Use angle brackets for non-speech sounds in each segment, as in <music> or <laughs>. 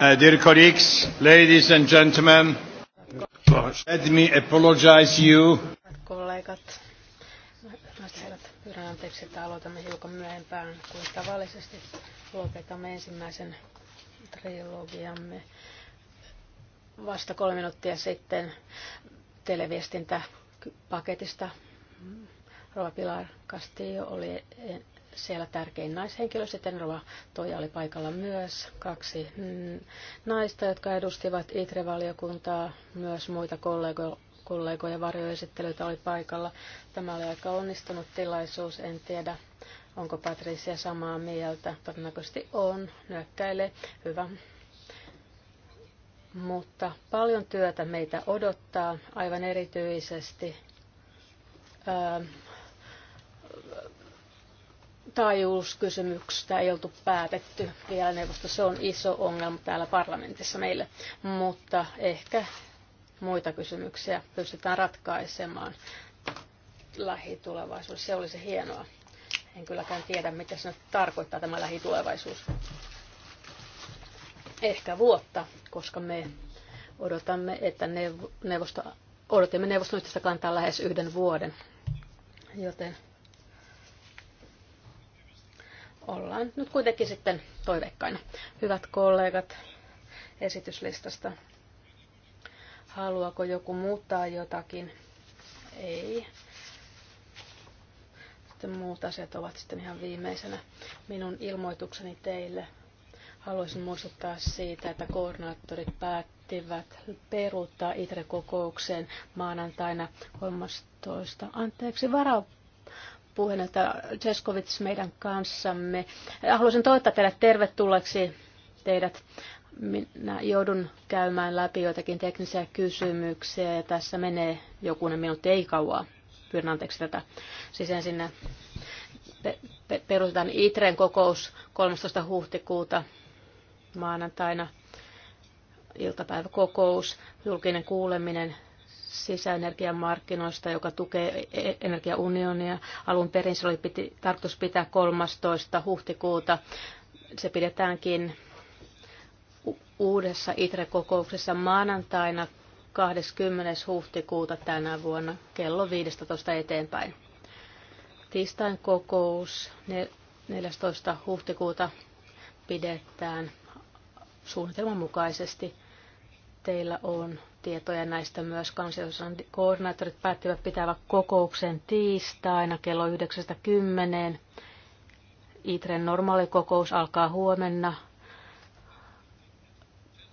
Uh, dear colleagues, ladies and gentlemen, let me apologize you. Kollegat, pyydän anteeksi, että aloitamme hiukan myöhempään kuin tavallisesti. Lopetamme ensimmäisen trilogiamme vasta kolme minuuttia sitten televiestintäpaketista. Rova Pilar Castillo oli siellä tärkein naishenkilö, sitten Rova Toija oli paikalla myös, kaksi naista, jotka edustivat ITRE-valiokuntaa, myös muita kollegoja, kollegoja varjoesittelyitä oli paikalla. Tämä oli aika onnistunut tilaisuus, en tiedä onko Patricia samaa mieltä, todennäköisesti on, nyökkäilee, hyvä. Mutta paljon työtä meitä odottaa, aivan erityisesti taajuuskysymyksestä ei oltu päätetty vielä neuvosto. Se on iso ongelma täällä parlamentissa meille, mutta ehkä muita kysymyksiä pystytään ratkaisemaan lähitulevaisuudessa. Se olisi hienoa. En kylläkään tiedä, mitä se nyt tarkoittaa tämä lähitulevaisuus. Ehkä vuotta, koska me odotamme, että neuvosto, odotimme neuvoston yhteistä kantaa lähes yhden vuoden. Joten ollaan nyt kuitenkin sitten toiveikkaina. Hyvät kollegat esityslistasta. Haluaako joku muuttaa jotakin? Ei. Sitten muut asiat ovat sitten ihan viimeisenä. Minun ilmoitukseni teille. Haluaisin muistuttaa siitä, että koordinaattorit päättivät peruuttaa ITRE-kokoukseen maanantaina 13. Anteeksi, varautuu puheenjohtaja Seskovits meidän kanssamme. Haluaisin toivottaa teidät tervetulleeksi teidät. Minä joudun käymään läpi joitakin teknisiä kysymyksiä ja tässä menee jokunen minuutti, ei kauaa. Pyydän anteeksi tätä. Siis ensin pe- pe- perustetaan ITREn kokous 13. huhtikuuta maanantaina iltapäiväkokous, julkinen kuuleminen sisäenergiamarkkinoista, joka tukee e- energiaunionia. Alun perin se oli piti, tarkoitus pitää 13. huhtikuuta. Se pidetäänkin uudessa ITRE-kokouksessa maanantaina 20. huhtikuuta tänä vuonna kello 15 eteenpäin. Tiistain kokous 14. huhtikuuta pidetään suunnitelman mukaisesti. Teillä on tietoja näistä myös kansallisuuden koordinaattorit päättivät pitävä kokouksen tiistaina kello 9.10. ITREn normaali kokous alkaa huomenna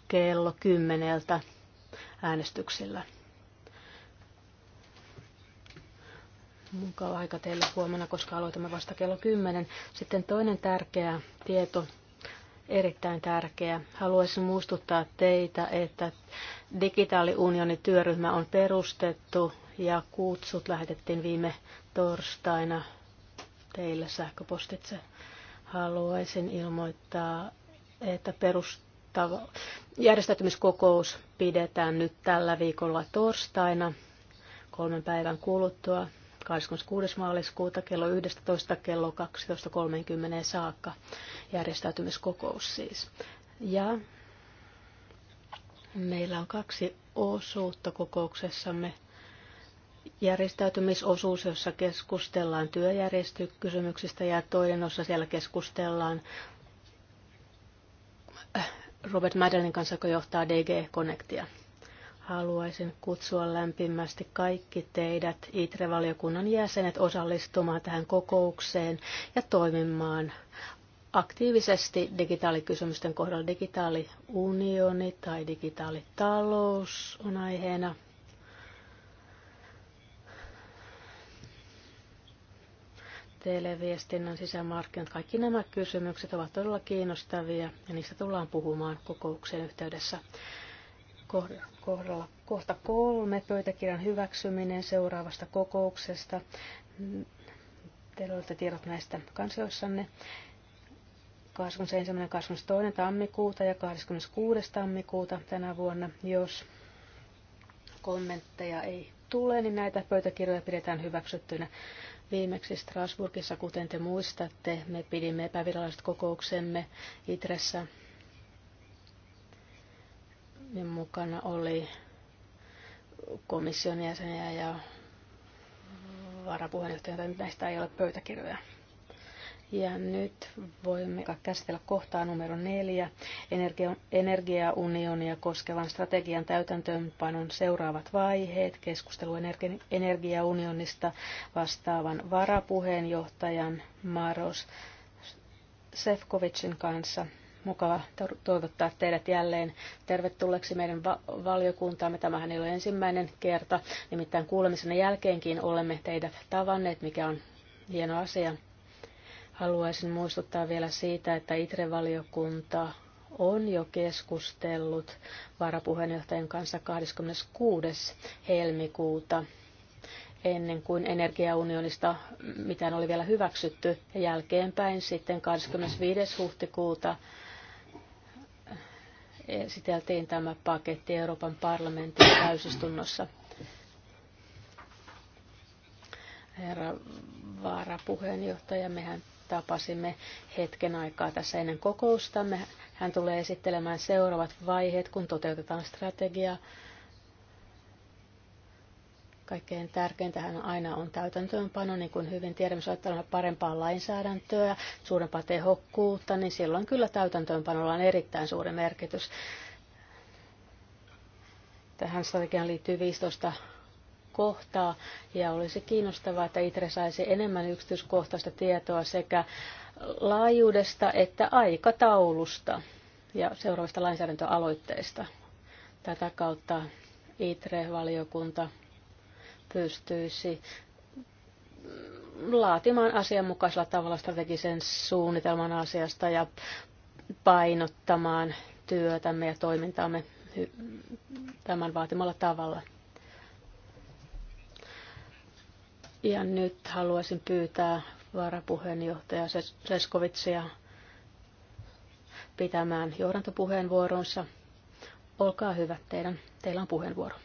kello 10 äänestyksillä. Mukava aika teille huomenna, koska aloitamme vasta kello 10. Sitten toinen tärkeä tieto erittäin tärkeä. Haluaisin muistuttaa teitä, että digitaaliunionin työryhmä on perustettu ja kutsut lähetettiin viime torstaina teille sähköpostitse. Haluaisin ilmoittaa, että perustava, järjestäytymiskokous pidetään nyt tällä viikolla torstaina kolmen päivän kuluttua 26. maaliskuuta kello 11 kello 12.30 saakka järjestäytymiskokous siis. Ja meillä on kaksi osuutta kokouksessamme. Järjestäytymisosuus, jossa keskustellaan työjärjestykysymyksistä ja toinen osa siellä keskustellaan äh, Robert Madelin kanssa, joka johtaa DG Connectia haluaisin kutsua lämpimästi kaikki teidät ITRE-valiokunnan jäsenet osallistumaan tähän kokoukseen ja toimimaan aktiivisesti digitaalikysymysten kohdalla. Digitaaliunioni tai digitaalitalous on aiheena. televiestinnän sisämarkkinat, kaikki nämä kysymykset ovat todella kiinnostavia ja niistä tullaan puhumaan kokouksen yhteydessä kohdalla. Kohta kolme, pöytäkirjan hyväksyminen seuraavasta kokouksesta. Teillä olette tiedot näistä kansioissanne. 21. 22. tammikuuta ja 26. tammikuuta tänä vuonna. Jos kommentteja ei tule, niin näitä pöytäkirjoja pidetään hyväksyttynä. Viimeksi Strasbourgissa, kuten te muistatte, me pidimme epäviralliset kokouksemme Itressä niin mukana oli komission jäseniä ja varapuheenjohtaja, näistä ei ole pöytäkirjoja. Ja nyt voimme käsitellä kohtaa numero neljä, energiaunionia koskevan strategian täytäntöönpanon seuraavat vaiheet, keskustelu energiaunionista vastaavan varapuheenjohtajan Maros Sefkovicin kanssa mukava toivottaa teidät jälleen tervetulleeksi meidän va- valiokuntaamme. Tämähän ei ole ensimmäinen kerta, nimittäin kuulemisen jälkeenkin olemme teidät tavanneet, mikä on hieno asia. Haluaisin muistuttaa vielä siitä, että ITRE-valiokunta on jo keskustellut varapuheenjohtajan kanssa 26. helmikuuta ennen kuin energiaunionista mitään oli vielä hyväksytty. Ja jälkeenpäin sitten 25. huhtikuuta esiteltiin tämä paketti Euroopan parlamentin täysistunnossa. Herra vaarapuheenjohtaja, mehän tapasimme hetken aikaa tässä ennen kokoustamme. Hän tulee esittelemään seuraavat vaiheet, kun toteutetaan strategiaa Kaikkein tärkeintähän aina on täytäntöönpano, niin kuin hyvin tiedämme, jos ajatellaan parempaa lainsäädäntöä, suurempaa tehokkuutta, niin silloin kyllä täytäntöönpanolla on erittäin suuri merkitys. Tähän strategiaan liittyy 15 kohtaa ja olisi kiinnostavaa, että ITRE saisi enemmän yksityiskohtaista tietoa sekä laajuudesta että aikataulusta ja seuraavista lainsäädäntöaloitteista. Tätä kautta ITRE-valiokunta pystyisi laatimaan asianmukaisella tavalla strategisen suunnitelman asiasta ja painottamaan työtämme ja toimintaamme tämän vaatimalla tavalla. Ja nyt haluaisin pyytää varapuheenjohtaja Seskovitsia pitämään johdantopuheenvuoronsa. Olkaa hyvä, teidän, teillä on puheenvuoro.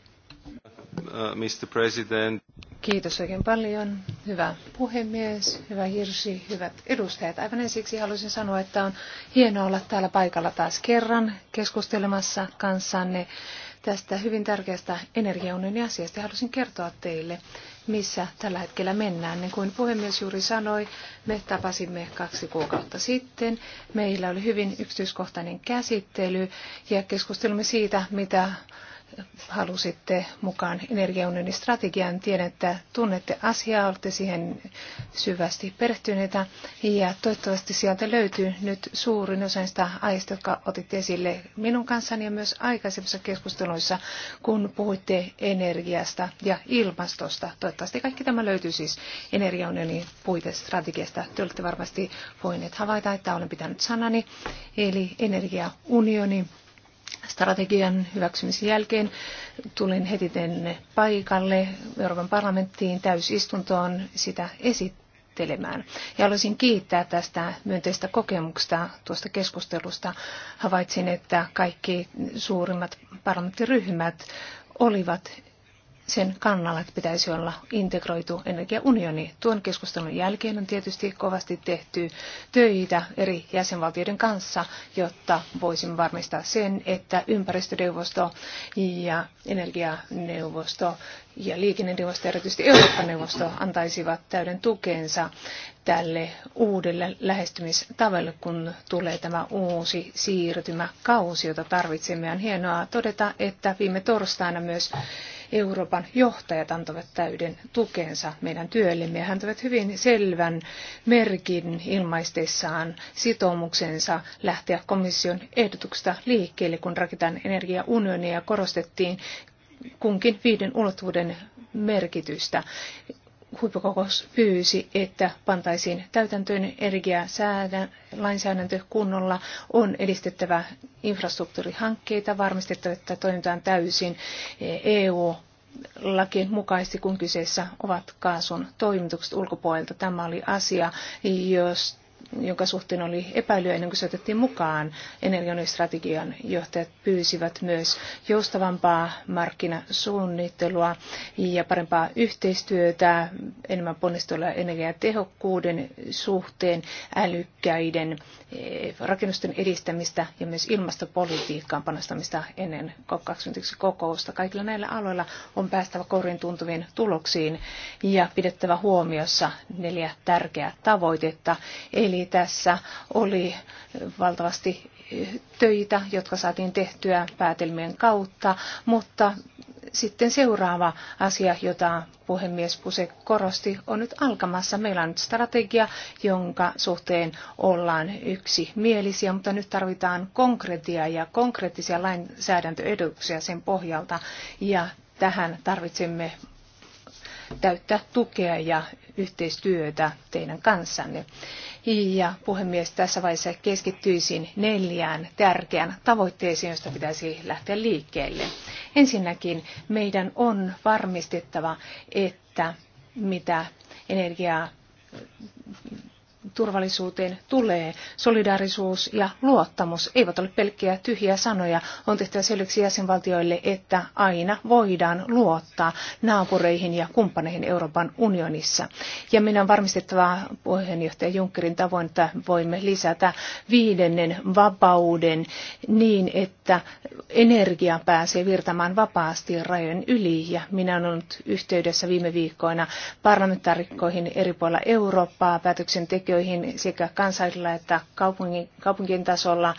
Uh, Mr. President. Kiitos oikein paljon. Hyvä puhemies, hyvä Hirsi, hyvät edustajat. Aivan ensiksi haluaisin sanoa, että on hienoa olla täällä paikalla taas kerran keskustelemassa kanssanne tästä hyvin tärkeästä energiaunionin asiasta. Haluaisin kertoa teille, missä tällä hetkellä mennään. Niin kuin puhemies juuri sanoi, me tapasimme kaksi kuukautta sitten. Meillä oli hyvin yksityiskohtainen käsittely ja keskustelimme siitä, mitä halusitte mukaan energiaunionin strategian. Tiedän, että tunnette asiaa, olette siihen syvästi perehtyneitä ja toivottavasti sieltä löytyy nyt suurin osa sitä aiheista, jotka otitte esille minun kanssani ja myös aikaisemmissa keskusteluissa, kun puhuitte energiasta ja ilmastosta. Toivottavasti kaikki tämä löytyy siis energiaunionin puitestrategiasta. Te olette varmasti voineet havaita, että olen pitänyt sanani, eli energiaunioni strategian hyväksymisen jälkeen tulin heti tänne paikalle Euroopan parlamenttiin täysistuntoon sitä esittelemään. Ja haluaisin kiittää tästä myönteistä kokemuksesta tuosta keskustelusta. Havaitsin, että kaikki suurimmat parlamenttiryhmät olivat sen kannalla, että pitäisi olla integroitu energiaunioni. Tuon keskustelun jälkeen on tietysti kovasti tehty töitä eri jäsenvaltioiden kanssa, jotta voisimme varmistaa sen, että ympäristöneuvosto ja energianeuvosto ja liikenneneuvosto, erityisesti Euroopan neuvosto, antaisivat täyden tukensa tälle uudelle lähestymistavalle, kun tulee tämä uusi siirtymäkausi, jota tarvitsemme. On hienoa todeta, että viime torstaina myös Euroopan johtajat antavat täyden tukensa meidän työllemme ja antavat hyvin selvän merkin ilmaistessaan sitoumuksensa lähteä komission ehdotuksesta liikkeelle, kun rakennetaan energiaunionia ja korostettiin kunkin viiden ulottuvuuden merkitystä huippukokous pyysi, että pantaisiin täytäntöön energialainsäädäntö kunnolla, on edistettävä infrastruktuurihankkeita, varmistettava, että toimitaan täysin EU lakien mukaisesti, kun kyseessä ovat kaasun toimitukset ulkopuolelta. Tämä oli asia, jos jonka suhteen oli epäilyä ennen kuin se otettiin mukaan. Energiastrategian johtajat pyysivät myös joustavampaa markkinasuunnittelua ja parempaa yhteistyötä, enemmän ponnisteluja energiatehokkuuden suhteen, älykkäiden eh, rakennusten edistämistä ja myös ilmastopolitiikkaan panostamista ennen COP21-kokousta. Kaikilla näillä aloilla on päästävä korin tuntuviin tuloksiin ja pidettävä huomiossa neljä tärkeää tavoitetta, eli Eli tässä oli valtavasti töitä, jotka saatiin tehtyä päätelmien kautta, mutta sitten seuraava asia, jota puhemies Puse korosti, on nyt alkamassa. Meillä on nyt strategia, jonka suhteen ollaan yksimielisiä, mutta nyt tarvitaan konkretiaa ja konkreettisia lainsäädäntöehdotuksia sen pohjalta. Ja tähän tarvitsemme täyttää tukea ja yhteistyötä teidän kanssanne. Ja puhemies, tässä vaiheessa keskittyisin neljään tärkeään tavoitteeseen, josta pitäisi lähteä liikkeelle. Ensinnäkin meidän on varmistettava, että mitä energiaa turvallisuuteen tulee. Solidaarisuus ja luottamus eivät ole pelkkiä tyhjiä sanoja. On tehtävä selväksi jäsenvaltioille, että aina voidaan luottaa naapureihin ja kumppaneihin Euroopan unionissa. Ja minä on varmistettava puheenjohtaja Junckerin tavoin, että voimme lisätä viidennen vapauden niin, että energia pääsee virtamaan vapaasti rajojen yli. Ja minä olen ollut yhteydessä viime viikkoina parlamentaarikkoihin eri puolilla Eurooppaa, päätöksentekijöihin asioihin sekä kansallisella että kaupungin, kaupunkien tasolla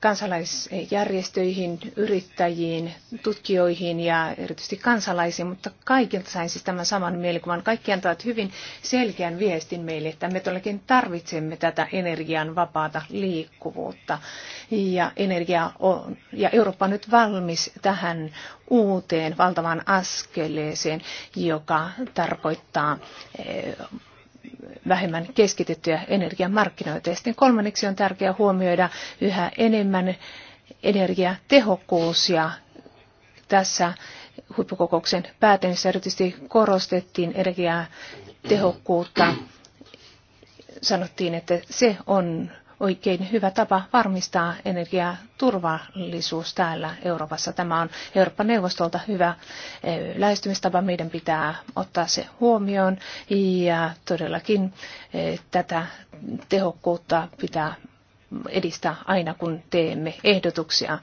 kansalaisjärjestöihin, yrittäjiin, tutkijoihin ja erityisesti kansalaisiin, mutta kaikilta sain siis tämän saman mielikuvan. Kaikki antavat hyvin selkeän viestin meille, että me todellakin tarvitsemme tätä energian vapaata liikkuvuutta. Ja, energia on, ja Eurooppa on nyt valmis tähän uuteen valtavan askeleeseen, joka tarkoittaa eh, vähemmän keskitettyjä energiamarkkinoita. Ja sitten kolmanneksi on tärkeää huomioida yhä enemmän energiatehokkuus ja tässä huippukokouksen päätelmissä erityisesti korostettiin energiatehokkuutta. Sanottiin, että se on oikein hyvä tapa varmistaa energiaturvallisuus täällä Euroopassa. Tämä on Euroopan neuvostolta hyvä eh, lähestymistapa. Meidän pitää ottaa se huomioon ja todellakin eh, tätä tehokkuutta pitää edistää aina, kun teemme ehdotuksia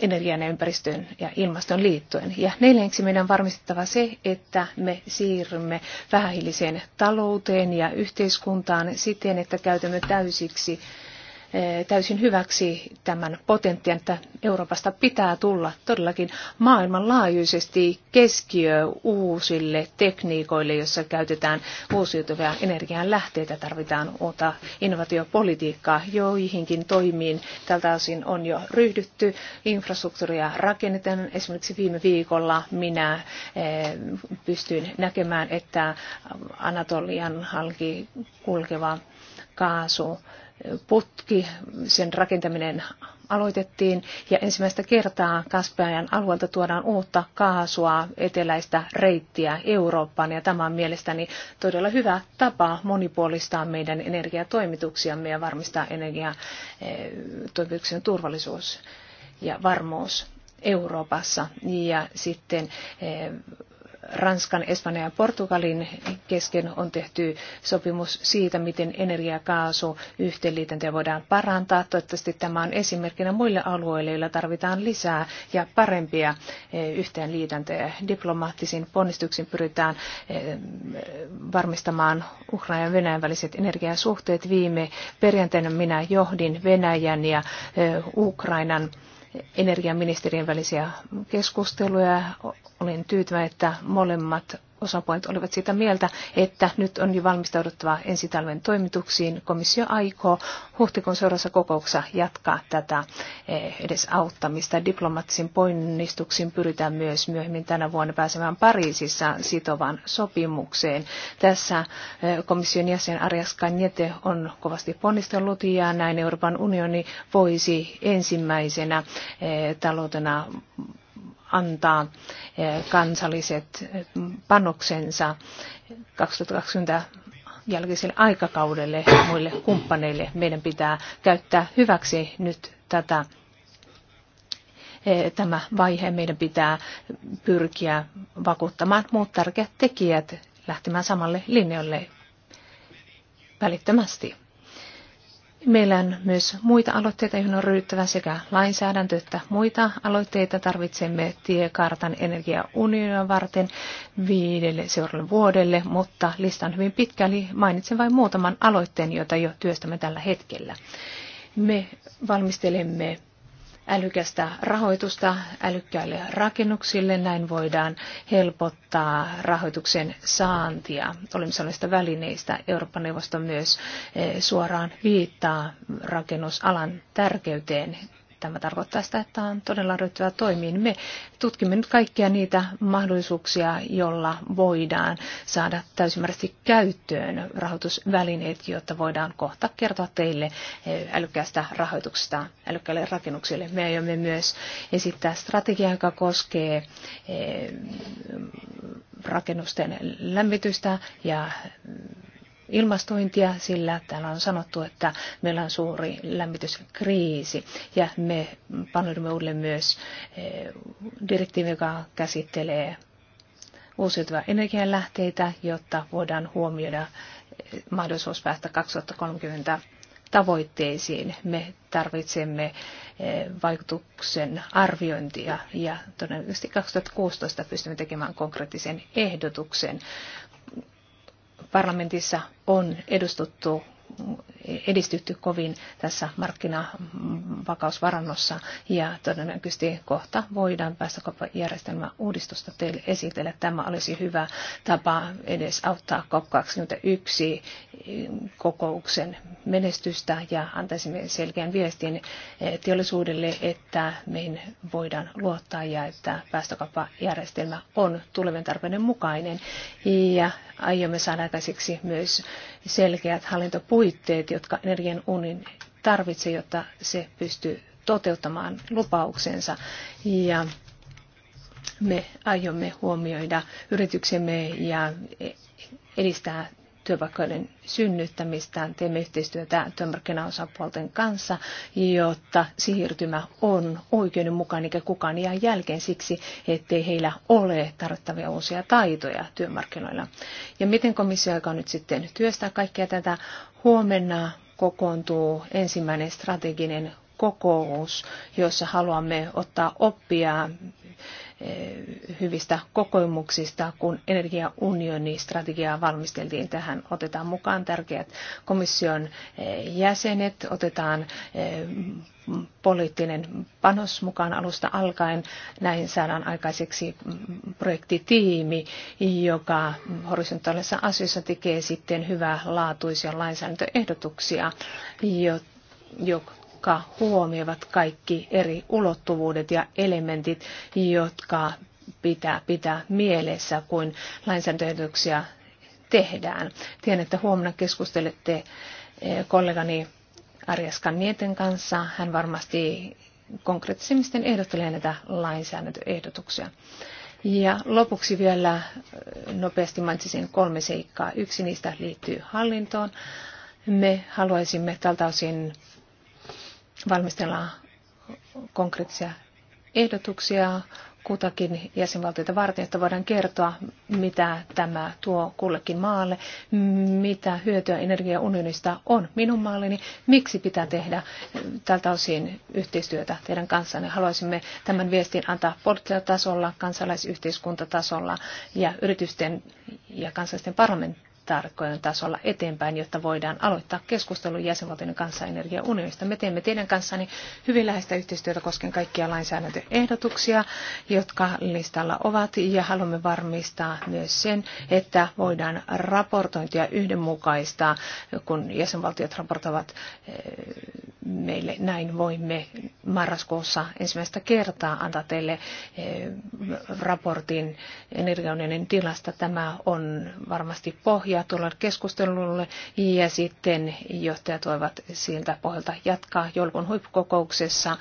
energian ja ympäristöön ja ilmaston liittyen. Ja neljänneksi meidän on varmistettava se, että me siirrymme vähähiiliseen talouteen ja yhteiskuntaan siten, että käytämme täysiksi Eh, täysin hyväksi tämän potentiaan, että Euroopasta pitää tulla todellakin maailmanlaajuisesti keskiö uusille tekniikoille, joissa käytetään uusiutuvia energianlähteitä. Tarvitaan uutta innovaatiopolitiikkaa. Joihinkin toimiin tältä osin on jo ryhdytty. Infrastruktuuria rakennetaan. Esimerkiksi viime viikolla minä eh, pystyin näkemään, että Anatolian halki kulkeva kaasu putki, sen rakentaminen aloitettiin ja ensimmäistä kertaa Kaspiajan alueelta tuodaan uutta kaasua eteläistä reittiä Eurooppaan ja tämä on mielestäni todella hyvä tapa monipuolistaa meidän energiatoimituksiamme ja varmistaa energiatoimituksen eh, turvallisuus ja varmuus Euroopassa ja sitten eh, Ranskan, Espanjan ja Portugalin kesken on tehty sopimus siitä, miten energia- ja kaasu voidaan parantaa. Toivottavasti tämä on esimerkkinä muille alueille, joilla tarvitaan lisää ja parempia e, yhteenliitäntöjä. Diplomaattisin ponnistuksin pyritään e, varmistamaan Ukrainan ja Venäjän väliset energiasuhteet. Viime perjantaina minä johdin Venäjän ja e, Ukrainan energiaministerien välisiä keskusteluja. Olin tyytyväinen, että molemmat osapuolet olivat sitä mieltä, että nyt on jo valmistauduttava ensi talven toimituksiin. Komissio aikoo huhtikuun seuraavassa kokouksessa jatkaa tätä eh, edes auttamista. Diplomaattisiin ponnistuksiin pyritään myös myöhemmin tänä vuonna pääsemään Pariisissa sitovan sopimukseen. Tässä eh, komission jäsen Arias Kanjete on kovasti ponnistellut ja näin Euroopan unioni voisi ensimmäisenä eh, taloutena antaa eh, kansalliset eh, panoksensa 2020 jälkeiselle aikakaudelle muille kumppaneille. Meidän pitää käyttää hyväksi nyt tätä eh, tämä vaihe. Meidän pitää pyrkiä vakuuttamaan muut tärkeät tekijät lähtemään samalle linjalle välittömästi. Meillä on myös muita aloitteita, joihin on ryhdyttävä sekä lainsäädäntö että muita aloitteita. Tarvitsemme tiekartan energiaunionia varten viidelle seuraavalle vuodelle, mutta lista on hyvin pitkä, eli mainitsen vain muutaman aloitteen, joita jo työstämme tällä hetkellä. Me valmistelemme älykästä rahoitusta älykkäille rakennuksille. Näin voidaan helpottaa rahoituksen saantia olemassa välineistä. Euroopan neuvosto myös eh, suoraan viittaa rakennusalan tärkeyteen Tämä tarkoittaa sitä, että on todella ryhtyvä toimiin. Me tutkimme nyt kaikkia niitä mahdollisuuksia, joilla voidaan saada täysimääräisesti käyttöön rahoitusvälineet, jotta voidaan kohta kertoa teille eh, älykkäästä rahoituksesta älykkäille rakennuksille. Me aiomme myös esittää strategiaa, joka koskee eh, rakennusten lämmitystä ja mm, ilmastointia, sillä täällä on sanottu, että meillä on suuri lämmityskriisi ja me paneudumme uudelleen myös eh, direktiivi, joka käsittelee uusiutuvia energianlähteitä, jotta voidaan huomioida eh, mahdollisuus päästä 2030 tavoitteisiin. Me tarvitsemme eh, vaikutuksen arviointia ja todennäköisesti 2016 pystymme tekemään konkreettisen ehdotuksen parlamentissa on edustettu edistytty kovin tässä markkinavakausvarannossa ja todennäköisesti kohta voidaan päästökauppajärjestelmän uudistusta teille esitellä. Tämä olisi hyvä tapa edes auttaa COP21 kokouksen menestystä ja antaisimme selkeän viestin teollisuudelle, että meihin voidaan luottaa ja että päästökauppajärjestelmä on tulevien tarpeiden mukainen ja aiomme saada aikaiseksi myös selkeät hallintopuitteet, jotka energian unin tarvitsee, jotta se pystyy toteuttamaan lupauksensa. Ja me aiomme huomioida yrityksemme ja edistää työpaikkojen synnyttämistä. Teemme yhteistyötä työmarkkinaosapuolten kanssa, jotta siirtymä on oikeudenmukainen eikä kukaan jää jälkeen siksi, ettei heillä ole tarvittavia uusia taitoja työmarkkinoilla. Ja miten komissio aikaa nyt sitten työstää kaikkea tätä? Huomenna kokoontuu ensimmäinen strateginen kokous, jossa haluamme ottaa oppia Eh, hyvistä kokemuksista, kun energiaunionistrategiaa valmisteltiin. Tähän otetaan mukaan tärkeät komission eh, jäsenet, otetaan eh, poliittinen panos mukaan alusta alkaen. Näin saadaan aikaiseksi mm, projektitiimi, joka horisontaalisessa asioissa tekee sitten hyvää laatuisia lainsäädäntöehdotuksia, jotka jotka huomioivat kaikki eri ulottuvuudet ja elementit, jotka pitää pitää mielessä, kun lainsäädäntöehdotuksia tehdään. Tiedän, että huomenna keskustelette eh, kollegani Arjaskan Nieten kanssa. Hän varmasti konkreettisemmin ehdottelee näitä lainsäädäntöehdotuksia. Ja lopuksi vielä eh, nopeasti mainitsisin kolme seikkaa. Yksi niistä liittyy hallintoon. Me haluaisimme tältä osin valmistellaan konkreettisia ehdotuksia kutakin jäsenvaltiota varten, että voidaan kertoa, mitä tämä tuo kullekin maalle, mitä hyötyä energiaunionista on minun maalleni, miksi pitää tehdä tältä osin yhteistyötä teidän kanssanne. Haluaisimme tämän viestin antaa poliittisella tasolla, kansalaisyhteiskuntatasolla ja yritysten ja kansallisten parlamenttien tarkkojen tasolla eteenpäin, jotta voidaan aloittaa keskustelu jäsenvaltioiden kanssa energiaunionista. Me teemme teidän kanssani hyvin läheistä yhteistyötä koskien kaikkia lainsäädäntöehdotuksia, jotka listalla ovat, ja haluamme varmistaa myös sen, että voidaan raportointia yhdenmukaistaa, kun jäsenvaltiot raportoivat eh, meille. Näin voimme marraskuussa ensimmäistä kertaa antaa teille eh, raportin energiaunionin tilasta. Tämä on varmasti pohja pohjaa tuolle keskustelulle ja sitten johtajat voivat siltä pohjalta jatkaa joulukuun huippukokouksessa,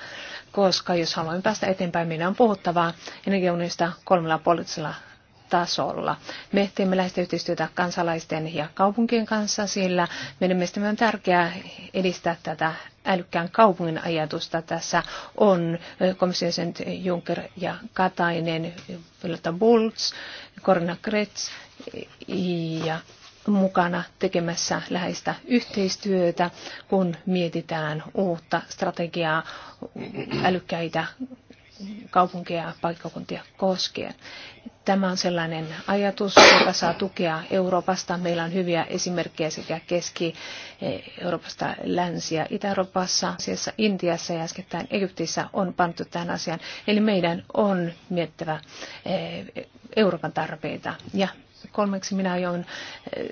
koska jos haluamme päästä eteenpäin, meidän on puhuttavaa energiaunista kolmella poliittisella tasolla. Me teemme läheistä yhteistyötä kansalaisten ja kaupunkien kanssa, sillä meidän mielestämme on tärkeää edistää tätä älykkään kaupungin ajatusta. Tässä on komission Juncker ja Katainen, Velta Bulls, Korina Kretz ja mukana tekemässä läheistä yhteistyötä, kun mietitään uutta strategiaa älykkäitä kaupunkeja ja paikkakuntia koskien. Tämä on sellainen ajatus, joka saa tukea Euroopasta. Meillä on hyviä esimerkkejä sekä Keski-Euroopasta, Länsi- ja Itä-Euroopassa, siellä Intiassa ja äskettäin Egyptissä on pantu tähän asiaan. Eli meidän on miettävä eh, Euroopan tarpeita ja Kolmeksi minä aion eh,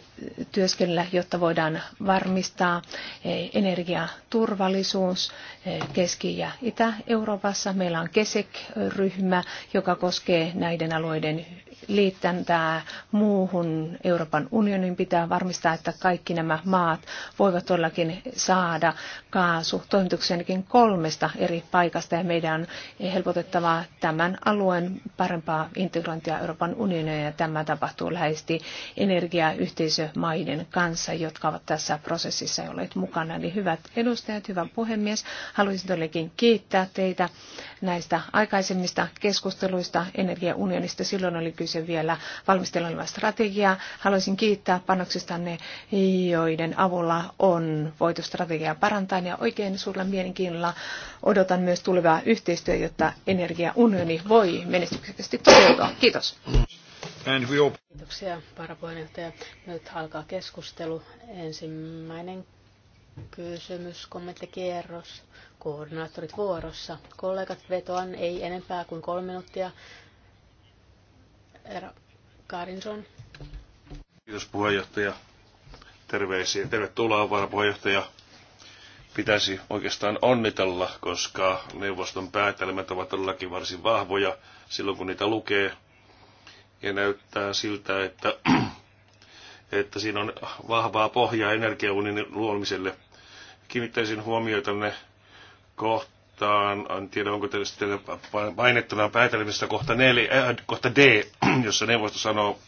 työskennellä, jotta voidaan varmistaa eh, energiaturvallisuus eh, Keski- ja Itä-Euroopassa. Meillä on KESEK-ryhmä, joka koskee näiden alueiden liittäntää muuhun Euroopan unionin. Pitää varmistaa, että kaikki nämä maat voivat todellakin saada kaasu toimituksenkin kolmesta eri paikasta ja meidän on helpotettava tämän alueen parempaa integrointia Euroopan unionia ja tämä tapahtuu lähes vähäisesti energiayhteisömaiden kanssa, jotka ovat tässä prosessissa olleet mukana. Eli hyvät edustajat, hyvä puhemies, haluaisin todellakin kiittää teitä näistä aikaisemmista keskusteluista energiaunionista. Silloin oli kyse vielä valmistelevaa strategiaa. Haluaisin kiittää panoksistanne, joiden avulla on voitu strategiaa parantaa ja oikein suurella mielenkiinnolla odotan myös tulevaa yhteistyötä, jotta energiaunioni voi menestyksekkäästi toteutua. Kiitos. And we Kiitoksia, varapuheenjohtaja. Nyt alkaa keskustelu. Ensimmäinen kysymys, kommenttikierros, koordinaattorit vuorossa. Kollegat vetoan ei enempää kuin kolme minuuttia. Era Karinson. Kiitos puheenjohtaja. Terveisiä. Tervetuloa varapuheenjohtaja. Pitäisi oikeastaan onnitella, koska neuvoston päätelmät ovat todellakin varsin vahvoja silloin, kun niitä lukee ja näyttää siltä, että, <clears throat> että siinä on vahvaa pohjaa energiaunionin luomiselle. Kiinnittäisin ne kohtaan, en tiedä onko teillä painettuna päätelmistä kohta, äh, kohta D, <clears throat> jossa neuvosto sanoo,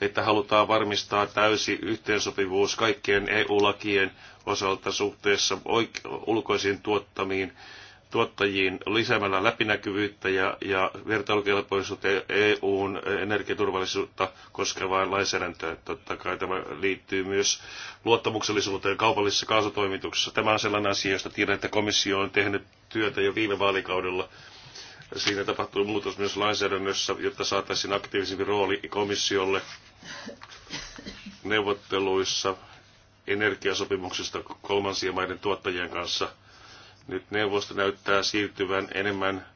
että halutaan varmistaa täysi yhteensopivuus kaikkien EU-lakien osalta suhteessa ulkoisiin tuottamiin tuottajiin lisäämällä läpinäkyvyyttä ja, ja vertailukelpoisuutta EUn e energiaturvallisuutta koskevaan lainsäädäntöön. Totta kai tämä liittyy myös luottamuksellisuuteen kaupallisissa kaasutoimituksissa. Tämä on sellainen asia, josta tiedän, että komissio on tehnyt työtä jo viime vaalikaudella. Siinä tapahtui muutos myös lainsäädännössä, jotta saataisiin aktiivisempi rooli komissiolle neuvotteluissa energiasopimuksista kolmansien maiden tuottajien kanssa – nyt neuvosto näyttää siirtyvän enemmän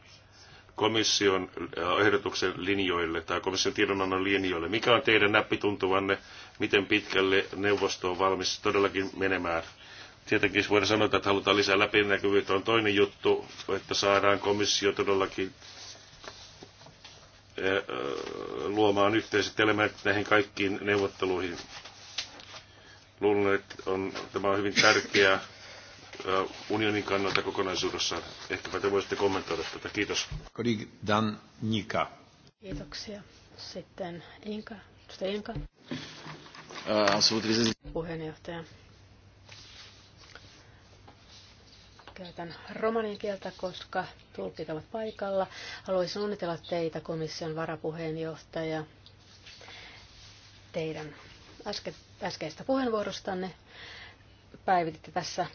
komission äh, ehdotuksen linjoille tai komission tiedonannon linjoille. Mikä on teidän näppituntuvanne, miten pitkälle neuvosto on valmis todellakin menemään? Tietenkin voidaan sanoa, että halutaan lisää läpinäkyvyyttä, on toinen juttu, että saadaan komissio todellakin äh, äh, luomaan yhteiset elementit näihin kaikkiin neuvotteluihin. Luulen, että on, tämä on hyvin tärkeää unionin kannalta kokonaisuudessaan. Ehkäpä te voisitte kommentoida tätä. Kiitos. Nika. Kiitoksia. Sitten Inka. Sitten Inka. Puheenjohtaja. Käytän romanin kieltä, koska tulkit ovat paikalla. Haluaisin onnitella teitä, komission varapuheenjohtaja, teidän äske, äskeistä puheenvuorostanne. Päivititte tässä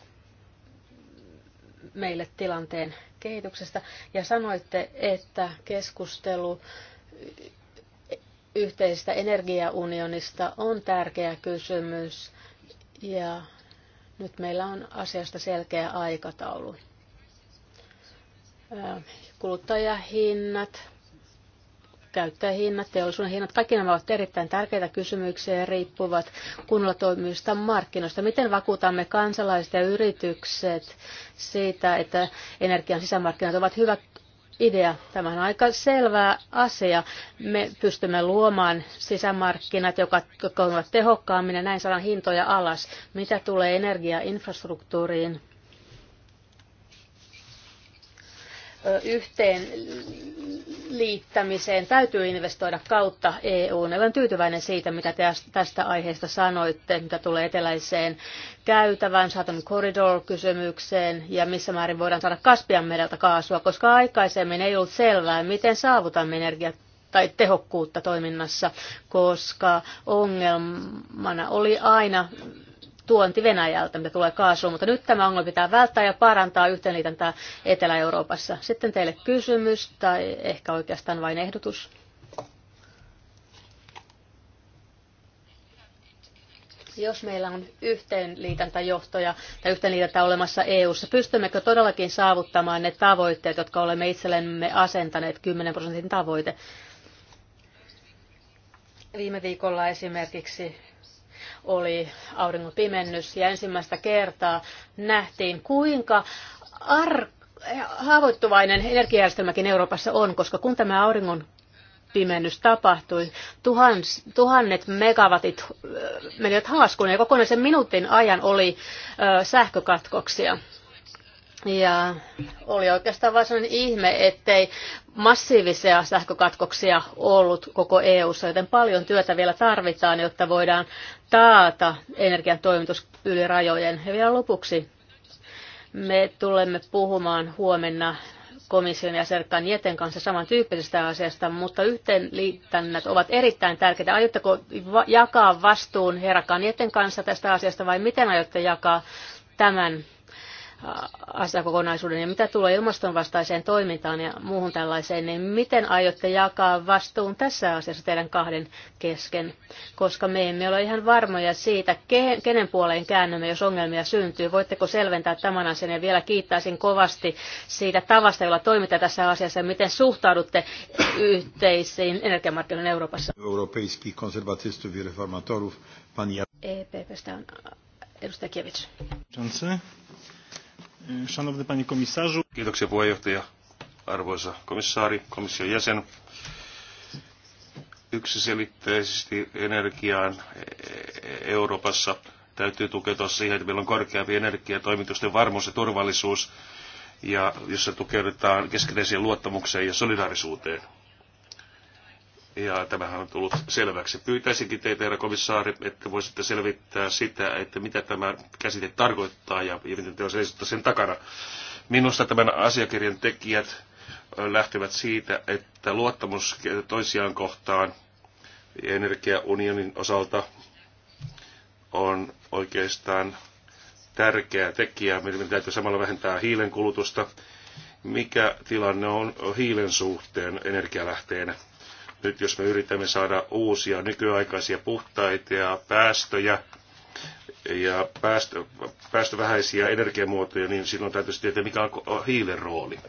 meille tilanteen kehityksestä ja sanoitte, että keskustelu yhteisestä energiaunionista on tärkeä kysymys ja nyt meillä on asiasta selkeä aikataulu. Kuluttajahinnat käyttäjähinnat, teollisuuden hinnat, kaikki nämä ovat erittäin tärkeitä kysymyksiä ja riippuvat kunnolla toimivista markkinoista. Miten vakuutamme kansalaiset ja yritykset siitä, että energian sisämarkkinat ovat hyvä idea. Tämä on aika selvä asia. Me pystymme luomaan sisämarkkinat, jotka ovat tehokkaammin ja näin saadaan hintoja alas. Mitä tulee energiainfrastruktuuriin, yhteen liittämiseen täytyy investoida kautta EUn. Olen tyytyväinen siitä, mitä te tästä aiheesta sanoitte, mitä tulee eteläiseen käytävään, Southern Corridor-kysymykseen ja missä määrin voidaan saada Kaspian mereltä kaasua, koska aikaisemmin ei ollut selvää, miten saavutamme energiat tai tehokkuutta toiminnassa, koska ongelmana oli aina tuonti Venäjältä, mitä tulee kaasua, mutta nyt tämä ongelma pitää välttää ja parantaa yhteenliitäntää Etelä-Euroopassa. Sitten teille kysymys tai ehkä oikeastaan vain ehdotus. Jos meillä on yhteenliitäntäjohtoja tai yhteenliitäntä olemassa EU-ssa, pystymmekö todellakin saavuttamaan ne tavoitteet, jotka olemme itsellemme asentaneet, 10 prosentin tavoite? Viime viikolla esimerkiksi oli auringon pimennys ja ensimmäistä kertaa nähtiin, kuinka ar- haavoittuvainen energiajärjestelmäkin Euroopassa on, koska kun tämä auringon pimennys tapahtui, tuhans, tuhannet megawatit menivät haaskuun ja kokonaisen minuutin ajan oli ö, sähkökatkoksia. Ja oli oikeastaan vain sellainen ihme, ettei massiivisia sähkökatkoksia ollut koko EU:ssa, joten paljon työtä vielä tarvitaan, jotta voidaan taata energian toimitus yli rajojen. Ja vielä lopuksi me tulemme puhumaan huomenna komission ja Serkan Jeten kanssa samantyyppisestä asiasta, mutta yhteenliittännät ovat erittäin tärkeitä. Aiotteko jakaa vastuun Herkan Jeten kanssa tästä asiasta vai miten aiotte jakaa tämän asiakokonaisuuden. Ja mitä tulee ilmastonvastaiseen toimintaan ja muuhun tällaiseen, niin miten aiotte jakaa vastuun tässä asiassa teidän kahden kesken? Koska me emme ole ihan varmoja siitä, kenen puoleen käännymme, jos ongelmia syntyy. Voitteko selventää tämän asian ja vielä kiittäisin kovasti siitä tavasta, jolla toimitte tässä asiassa ja miten suhtaudutte yhteisiin energiamarkkinoihin Euroopassa? Europeiski konservatystyvi reformatorów, pani... EPPstä on äh, edustaja Kievits. Johnson. Szanowny panie komisarzu. Kiitoksia puheenjohtaja, arvoisa komissaari, komission jäsen. Yksiselitteisesti energiaan Euroopassa täytyy tukeutua siihen, että meillä on korkeampi energiatoimitusten varmuus ja turvallisuus, ja jossa tukeudutaan keskinäiseen luottamukseen ja solidaarisuuteen ja tämähän on tullut selväksi. Pyytäisinkin teitä, herra komissaari, että voisitte selvittää sitä, että mitä tämä käsite tarkoittaa ja, ja miten te seisotte sen takana. Minusta tämän asiakirjan tekijät lähtevät siitä, että luottamus toisiaan kohtaan energiaunionin osalta on oikeastaan tärkeä tekijä. Meidän täytyy samalla vähentää hiilen kulutusta. Mikä tilanne on hiilen suhteen energialähteenä? Nyt jos me yritämme saada uusia nykyaikaisia puhtaita ja päästöjä ja päästö, päästövähäisiä energiamuotoja, niin silloin täytyisi tietää, mikä on hiilen rooli.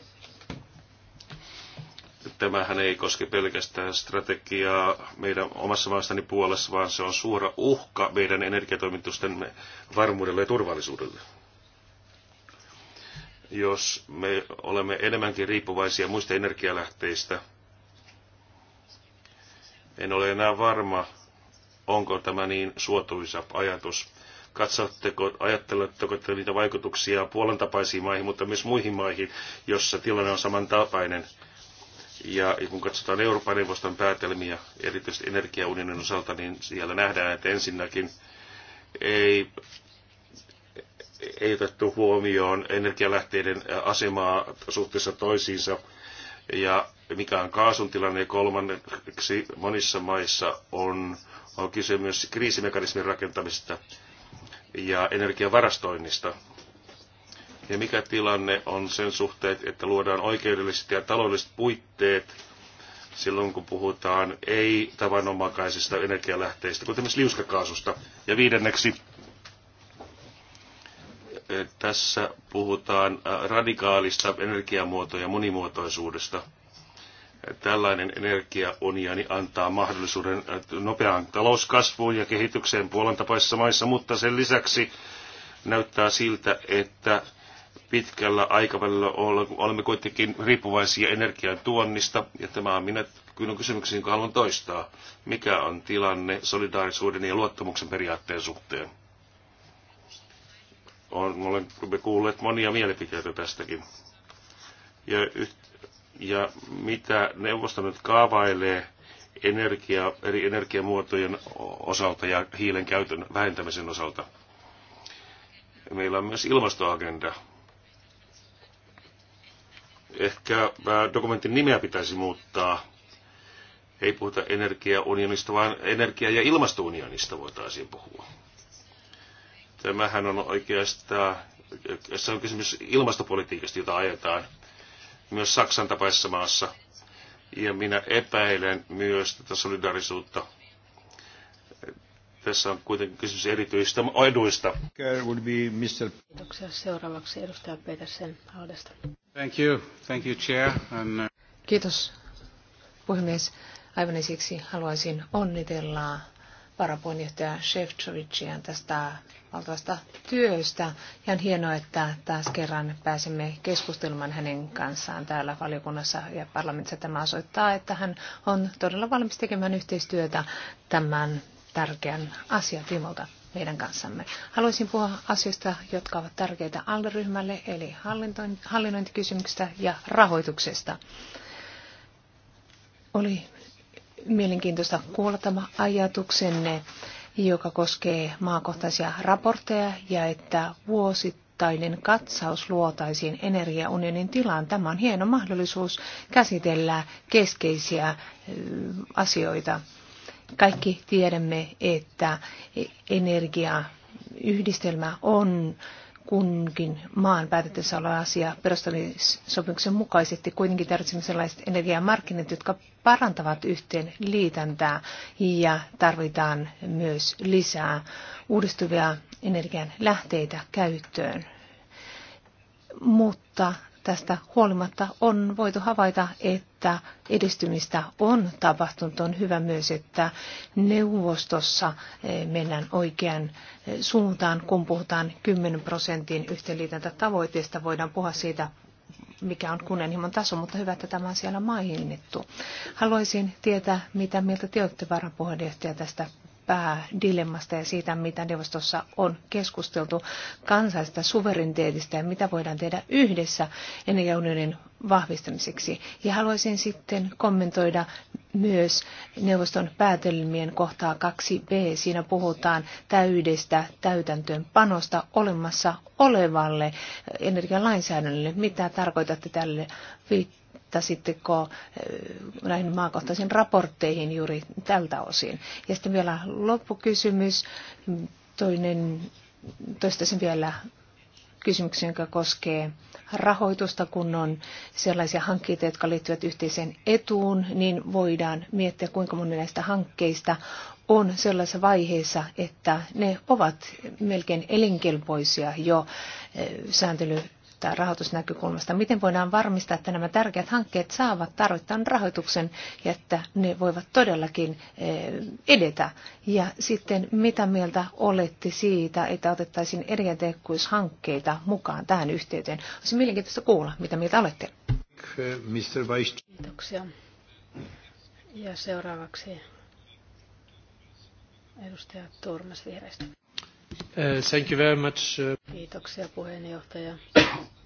Tämähän ei koske pelkästään strategiaa meidän omassa maastani puolessa, vaan se on suora uhka meidän energiatoimitusten varmuudelle ja turvallisuudelle jos me olemme enemmänkin riippuvaisia muista energialähteistä, en ole enää varma, onko tämä niin suotuisa ajatus. Katsotteko, ajatteletteko te niitä vaikutuksia Puolan tapaisiin maihin, mutta myös muihin maihin, jossa tilanne on samantapainen? Ja kun katsotaan Euroopan neuvoston päätelmiä, erityisesti energiaunionin osalta, niin siellä nähdään, että ensinnäkin ei, ei otettu huomioon energialähteiden asemaa suhteessa toisiinsa. Ja mikä on kaasun tilanne ja kolmanneksi monissa maissa on, on kyse myös kriisimekanismin rakentamisesta ja energiavarastoinnista. Ja mikä tilanne on sen suhteen, että luodaan oikeudelliset ja taloudelliset puitteet silloin, kun puhutaan ei tavanomakaisista energialähteistä, kuten esimerkiksi liuskakaasusta. Ja viidenneksi eh, tässä puhutaan eh, radikaalista energiamuotoja monimuotoisuudesta – tällainen energiaunioni antaa mahdollisuuden äh, nopeaan talouskasvuun ja kehitykseen Puolan tapaisissa maissa, mutta sen lisäksi näyttää siltä, että pitkällä aikavälillä olemme kuitenkin riippuvaisia energian tuonnista, ja tämä on minä kyllä kysymyksiin, jonka haluan toistaa. Mikä on tilanne solidaarisuuden ja luottamuksen periaatteen suhteen? On, olemme kuulleet monia mielipiteitä tästäkin. Ja ja mitä neuvosto nyt kaavailee energia, eri energiamuotojen osalta ja hiilen käytön vähentämisen osalta. Meillä on myös ilmastoagenda. Ehkä dokumentin nimeä pitäisi muuttaa. Ei puhuta energiaunionista, vaan energia- ja ilmastounionista voitaisiin puhua. Tämähän on oikeastaan, se on kysymys ilmastopolitiikasta, jota ajetaan – myös Saksan tapaisessa maassa. Ja minä epäilen myös tätä solidarisuutta. Tässä on kuitenkin kysymys erityisistä eduista. Kiitoksia. Seuraavaksi edustaja Petersen Aldesta. Thank you. Thank you, chair. And... Uh, Kiitos, puhemies. Aivan siksi haluaisin onnitella varapuheenjohtaja Shevchovicia tästä valtavasta työstä. Ja on hienoa, että taas kerran pääsemme keskustelemaan hänen kanssaan täällä valiokunnassa ja parlamentissa. Tämä osoittaa, että hän on todella valmis tekemään yhteistyötä tämän tärkeän asian tiimolta meidän kanssamme. Haluaisin puhua asioista, jotka ovat tärkeitä alderyhmälle, eli hallinnointikysymyksistä ja rahoituksesta. Oli mielenkiintoista kuulla tämä ajatuksenne, joka koskee maakohtaisia raportteja ja että vuosittainen katsaus luotaisiin energiaunionin tilaan. Tämä on hieno mahdollisuus käsitellä keskeisiä asioita. Kaikki tiedämme, että e-, energiayhdistelmä on kunkin maan päätettävissä oleva asia perustamissopimuksen mukaisesti. Kuitenkin tarvitsemme sellaiset energiamarkkinat, jotka parantavat yhteen liitäntää ja tarvitaan myös lisää uudistuvia energian lähteitä käyttöön. Mutta tästä huolimatta on voitu havaita, että edistymistä on tapahtunut. On hyvä myös, että neuvostossa eh, mennään oikean eh, suuntaan, kun puhutaan 10 prosentin yhteenliitäntä tavoitteesta. Voidaan puhua siitä mikä on kunnianhimon taso, mutta hyvä, että tämä on siellä mainittu. Haluaisin tietää, mitä mieltä te olette varapuheenjohtaja tästä päädilemmasta ja siitä, mitä neuvostossa on keskusteltu kansallisesta suvereniteetista ja mitä voidaan tehdä yhdessä unionin vahvistamiseksi. Ja haluaisin sitten kommentoida myös neuvoston päätelmien kohtaa 2b. Siinä puhutaan täydestä täytäntöönpanosta olemassa olevalle energialainsäädännölle. Mitä tarkoitatte tälle? Viitt- viittasitteko näihin maakohtaisiin raportteihin juuri tältä osin? Ja sitten vielä loppukysymys, toinen, toistaisin vielä kysymyksen, joka koskee rahoitusta, kun on sellaisia hankkeita, jotka liittyvät yhteiseen etuun, niin voidaan miettiä, kuinka moni näistä hankkeista on sellaisessa vaiheessa, että ne ovat melkein elinkelpoisia jo sääntely tästä rahoitusnäkökulmasta. Miten voidaan varmistaa, että nämä tärkeät hankkeet saavat tarvittavan rahoituksen ja että ne voivat todellakin eh, edetä? Ja sitten mitä mieltä olette siitä, että otettaisiin hankkeita mukaan tähän yhteyteen? Olisi mielenkiintoista kuulla, mitä mieltä olette. Kiitoksia. Ja seuraavaksi edustaja Turmas vihreistä. Eh, thank you very much. Eh. Kiitoksia puheenjohtaja.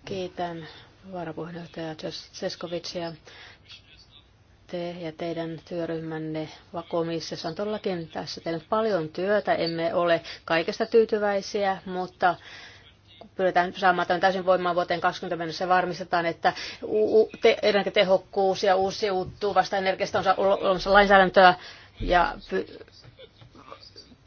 Kiitän varapuheenjohtaja Seskovitsia. Te ja teidän työryhmänne komissiossa on todellakin tässä tehnyt paljon työtä. Emme ole kaikesta tyytyväisiä, mutta pyritään saamaan tämän täysin voimaan vuoteen 2020 mennessä varmistetaan, että energiatehokkuus ja vasta energiasta on olemassa lainsäädäntöä ja py-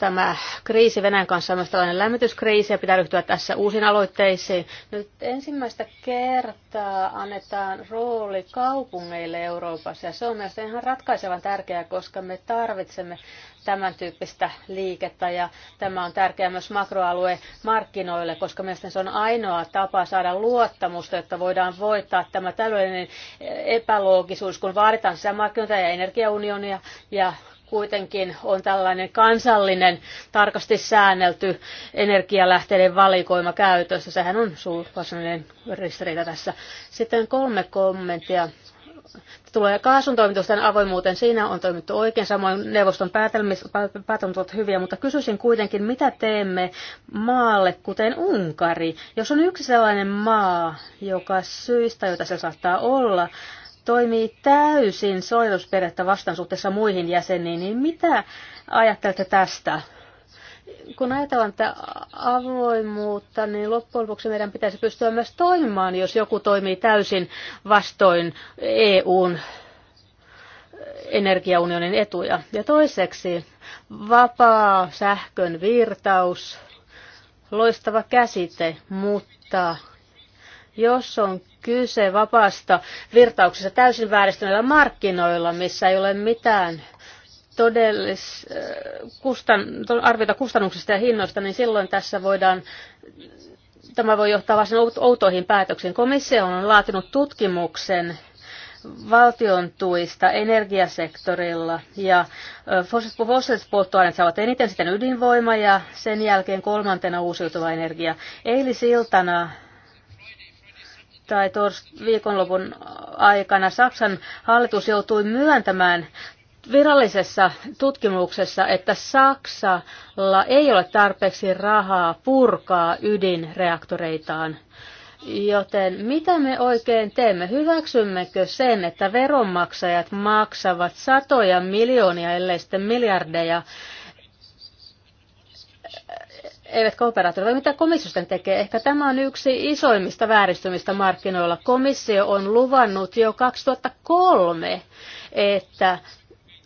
Tämä kriisi Venäjän kanssa on myös tällainen lämmityskriisi ja pitää ryhtyä tässä uusiin aloitteisiin. Nyt ensimmäistä kertaa annetaan rooli kaupungeille Euroopassa ja se on mielestäni ihan ratkaisevan tärkeää, koska me tarvitsemme tämän tyyppistä liikettä ja tämä on tärkeää myös makroalue markkinoille, koska mielestäni se on ainoa tapa saada luottamusta, jotta voidaan voittaa tämä täydellinen epäloogisuus, kun vaaditaan sisämarkkinoita ja energiaunionia ja kuitenkin on tällainen kansallinen, tarkasti säännelty energialähteiden valikoima käytössä. Sehän on suunnilleen ristiriita tässä. Sitten kolme kommenttia. Tulee kaasun toimitusten avoimuuteen, siinä on toimittu oikein, samoin neuvoston päätelmät ovat hyviä, mutta kysyisin kuitenkin, mitä teemme maalle, kuten Unkari, jos on yksi sellainen maa, joka syistä, jota se saattaa olla, toimii täysin soidusperättä vastaan suhteessa muihin jäseniin, niin mitä ajattelette tästä? Kun ajatellaan tätä avoimuutta, niin loppujen lopuksi meidän pitäisi pystyä myös toimimaan, jos joku toimii täysin vastoin EUn energiaunionin etuja. Ja toiseksi vapaa sähkön virtaus, loistava käsite, mutta jos on kyse vapaasta virtauksesta täysin vääristyneillä markkinoilla, missä ei ole mitään todellis, äh, kustan, arvioita kustannuksista ja hinnoista, niin silloin tässä voidaan, tämä voi johtaa varsin outoihin päätöksiin. Komissio on laatinut tutkimuksen valtion tuista energiasektorilla ja fossiiliset polttoaineet saavat eniten sitten ydinvoima ja sen jälkeen kolmantena uusiutuva energia. Eilisiltana tai torst- viikonlopun aikana Saksan hallitus joutui myöntämään virallisessa tutkimuksessa, että Saksalla ei ole tarpeeksi rahaa purkaa ydinreaktoreitaan. Joten mitä me oikein teemme? Hyväksymmekö sen, että veronmaksajat maksavat satoja miljoonia, ellei sitten miljardeja eivätkä vai Mitä komissio sitten tekee? Ehkä tämä on yksi isoimmista vääristymistä markkinoilla. Komissio on luvannut jo 2003, että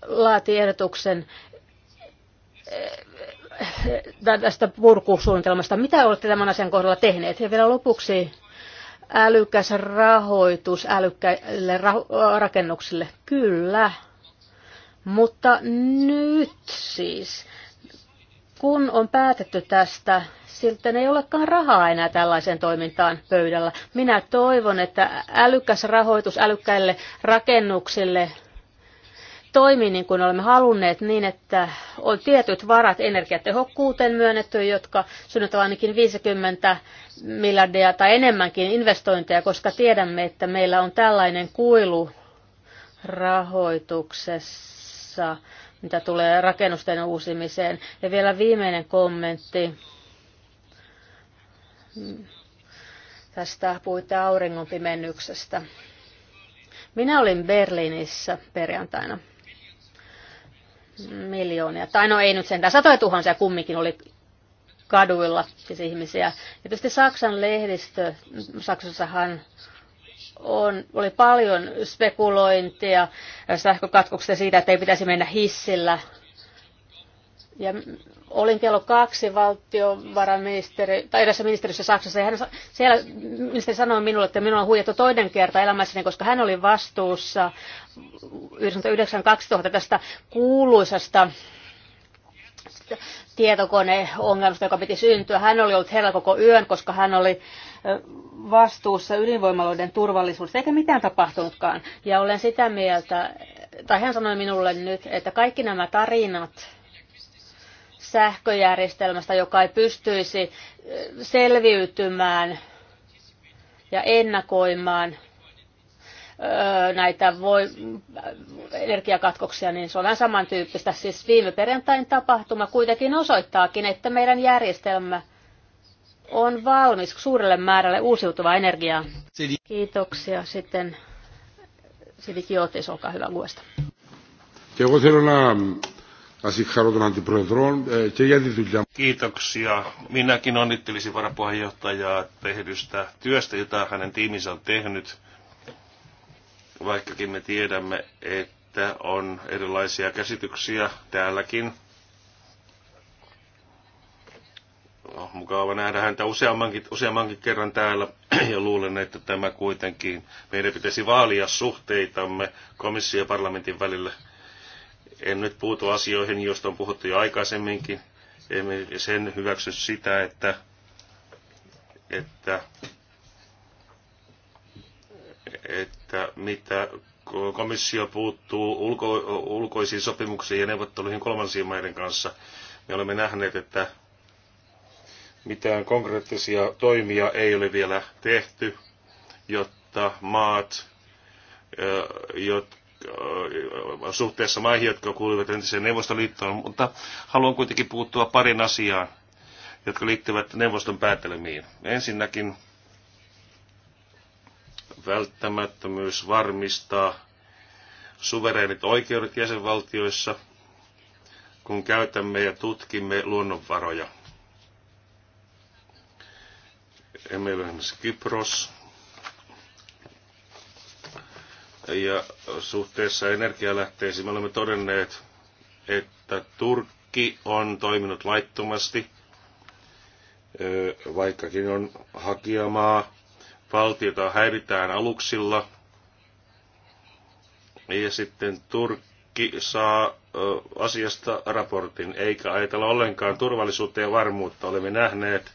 laati ehdotuksen eh, eh, tästä purkusuunnitelmasta. Mitä olette tämän asian kohdalla tehneet? Ja vielä lopuksi älykäs rahoitus älykkäille rakennuksille. Kyllä. Mutta nyt siis kun on päätetty tästä, sitten ei olekaan rahaa enää tällaiseen toimintaan pöydällä. Minä toivon, että älykäs rahoitus älykkäille rakennuksille toimii niin kuin olemme halunneet niin, että on tietyt varat energiatehokkuuteen myönnetty, jotka synnyttävät ainakin 50 miljardia tai enemmänkin investointeja, koska tiedämme, että meillä on tällainen kuilu rahoituksessa kanssa, mitä tulee rakennusten uusimiseen. Ja vielä viimeinen kommentti. Tästä puhuitte auringonpimennyksestä. Minä olin Berliinissä perjantaina. Miljoonia. Tai no ei nyt sentään. Satoja tuhansia kumminkin oli kaduilla siis ihmisiä. Ja tietysti Saksan lehdistö, Saksassahan on, oli paljon spekulointia sähkökatkoksesta siitä, että ei pitäisi mennä hissillä. Ja olin kello kaksi valtiovarainministeri, tai edessä ministeriössä Saksassa, ja hän, siellä ministeri sanoi minulle, että minulla on huijattu toinen kerta elämässäni, koska hän oli vastuussa 1999-2000 tästä kuuluisasta tietokoneongelmasta, joka piti syntyä. Hän oli ollut herra koko yön, koska hän oli vastuussa ydinvoimaloiden turvallisuudesta, eikä mitään tapahtunutkaan. Ja olen sitä mieltä, tai hän sanoi minulle nyt, että kaikki nämä tarinat sähköjärjestelmästä, joka ei pystyisi selviytymään ja ennakoimaan näitä voi, energiakatkoksia, niin se on vähän samantyyppistä. Siis viime perjantain tapahtuma kuitenkin osoittaakin, että meidän järjestelmä on valmis suurelle määrälle uusiutuvaa energiaa. Kiitoksia sitten. Sidi Kiotis, olkaa hyvä vuosta. Kiitoksia. Minäkin onnittelisin varapuheenjohtajaa tehdystä työstä, jota hänen tiiminsä on tehnyt vaikkakin me tiedämme, että on erilaisia käsityksiä täälläkin. No, mukava nähdä häntä useammankin, useammankin kerran täällä <clears throat> ja luulen, että tämä kuitenkin, meidän pitäisi vaalia suhteitamme komissio ja parlamentin välillä. En nyt puutu asioihin, joista on puhuttu jo aikaisemminkin. Emme sen hyväksy sitä, että, että että mitä komissio puuttuu ulko, ulkoisiin sopimuksiin ja neuvotteluihin kolmansien maiden kanssa. Me olemme nähneet, että mitään konkreettisia toimia ei ole vielä tehty, jotta maat jotka, suhteessa maihin, jotka kuuluvat entiseen Neuvostoliittoon, mutta haluan kuitenkin puuttua parin asiaan, jotka liittyvät neuvoston päätelmiin. Ensinnäkin välttämättömyys varmistaa suvereenit oikeudet jäsenvaltioissa, kun käytämme ja tutkimme luonnonvaroja. Esimerkiksi Kypros ja suhteessa energialähteisiin me olemme todenneet, että Turkki on toiminut laittomasti, vaikkakin on hakijamaa valtiota häiritään aluksilla. Ja sitten Turkki saa asiasta raportin, eikä ajatella ollenkaan turvallisuutta ja varmuutta. Olemme nähneet,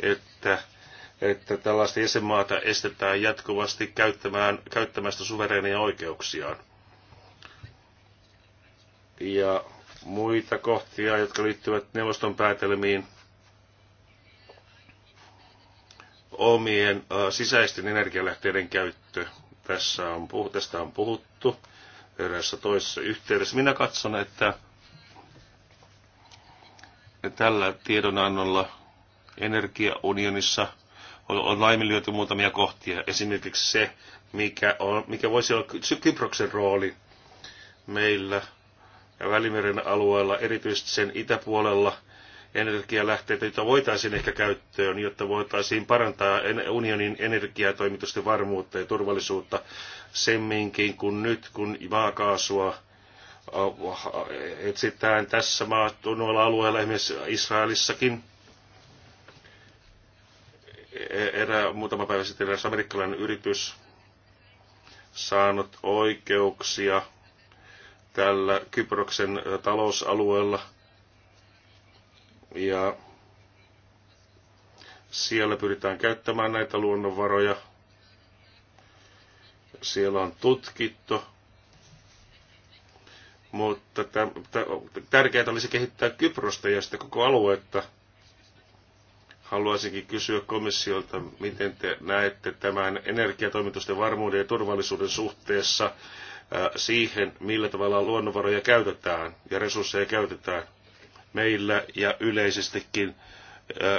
että, että tällaista jäsenmaata estetään jatkuvasti käyttämään, käyttämästä suvereenia oikeuksiaan. Ja muita kohtia, jotka liittyvät neuvoston päätelmiin – omien sisäisten energialähteiden käyttö. Tässä on, tästä on puhuttu eräässä toisessa yhteydessä. Minä katson, että tällä tiedonannolla energiaunionissa on laiminlyöty muutamia kohtia. Esimerkiksi se, mikä, on, mikä voisi olla Kyproksen rooli meillä ja Välimeren alueella, erityisesti sen itäpuolella – energialähteitä, joita voitaisiin ehkä käyttöön, jotta voitaisiin parantaa unionin energiatoimitusten varmuutta ja turvallisuutta semminkin kuin nyt, kun maakaasua äh, etsitään tässä maa, alueella, esimerkiksi Israelissakin. E-, erä, muutama päivä sitten eräs amerikkalainen yritys saanut oikeuksia tällä Kyproksen talousalueella – ja siellä pyritään käyttämään näitä luonnonvaroja. Siellä on tutkittu, mutta tärkeää olisi kehittää Kyprosta ja sitä koko aluetta. Haluaisinkin kysyä komissiolta, miten te näette tämän energiatoimitusten varmuuden ja turvallisuuden suhteessa siihen, millä tavalla luonnonvaroja käytetään ja resursseja käytetään meillä ja yleisestikin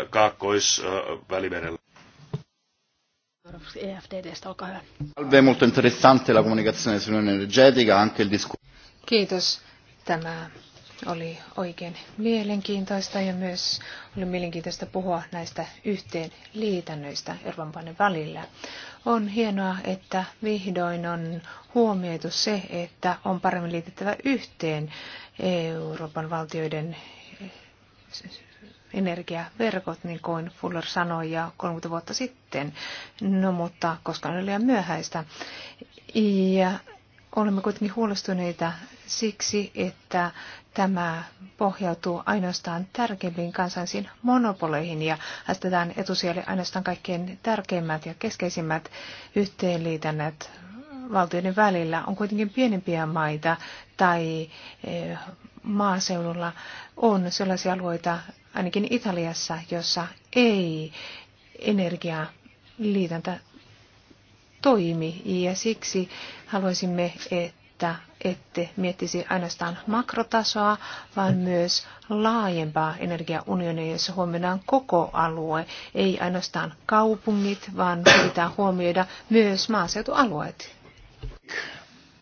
Kaakkois-Välimerellä. E Kiitos. Tämä oli oikein mielenkiintoista ja myös oli mielenkiintoista puhua näistä yhteen liitännöistä Euroopan välillä. On hienoa, että vihdoin on huomioitu se, että on paremmin liitettävä yhteen Euroopan valtioiden energiaverkot, niin kuin Fuller sanoi, ja 30 vuotta sitten. No mutta koska on liian myöhäistä. Ja olemme kuitenkin huolestuneita siksi, että tämä pohjautuu ainoastaan tärkeimpiin kansallisiin monopoleihin ja astetaan etusijalle ainoastaan kaikkein tärkeimmät ja keskeisimmät yhteenliitännät valtioiden välillä. On kuitenkin pienempiä maita tai eh, maaseudulla on sellaisia alueita, ainakin Italiassa, jossa ei energialiitäntä toimi. Ja siksi haluaisimme, että ette miettisi ainoastaan makrotasoa, vaan myös laajempaa energiaunionia, jossa huomioidaan koko alue, ei ainoastaan kaupungit, vaan pitää huomioida myös maaseutualueet.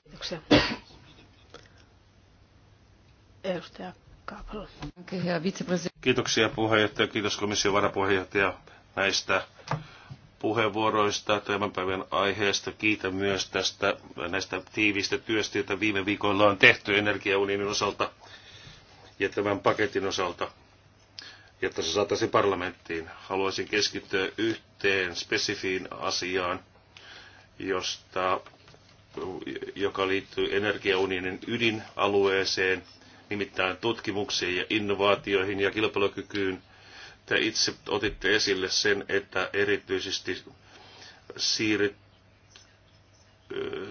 Kiitoksia. Edustaja Kaapalo. Kiitoksia puheenjohtaja, kiitos komission varapuheenjohtaja näistä puheenvuoroista tämän päivän aiheesta. Kiitän myös tästä näistä tiivistä työstä, jota viime viikolla on tehty energiaunionin osalta ja tämän paketin osalta, jotta se saataisiin parlamenttiin. Haluaisin keskittyä yhteen spesifiin asiaan, josta, joka liittyy energiaunionin ydinalueeseen – nimittäin tutkimuksiin ja innovaatioihin ja kilpailukykyyn. Te itse otitte esille sen, että erityisesti siirryt,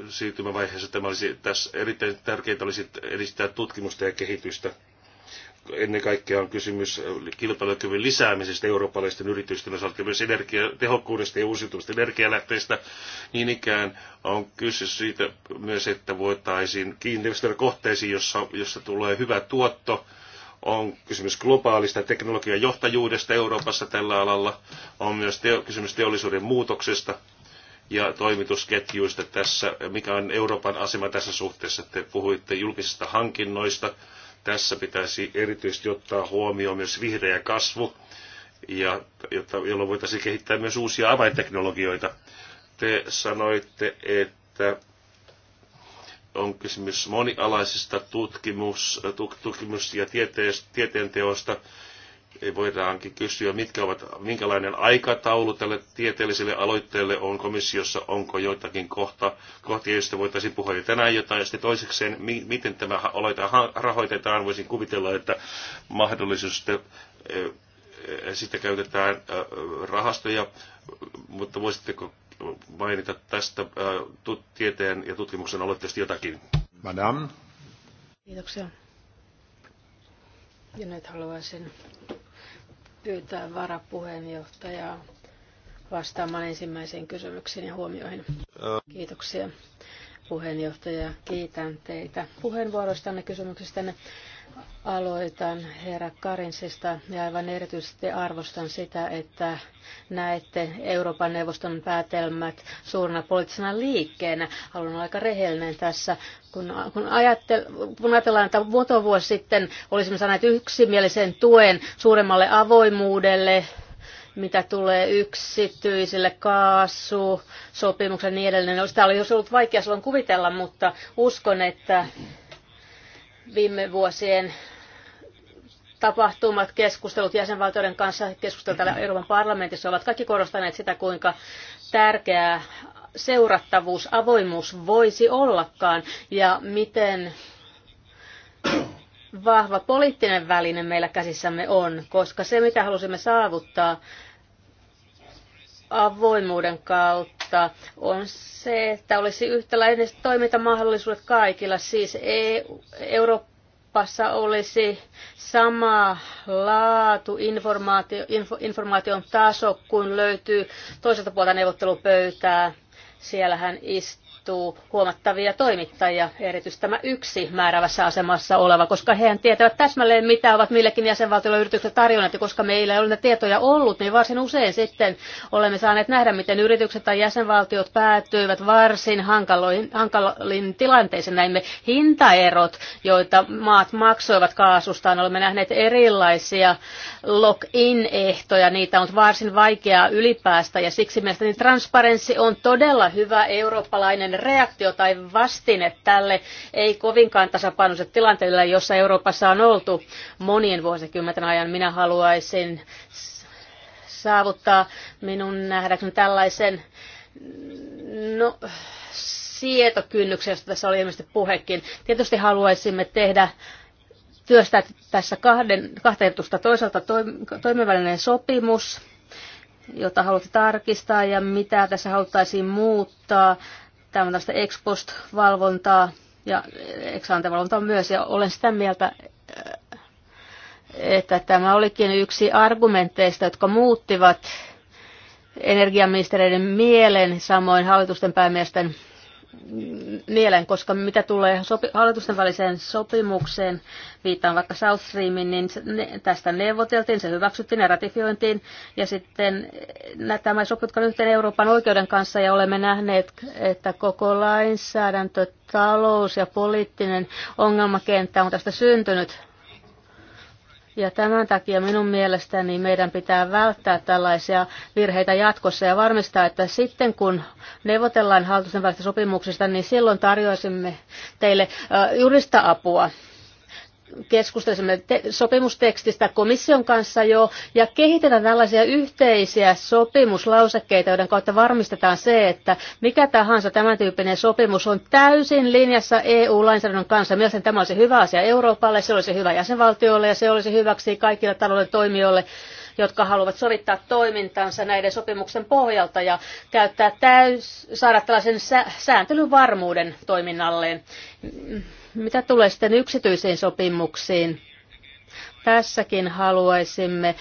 siirtymävaiheessa tämä olisi, tässä erittäin tärkeintä olisi edistää tutkimusta ja kehitystä ennen kaikkea on kysymys kilpailukyvyn lisäämisestä eurooppalaisten yritysten osalta, myös energiatehokkuudesta ja uusiutuvista energialähteistä. Niin ikään on kyse siitä myös, että voitaisiin kiinteistöä kohteisiin, jossa, jossa tulee hyvä tuotto, on kysymys globaalista teknologian johtajuudesta Euroopassa tällä alalla, on myös teo, kysymys teollisuuden muutoksesta ja toimitusketjuista tässä, mikä on Euroopan asema tässä suhteessa. Te puhuitte julkisista hankinnoista, tässä pitäisi erityisesti ottaa huomioon myös vihreä kasvu, ja, jotta, jolloin voitaisiin kehittää myös uusia avainteknologioita. Te sanoitte, että on kysymys monialaisista tutkimus, tutkimus- ja tieteen voidaankin kysyä, mitkä ovat, minkälainen aikataulu tälle tieteelliselle aloitteelle on komissiossa, onko joitakin kohta, kohtia, joista voitaisiin puhua jo tänään jotain, ja sitten toisekseen, mi, miten tämä aloite rahoitetaan, voisin kuvitella, että mahdollisuus eh, eh, sitten, sitten käytetään eh, rahastoja, mutta voisitteko mainita tästä tieteen ja tutkimuksen aloitteesta jotakin? Madame. Kiitoksia. Ja nyt haluaisin pyytää varapuheenjohtajaa vastaamaan ensimmäiseen kysymyksiin ja huomioihin. Kiitoksia puheenjohtaja. Kiitän teitä puheenvuorostanne kysymyksistänne. Aloitan herra Karinsista ja aivan erityisesti arvostan sitä, että näette Euroopan neuvoston päätelmät suurena poliittisena liikkeenä. Haluan olla aika rehellinen tässä. Kun, kun, ajattel, kun ajatellaan, että muutama vuosi sitten olisimme saaneet yksimielisen tuen suuremmalle avoimuudelle, mitä tulee yksityisille, kaasu, sopimuksen ja niin edelleen. Sitä olisi ollut vaikea silloin kuvitella, mutta uskon, että viime vuosien tapahtumat, keskustelut jäsenvaltioiden kanssa, keskustelut täällä Euroopan parlamentissa ovat kaikki korostaneet sitä, kuinka tärkeää seurattavuus, avoimuus voisi ollakaan ja miten vahva poliittinen väline meillä käsissämme on, koska se mitä halusimme saavuttaa avoimuuden kautta, vastaa, on se, että olisi yhtäläiset toimintamahdollisuudet kaikilla. Siis e Euroopassa olisi sama laatu informaatio, info, informaation taso, kuin löytyy toiselta puolta neuvottelupöytää. Siellähän istuu vaihtuu huomattavia toimittajia, erityisesti tämä yksi määrävässä asemassa oleva, koska he tietävät täsmälleen, mitä ovat millekin jäsenvaltiolle yritykset tarjonneet, ja koska meillä ei ole näitä tietoja ollut, niin varsin usein sitten olemme saaneet nähdä, miten yritykset tai jäsenvaltiot päätyivät varsin hankaloin hankaliin tilanteisiin. Näimme hintaerot, joita maat maksoivat kaasustaan. Olemme nähneet erilaisia lock-in-ehtoja, niitä on varsin vaikeaa ylipäästä, ja siksi mielestäni transparenssi on todella hyvä eurooppalainen reaktio tai vastine tälle ei kovinkaan tasapainoiselle tilanteelle, jossa Euroopassa on oltu monien vuosikymmenten ajan. Minä haluaisin saavuttaa minun nähdäkseni tällaisen no, sietokynnyksen, josta tässä oli ilmeisesti puhekin. Tietysti haluaisimme tehdä työstää tässä kahden, kahta ehdotusta. Toisaalta toimivälinen sopimus, jota haluatte tarkistaa ja mitä tässä haluttaisiin muuttaa tämmöistä ex post-valvontaa ja ex valvontaa myös. Ja olen sitä mieltä, eh, että tämä olikin yksi argumenteista, jotka muuttivat energiaministereiden mielen, samoin hallitusten päämiesten mieleen, koska mitä tulee sopi- hallitusten väliseen sopimukseen, viittaan vaikka South Streamiin, niin tästä neuvoteltiin, se hyväksyttiin ja ratifiointiin. Ja sitten tämä sopitkaan yhteen Euroopan oikeuden kanssa ja olemme nähneet, että koko lainsäädäntö, talous ja poliittinen ongelmakenttä on tästä syntynyt ja tämän takia minun mielestäni meidän pitää välttää tällaisia virheitä jatkossa ja varmistaa, että sitten kun neuvotellaan hallitusten välistä sopimuksista, niin silloin tarjoaisimme teille jurista apua keskustelisimme sopimustekstistä komission kanssa jo ja kehitetään tällaisia yhteisiä sopimuslausekkeita, joiden kautta varmistetaan se, että mikä tahansa tämän tyyppinen sopimus on täysin linjassa EU-lainsäädännön kanssa. Mielestäni tämä olisi hyvä asia Euroopalle, se olisi hyvä jäsenvaltioille ja se olisi hyväksi kaikille talouden toimijoille jotka haluavat sovittaa toimintansa näiden sopimuksen pohjalta ja käyttää täys, saada tällaisen sääntelyvarmuuden toiminnalleen. Mitä tulee sitten yksityisiin sopimuksiin? Tässäkin haluaisimme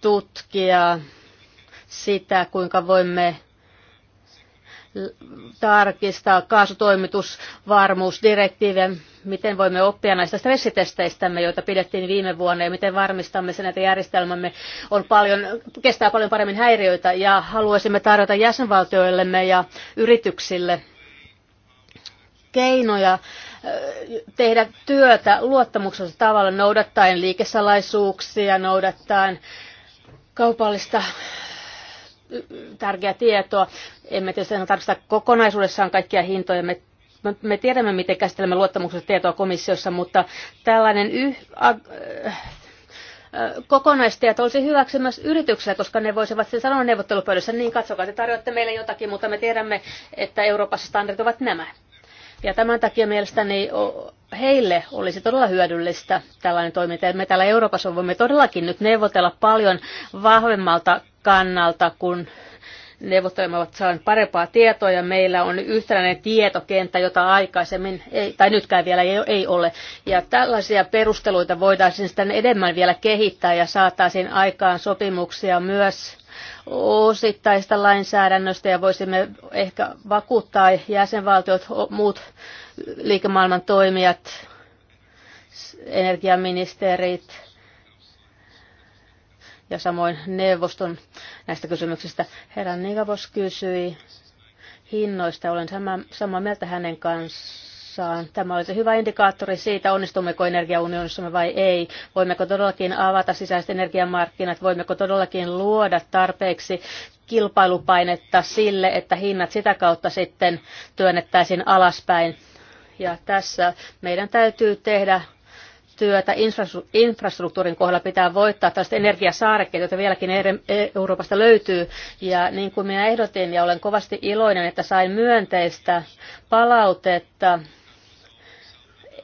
tutkia sitä, kuinka voimme tarkistaa kaasutoimitusvarmuusdirektiivien, miten voimme oppia näistä stressitesteistämme, joita pidettiin viime vuonna, ja miten varmistamme sen, että järjestelmämme on paljon, kestää paljon paremmin häiriöitä, ja haluaisimme tarjota jäsenvaltioillemme ja yrityksille – keinoja tehdä työtä luottamuksessa tavalla noudattaen liikesalaisuuksia, noudattaen kaupallista tärkeää tietoa. Emme tietysti tarvista kokonaisuudessaan kaikkia hintoja. Me, me tiedämme, miten käsittelemme luottamuksessa tietoa komissiossa, mutta tällainen yh, ag, kokonaistieto olisi hyväksi myös yrityksille, koska ne voisivat sen sanoa neuvottelupöydässä, niin katsokaa, te tarjoatte meille jotakin, mutta me tiedämme, että Euroopassa standardit ovat nämä. Ja tämän takia mielestäni heille olisi todella hyödyllistä tällainen toiminta. Me täällä Euroopassa voimme todellakin nyt neuvotella paljon vahvemmalta kannalta, kun neuvottelemme ovat saaneet parempaa tietoa ja meillä on yhtäläinen tietokenttä, jota aikaisemmin, ei, tai nytkään vielä ei, ei ole. Ja tällaisia perusteluita voidaan sitten enemmän vielä kehittää ja saataisiin aikaan sopimuksia myös osittaista lainsäädännöstä ja voisimme ehkä vakuuttaa jäsenvaltiot, muut liikemaailman toimijat, energiaministerit ja samoin neuvoston näistä kysymyksistä. Herra Nigavos kysyi hinnoista. Olen sama samaa mieltä hänen kanssaan USAan. Tämä olisi hyvä indikaattori siitä, onnistummeko energiaunionissamme vai ei. Voimmeko todellakin avata sisäiset energiamarkkinat, voimmeko todellakin luoda tarpeeksi kilpailupainetta sille, että hinnat sitä kautta sitten työnnettäisiin alaspäin. Ja tässä meidän täytyy tehdä työtä infrastruktuurin kohdalla pitää voittaa tällaista energiasaarekkeet, joita vieläkin e, Euroopasta löytyy. Ja niin kuin minä ehdotin ja olen kovasti iloinen, että sain myönteistä palautetta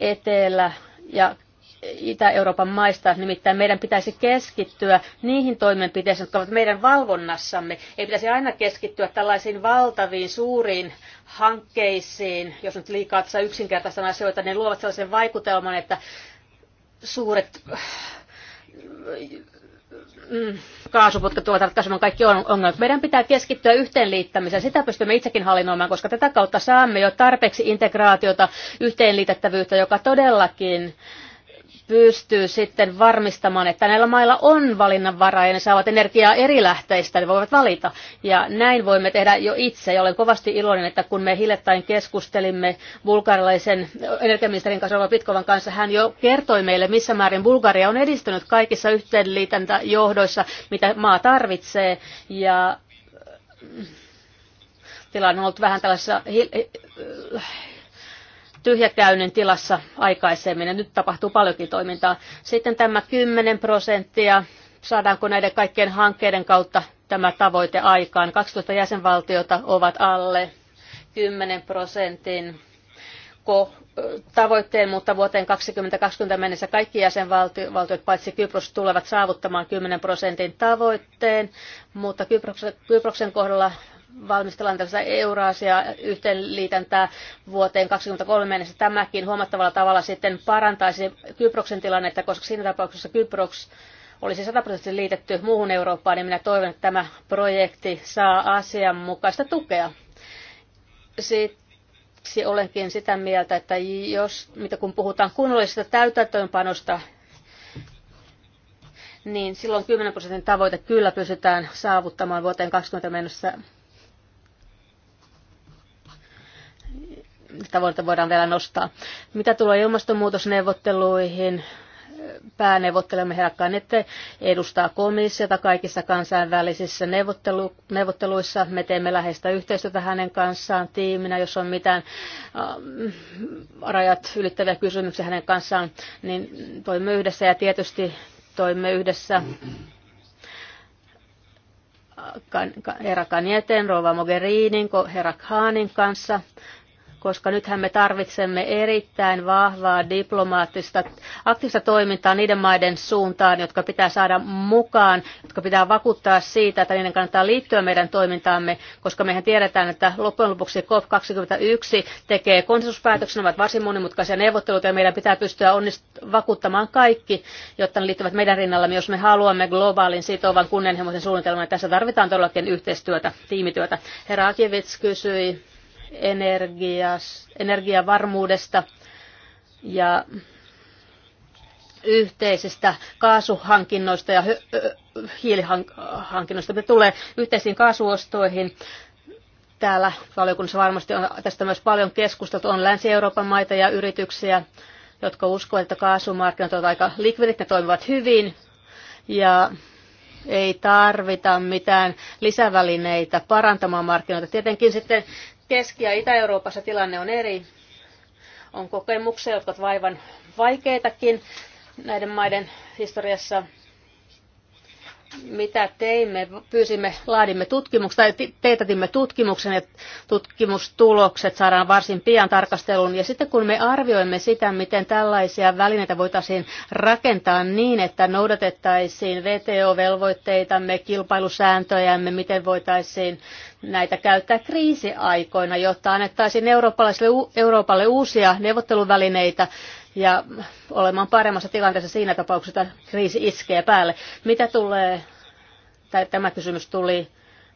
Etelä- ja Itä-Euroopan maista. Nimittäin meidän pitäisi keskittyä niihin toimenpiteisiin, jotka ovat meidän valvonnassamme. Ei pitäisi aina keskittyä tällaisiin valtaviin, suuriin hankkeisiin, jos nyt liikaa tässä yksinkertaisena asioita, ne luovat sellaisen vaikutelman, että suuret Mm, kaasuputket tulevat ratkaisemaan kaikki ongelmat. Meidän pitää keskittyä yhteenliittämiseen. Sitä pystymme itsekin hallinnoimaan, koska tätä kautta saamme jo tarpeeksi integraatiota, yhteenliitettävyyttä, joka todellakin pystyy sitten varmistamaan, että näillä mailla on valinnanvaraa ja ne saavat energiaa eri lähteistä, ne voivat valita. Ja näin voimme tehdä jo itse. Ja olen kovasti iloinen, että kun me hiljattain keskustelimme bulgarilaisen energiaministerin kanssa Pitkovan kanssa, hän jo kertoi meille, missä määrin Bulgaria on edistynyt kaikissa yhteenliitäntäjohdoissa, mitä maa tarvitsee. Ja äh, tilanne on ollut vähän tällaisessa tyhjäkäynnin tilassa aikaisemmin, ja nyt tapahtuu paljonkin toimintaa. Sitten tämä 10 prosenttia, saadaanko näiden kaikkien hankkeiden kautta tämä tavoite aikaan. 12 jäsenvaltiota ovat alle 10 prosentin tavoitteen, mutta vuoteen 2020 mennessä kaikki jäsenvaltiot paitsi Kypros tulevat saavuttamaan 10 prosentin tavoitteen, mutta Kyproksen, Kyproksen kohdalla valmistellaan tällaista Euraasia yhteenliitäntää vuoteen 2023 mennessä. Tämäkin huomattavalla tavalla sitten parantaisi Kyproksen tilannetta, koska siinä tapauksessa Kyproks olisi sataprosenttisesti liitetty muuhun Eurooppaan, niin minä toivon, että tämä projekti saa asianmukaista tukea. Siksi olenkin sitä mieltä, että jos, mitä kun puhutaan kunnollisesta täytäntöönpanosta, niin silloin 10 prosentin tavoite kyllä pystytään saavuttamaan vuoteen 2020 mennessä tavoitetta voidaan vielä nostaa. Mitä tulee ilmastonmuutosneuvotteluihin, pääneuvottelemme herrakkaan että edustaa komissiota kaikissa kansainvälisissä neuvottelu, neuvotteluissa. Me teemme läheistä yhteistyötä hänen kanssaan tiiminä, jos on mitään äh, rajat ylittäviä kysymyksiä hänen kanssaan, niin toimme yhdessä ja tietysti toimme yhdessä herra Kanieteen, Rova Mogherinin, herra Khanin kanssa koska nythän me tarvitsemme erittäin vahvaa diplomaattista aktiivista toimintaa niiden maiden suuntaan, jotka pitää saada mukaan, jotka pitää vakuuttaa siitä, että niiden kannattaa liittyä meidän toimintaamme, koska mehän tiedetään, että loppujen lopuksi COP21 tekee konsensuspäätöksen, ovat varsin monimutkaisia neuvotteluita ja meidän pitää pystyä onnist- vakuuttamaan kaikki, jotta ne liittyvät meidän rinnallamme, jos me haluamme globaalin sitovan kunnianhimoisen suunnitelman. Niin tässä tarvitaan todellakin yhteistyötä, tiimityötä. Herra Akivits kysyi energias, energiavarmuudesta ja yhteisistä kaasuhankinnoista ja hiilihankinnoista. Me tulee yhteisiin kaasuostoihin. Täällä valiokunnassa varmasti on tästä myös paljon keskusteltu. On Länsi-Euroopan maita ja yrityksiä, jotka uskovat, että kaasumarkkinat ovat aika likvidit, ne toimivat hyvin ja ei tarvita mitään lisävälineitä parantamaan markkinoita. Tietenkin sitten Keski- ja Itä-Euroopassa tilanne on eri. On kokemuksia, jotka ovat vaivan vaikeitakin näiden maiden historiassa. Mitä teimme? Pyysimme, laadimme tutkimuksen tai teetätimme tutkimuksen ja tutkimustulokset saadaan varsin pian tarkasteluun. Ja sitten kun me arvioimme sitä, miten tällaisia välineitä voitaisiin rakentaa niin, että noudatettaisiin VTO-velvoitteitamme, kilpailusääntöjämme, miten voitaisiin näitä käyttää kriisiaikoina, jotta annettaisiin eurooppalaisille, Euroopalle uusia neuvotteluvälineitä ja olemaan paremmassa tilanteessa siinä tapauksessa, että kriisi iskee päälle. Mitä tulee, tai tämä kysymys tuli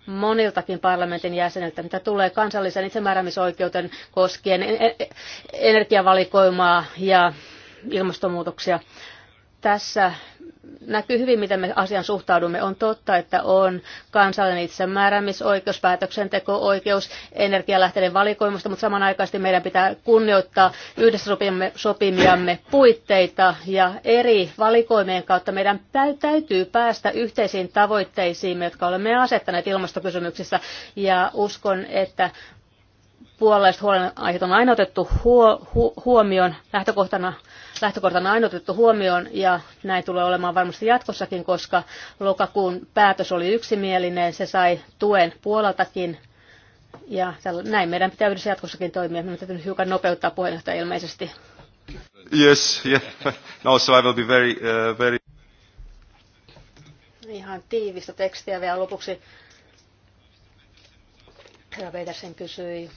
moniltakin parlamentin jäseniltä, mitä tulee kansallisen itsemääräämisoikeuden koskien e-, e-, e-, energiavalikoimaa ja ilmastonmuutoksia. Tässä näkyy hyvin, miten me asian suhtaudumme. On totta, että on kansallinen itsemääräämisoikeus, päätöksenteko-oikeus, energialähteiden valikoimusta, mutta samanaikaisesti meidän pitää kunnioittaa yhdessä sopimme, sopimiamme puitteita ja eri valikoimien kautta meidän täytyy päästä yhteisiin tavoitteisiin, jotka olemme asettaneet ilmastokysymyksissä ja uskon, että puolueelliset huolenaiheet on aina otettu huo, hu, huomioon lähtökohtana lähtökohtana aina otettu huomioon ja näin tulee olemaan varmasti jatkossakin, koska lokakuun päätös oli yksimielinen, se sai tuen puoleltakin ja näin meidän pitää yhdessä jatkossakin toimia. Minun täytyy hiukan nopeuttaa puheenjohtaja ilmeisesti. Yes, yeah. No, <laughs> so I will be very, uh, very... Ihan tiivistä tekstiä vielä lopuksi. Herra Petersen kysyi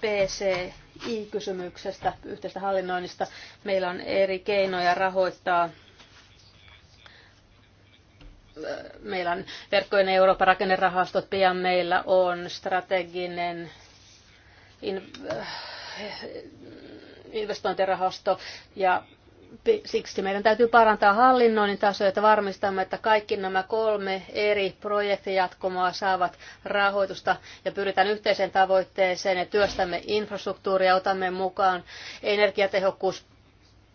PC kysymyksestä yhteistä hallinnoinnista. Meillä on eri keinoja rahoittaa meillä on verkkojen Euroopan rakennerahastot, pian meillä on strateginen investointirahasto ja Siksi meidän täytyy parantaa hallinnoinnin tasoja, että varmistamme, että kaikki nämä kolme eri projektijatkumoa saavat rahoitusta ja pyritään yhteiseen tavoitteeseen ja työstämme infrastruktuuria, otamme mukaan energiatehokkuus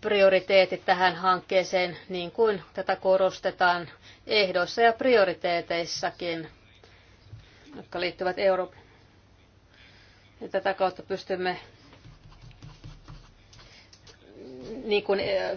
prioriteetit tähän hankkeeseen, niin kuin tätä korostetaan ehdoissa ja prioriteeteissakin, jotka liittyvät Euroopan. Ja tätä kautta pystymme niin kuin eh,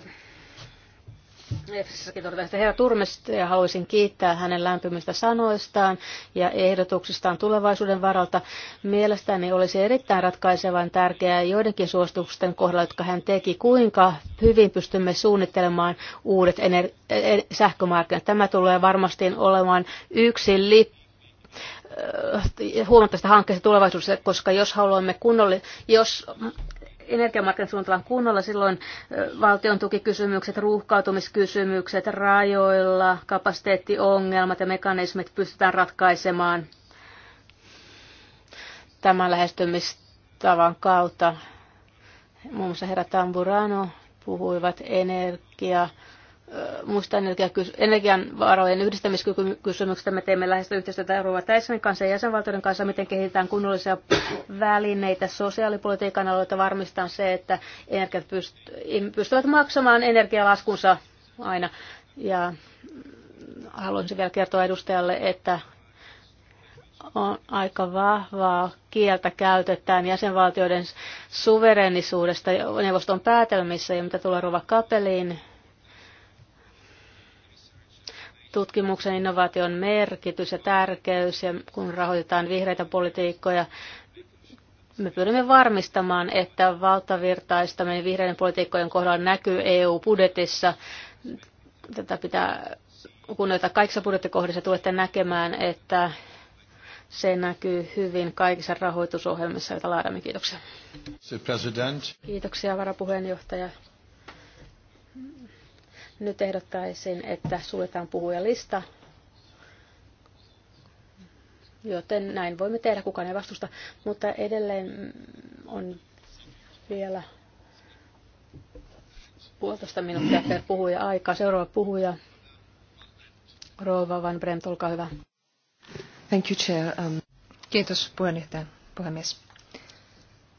Efesissäkin herra Turmesta ja haluaisin kiittää hänen lämpimistä sanoistaan ja ehdotuksistaan tulevaisuuden varalta. Mielestäni olisi erittäin ratkaisevan tärkeää joidenkin suositusten kohdalla, jotka hän teki, kuinka hyvin pystymme suunnittelemaan uudet ener- eh, sähkömarkkinat. Tämä tulee varmasti olemaan yksi lippu eh, huomattavasta hankkeesta tulevaisuudessa, koska jos haluamme kunnolli, jos energiamarkkinat suunnitellaan kunnolla, silloin valtion tukikysymykset, ruuhkautumiskysymykset rajoilla, kapasiteettiongelmat ja mekanismit pystytään ratkaisemaan tämän lähestymistavan kautta. Muun muassa herra Tamburano puhuivat energia muista energian varojen yhdistämiskysymyksistä me teemme läheistä yhteistyötä Euroopan täysin kanssa ja jäsenvaltioiden kanssa, miten kehitetään kunnollisia välineitä sosiaalipolitiikan alueita varmistaa se, että energiat pystyvät maksamaan energialaskunsa aina. Ja haluaisin vielä kertoa edustajalle, että on aika vahvaa kieltä käytetään jäsenvaltioiden suverenisuudesta neuvoston päätelmissä ja mitä tulee Rova Kapeliin, tutkimuksen innovaation merkitys ja tärkeys, ja kun rahoitetaan vihreitä politiikkoja, me pyrimme varmistamaan, että valtavirtaista meidän vihreiden politiikkojen kohdalla näkyy EU-budjetissa. Tätä pitää kunnioittaa kaikissa budjettikohdissa. Tulette näkemään, että se näkyy hyvin kaikissa rahoitusohjelmissa, joita laadamme. Kiitoksia. Kiitoksia varapuheenjohtaja. Nyt ehdottaisin, että suljetaan puhujalista, joten näin voimme tehdä, kukaan ei vastusta, mutta edelleen on vielä puolitoista minuuttia per puhuja aikaa. Seuraava puhuja, Rova Van Bremt, olkaa hyvä. Thank you, Chair. Um... Kiitos puheenjohtaja, puhemies.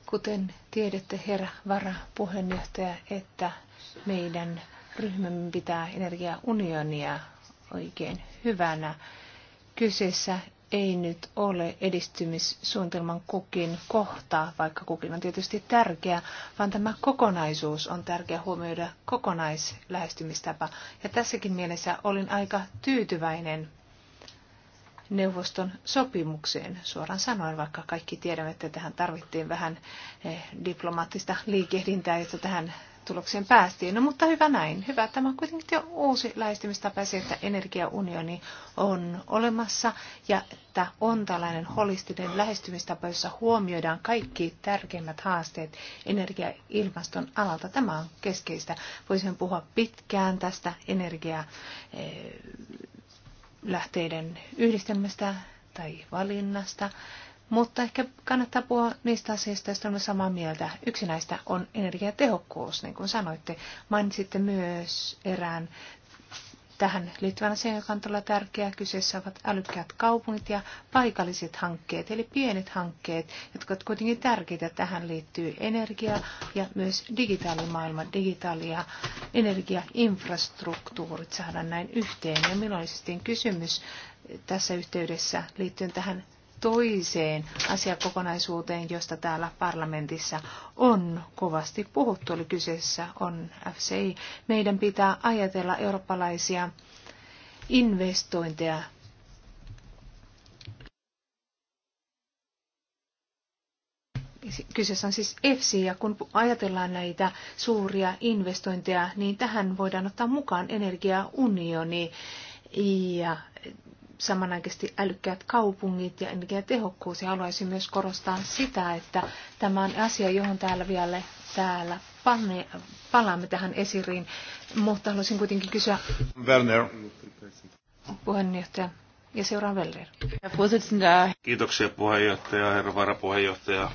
Kuten tiedätte, herra varapuheenjohtaja, että meidän ryhmämme pitää energiaunionia oikein hyvänä. Kyseessä ei nyt ole edistymissuunnitelman kukin kohta, vaikka kukin on tietysti tärkeä, vaan tämä kokonaisuus on tärkeä huomioida kokonaislähestymistapa. Ja tässäkin mielessä olin aika tyytyväinen neuvoston sopimukseen, suoraan sanoen, vaikka kaikki tiedämme, että tähän tarvittiin vähän eh, diplomaattista liikehdintää, jotta tähän tulokseen päästiin. No mutta hyvä näin. Hyvä. Tämä on kuitenkin jo uusi lähestymistapa se, että energiaunioni on olemassa ja että on tällainen holistinen lähestymistapa, jossa huomioidaan kaikki tärkeimmät haasteet energia- ilmaston alalta. Tämä on keskeistä. Voisin puhua pitkään tästä energialähteiden eh, yhdistelmästä tai valinnasta. Mutta ehkä kannattaa puhua niistä asioista, joista olemme samaa mieltä. Yksi näistä on energiatehokkuus, niin kuin sanoitte. Mainitsitte myös erään tähän liittyvän asian, joka on todella tärkeä. Kyseessä ovat älykkäät kaupungit ja paikalliset hankkeet, eli pienet hankkeet, jotka ovat kuitenkin tärkeitä. Tähän liittyy energia ja myös digitaalimaailma, digitaali- ja energiainfrastruktuurit saadaan näin yhteen. Ja minulla oli kysymys tässä yhteydessä liittyen tähän toiseen asiakokonaisuuteen, josta täällä parlamentissa on kovasti puhuttu, eli kyseessä on FCI. Meidän pitää ajatella eurooppalaisia investointeja kyseessä on siis EFSI, ja kun ajatellaan näitä suuria investointeja, niin tähän voidaan ottaa mukaan energiaunioni ja samanaikaisesti älykkäät kaupungit ja energiatehokkuus. Ja haluaisin myös korostaa sitä, että tämä on asia, johon täällä vielä täällä panne, palaamme tähän esiriin. Mutta haluaisin kuitenkin kysyä Werner. puheenjohtaja ja seuraava Werner. Kiitoksia puheenjohtaja, herra varapuheenjohtaja.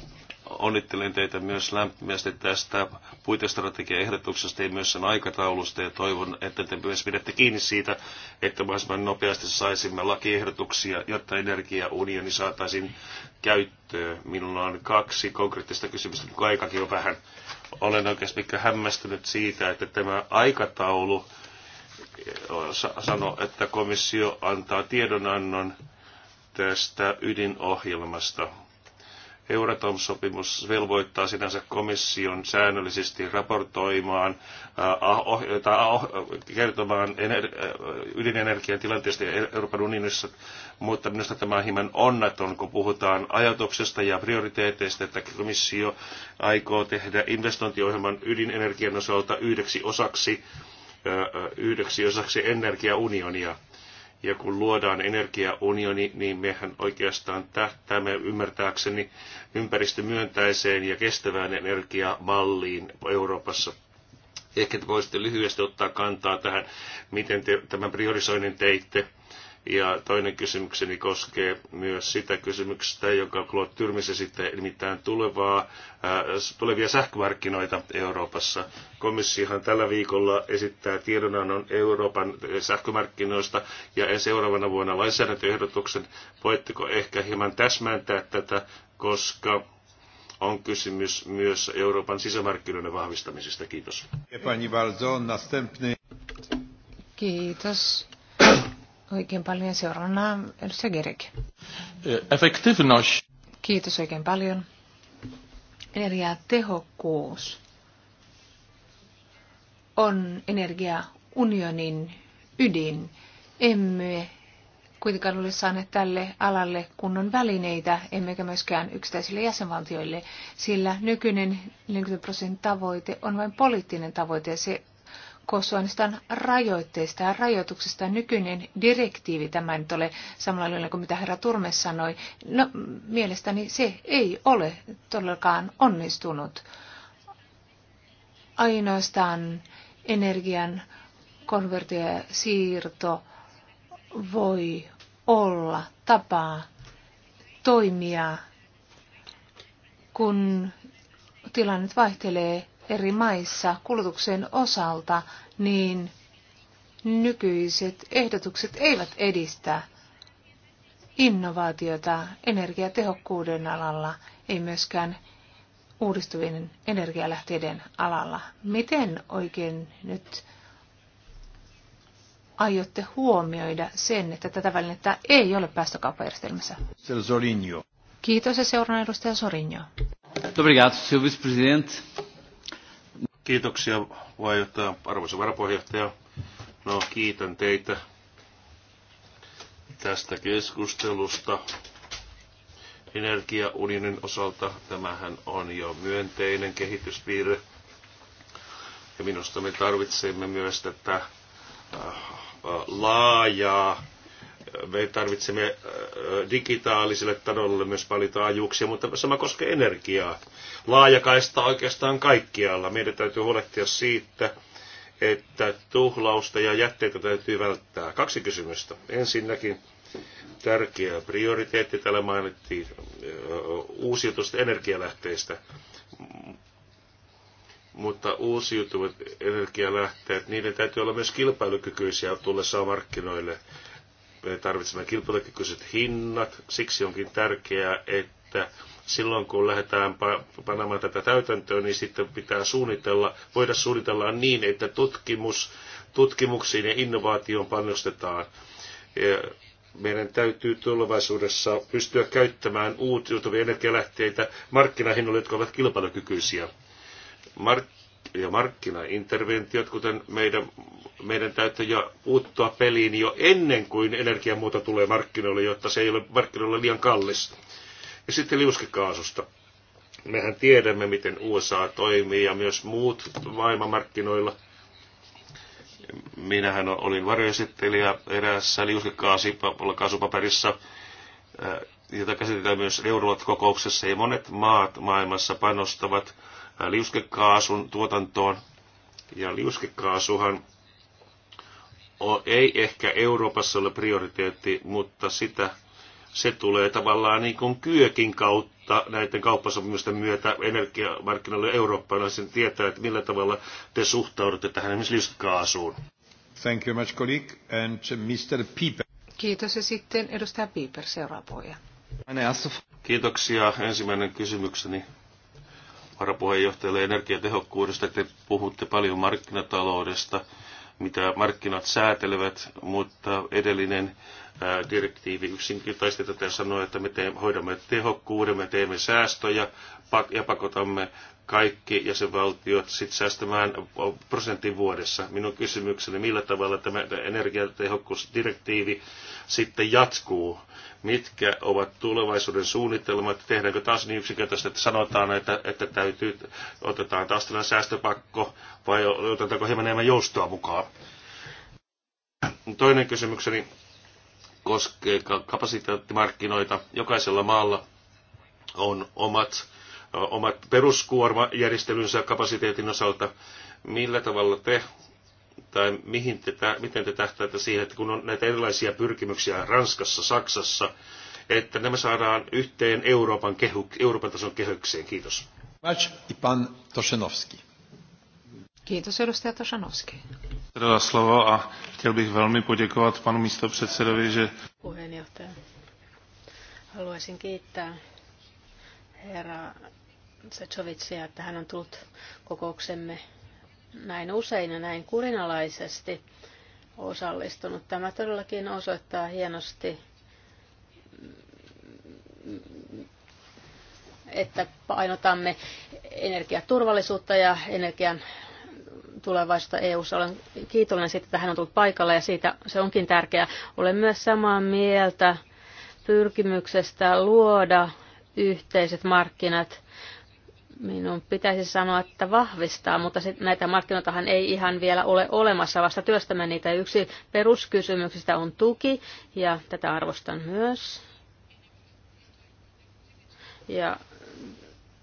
Onnittelen teitä myös lämpimästi tästä puitestrategiaehdotuksesta ja myös sen aikataulusta ja toivon, että te myös pidätte kiinni siitä, että mahdollisimman nopeasti saisimme lakiehdotuksia, jotta energiaunioni saataisiin käyttöön. Minulla on kaksi konkreettista kysymystä, kun aikakin on vähän. Olen oikeasti hämmästynyt siitä, että tämä aikataulu sanoi, että komissio antaa tiedonannon tästä ydinohjelmasta Euratom-sopimus velvoittaa sinänsä komission säännöllisesti raportoimaan ah, oh, tai ah, oh, kertomaan ydinenergian tilanteesta Euroopan unionissa, mutta minusta tämä on hieman onnaton, kun puhutaan ajatuksesta ja prioriteeteista, että komissio aikoo tehdä investointiohjelman ydinenergian osalta yhdeksi osaksi yhdeksi osaksi energiaunionia ja kun luodaan energiaunioni, niin mehän oikeastaan tähtäämme ymmärtääkseni ympäristömyöntäiseen ja kestävään energiamalliin Euroopassa. Ehkä te voisitte lyhyesti ottaa kantaa tähän, miten te tämän priorisoinnin teitte ja toinen kysymykseni koskee myös sitä kysymyksestä, jonka Claude Tyrmis esitti, nimittäin tulevaa, äh, tulevia sähkömarkkinoita Euroopassa. Komissiohan tällä viikolla esittää tiedonannon Euroopan sähkömarkkinoista ja seuraavana vuonna lainsäädäntöehdotuksen. Voitteko ehkä hieman täsmäntää tätä, koska on kysymys myös Euroopan sisämarkkinoiden vahvistamisesta. Kiitos. Kiitos. Oikein paljon seuraavana Elsa Gerek. Effektivnos. Kiitos oikein paljon. Energiatehokkuus on energiaunionin ydin. Emme kuitenkaan ole saaneet tälle alalle kunnon välineitä, emmekä myöskään yksittäisille jäsenvaltioille, sillä nykyinen 40 prosentin tavoite on vain poliittinen tavoite ja se koostuu rajoitteista ja rajoituksista. Nykyinen direktiivi, tämä nyt ole samalla lailla kuin mitä herra Turme sanoi, no mielestäni se ei ole todellakaan onnistunut. Ainoastaan energian konvertio ja siirto voi olla tapa toimia, kun tilanne vaihtelee eri maissa kulutuksen osalta, niin nykyiset ehdotukset eivät edistä innovaatiota energiatehokkuuden alalla, ei myöskään uudistuvien energialähteiden alalla. Miten oikein nyt aiotte huomioida sen, että tätä välinettä ei ole päästökauppajärjestelmässä? Kiitos ja seuraan edustaja Sorinjo. Obrigado, senhor vice-presidente. Kiitoksia puheenjohtaja, arvoisa varapuheenjohtaja. No, kiitän teitä tästä keskustelusta energiaunionin osalta. Tämähän on jo myönteinen kehityspiirre. Ja minusta me tarvitsemme myös tätä äh, laajaa me tarvitsemme äh, digitaaliselle tasolle myös paljon taajuuksia, mutta sama koskee energiaa. Laajakaista oikeastaan kaikkialla. Meidän täytyy huolehtia siitä, että tuhlausta ja jätteitä täytyy välttää. Kaksi kysymystä. Ensinnäkin tärkeä prioriteetti, täällä mainittiin äh, uusiutuvista energialähteistä, mutta uusiutuvat energialähteet, niiden täytyy olla myös kilpailukykyisiä tullessaan markkinoille me tarvitsemme kilpailukykyiset hinnat. Siksi onkin tärkeää, että silloin kun lähdetään panemaan tätä täytäntöön, niin sitten pitää suunnitella, voida suunnitella niin, että tutkimus, tutkimuksiin ja innovaatioon panostetaan. Meidän täytyy tulevaisuudessa pystyä käyttämään uusiutuvia energialähteitä markkinahinnoilla, jotka ovat kilpailukykyisiä. Mark- ja markkinainterventiot, kuten meidän, meidän täytyy jo puuttua peliin jo ennen kuin energiamuoto tulee markkinoille, jotta se ei ole markkinoille liian kallis. Ja sitten liuskekaasusta. Mehän tiedämme, miten USA toimii ja myös muut maailmanmarkkinoilla. Minähän olin varjoesittelijä eräässä liuskekaasupaperissa jota käsitetään myös Eurolat-kokouksessa, ja monet maat maailmassa panostavat Äh, liuskekaasun tuotantoon. Ja liuskekaasuhan ei ehkä Euroopassa ole prioriteetti, mutta sitä se tulee tavallaan niin kuin kyökin kautta näiden kauppasopimusten myötä energiamarkkinoille Sen tietää, että millä tavalla te suhtaudutte tähän esimerkiksi liuskekaasuun. Thank you much, colleague. And uh, Mr. Pieper. Kiitos ja sitten edustaja Pieper, seuraava puhuja. Kiitoksia. Ensimmäinen kysymykseni varapuheenjohtajalle energiatehokkuudesta. Te puhutte paljon markkinataloudesta, mitä markkinat säätelevät, mutta edellinen direktiivi yksinkertaisesti tätä sanoa, että me teemme, hoidamme tehokkuuden, me teemme säästöjä ja pakotamme kaikki jäsenvaltiot sit säästämään prosentin vuodessa. Minun kysymykseni, millä tavalla tämä energiatehokkuusdirektiivi sitten jatkuu? Mitkä ovat tulevaisuuden suunnitelmat? Tehdäänkö taas niin yksinkertaisesti, että sanotaan, että, että täytyy, otetaan taas tällainen säästöpakko vai otetaanko hieman enemmän joustoa mukaan? Toinen kysymykseni koskee kapasiteettimarkkinoita. Jokaisella maalla on omat omat peruskuormajärjestelynsä kapasiteetin osalta. Millä tavalla te tai mihin te, miten te tähtäätte siihen, että kun on näitä erilaisia pyrkimyksiä Ranskassa, Saksassa, että nämä saadaan yhteen Euroopan, kehu, Euroopan tason kehykseen. Kiitos. Ipan Kiitos edustaja Tosanovski. Dala slovo a chtěl bych velmi poděkovat panu místopředsedovi, že... Puheenjohtaja. Haluaisin kiittää herra Zetsovitsia, että hän on tullut kokouksemme näin usein ja näin kurinalaisesti osallistunut. Tämä todellakin osoittaa hienosti, että painotamme energiaturvallisuutta ja energian tulevaisuutta eu Olen kiitollinen siitä, että hän on tullut paikalle ja siitä se onkin tärkeää. Olen myös samaa mieltä pyrkimyksestä luoda yhteiset markkinat Minun pitäisi sanoa, että vahvistaa, mutta sit näitä markkinoitahan ei ihan vielä ole olemassa, vasta työstämme niitä. Yksi peruskysymyksistä on tuki, ja tätä arvostan myös. Ja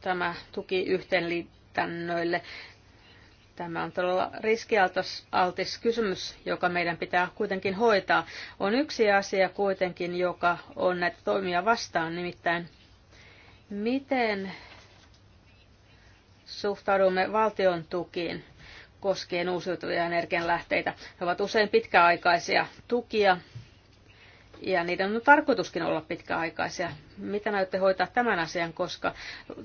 tämä tuki yhteenliitännöille Tämä on todella riskialtis kysymys, joka meidän pitää kuitenkin hoitaa. On yksi asia kuitenkin, joka on näitä toimia vastaan, nimittäin miten suhtaudumme valtion tukiin koskien uusiutuvia energianlähteitä. Ne ovat usein pitkäaikaisia tukia ja niiden on tarkoituskin olla pitkäaikaisia. Mitä näytte hoitaa tämän asian, koska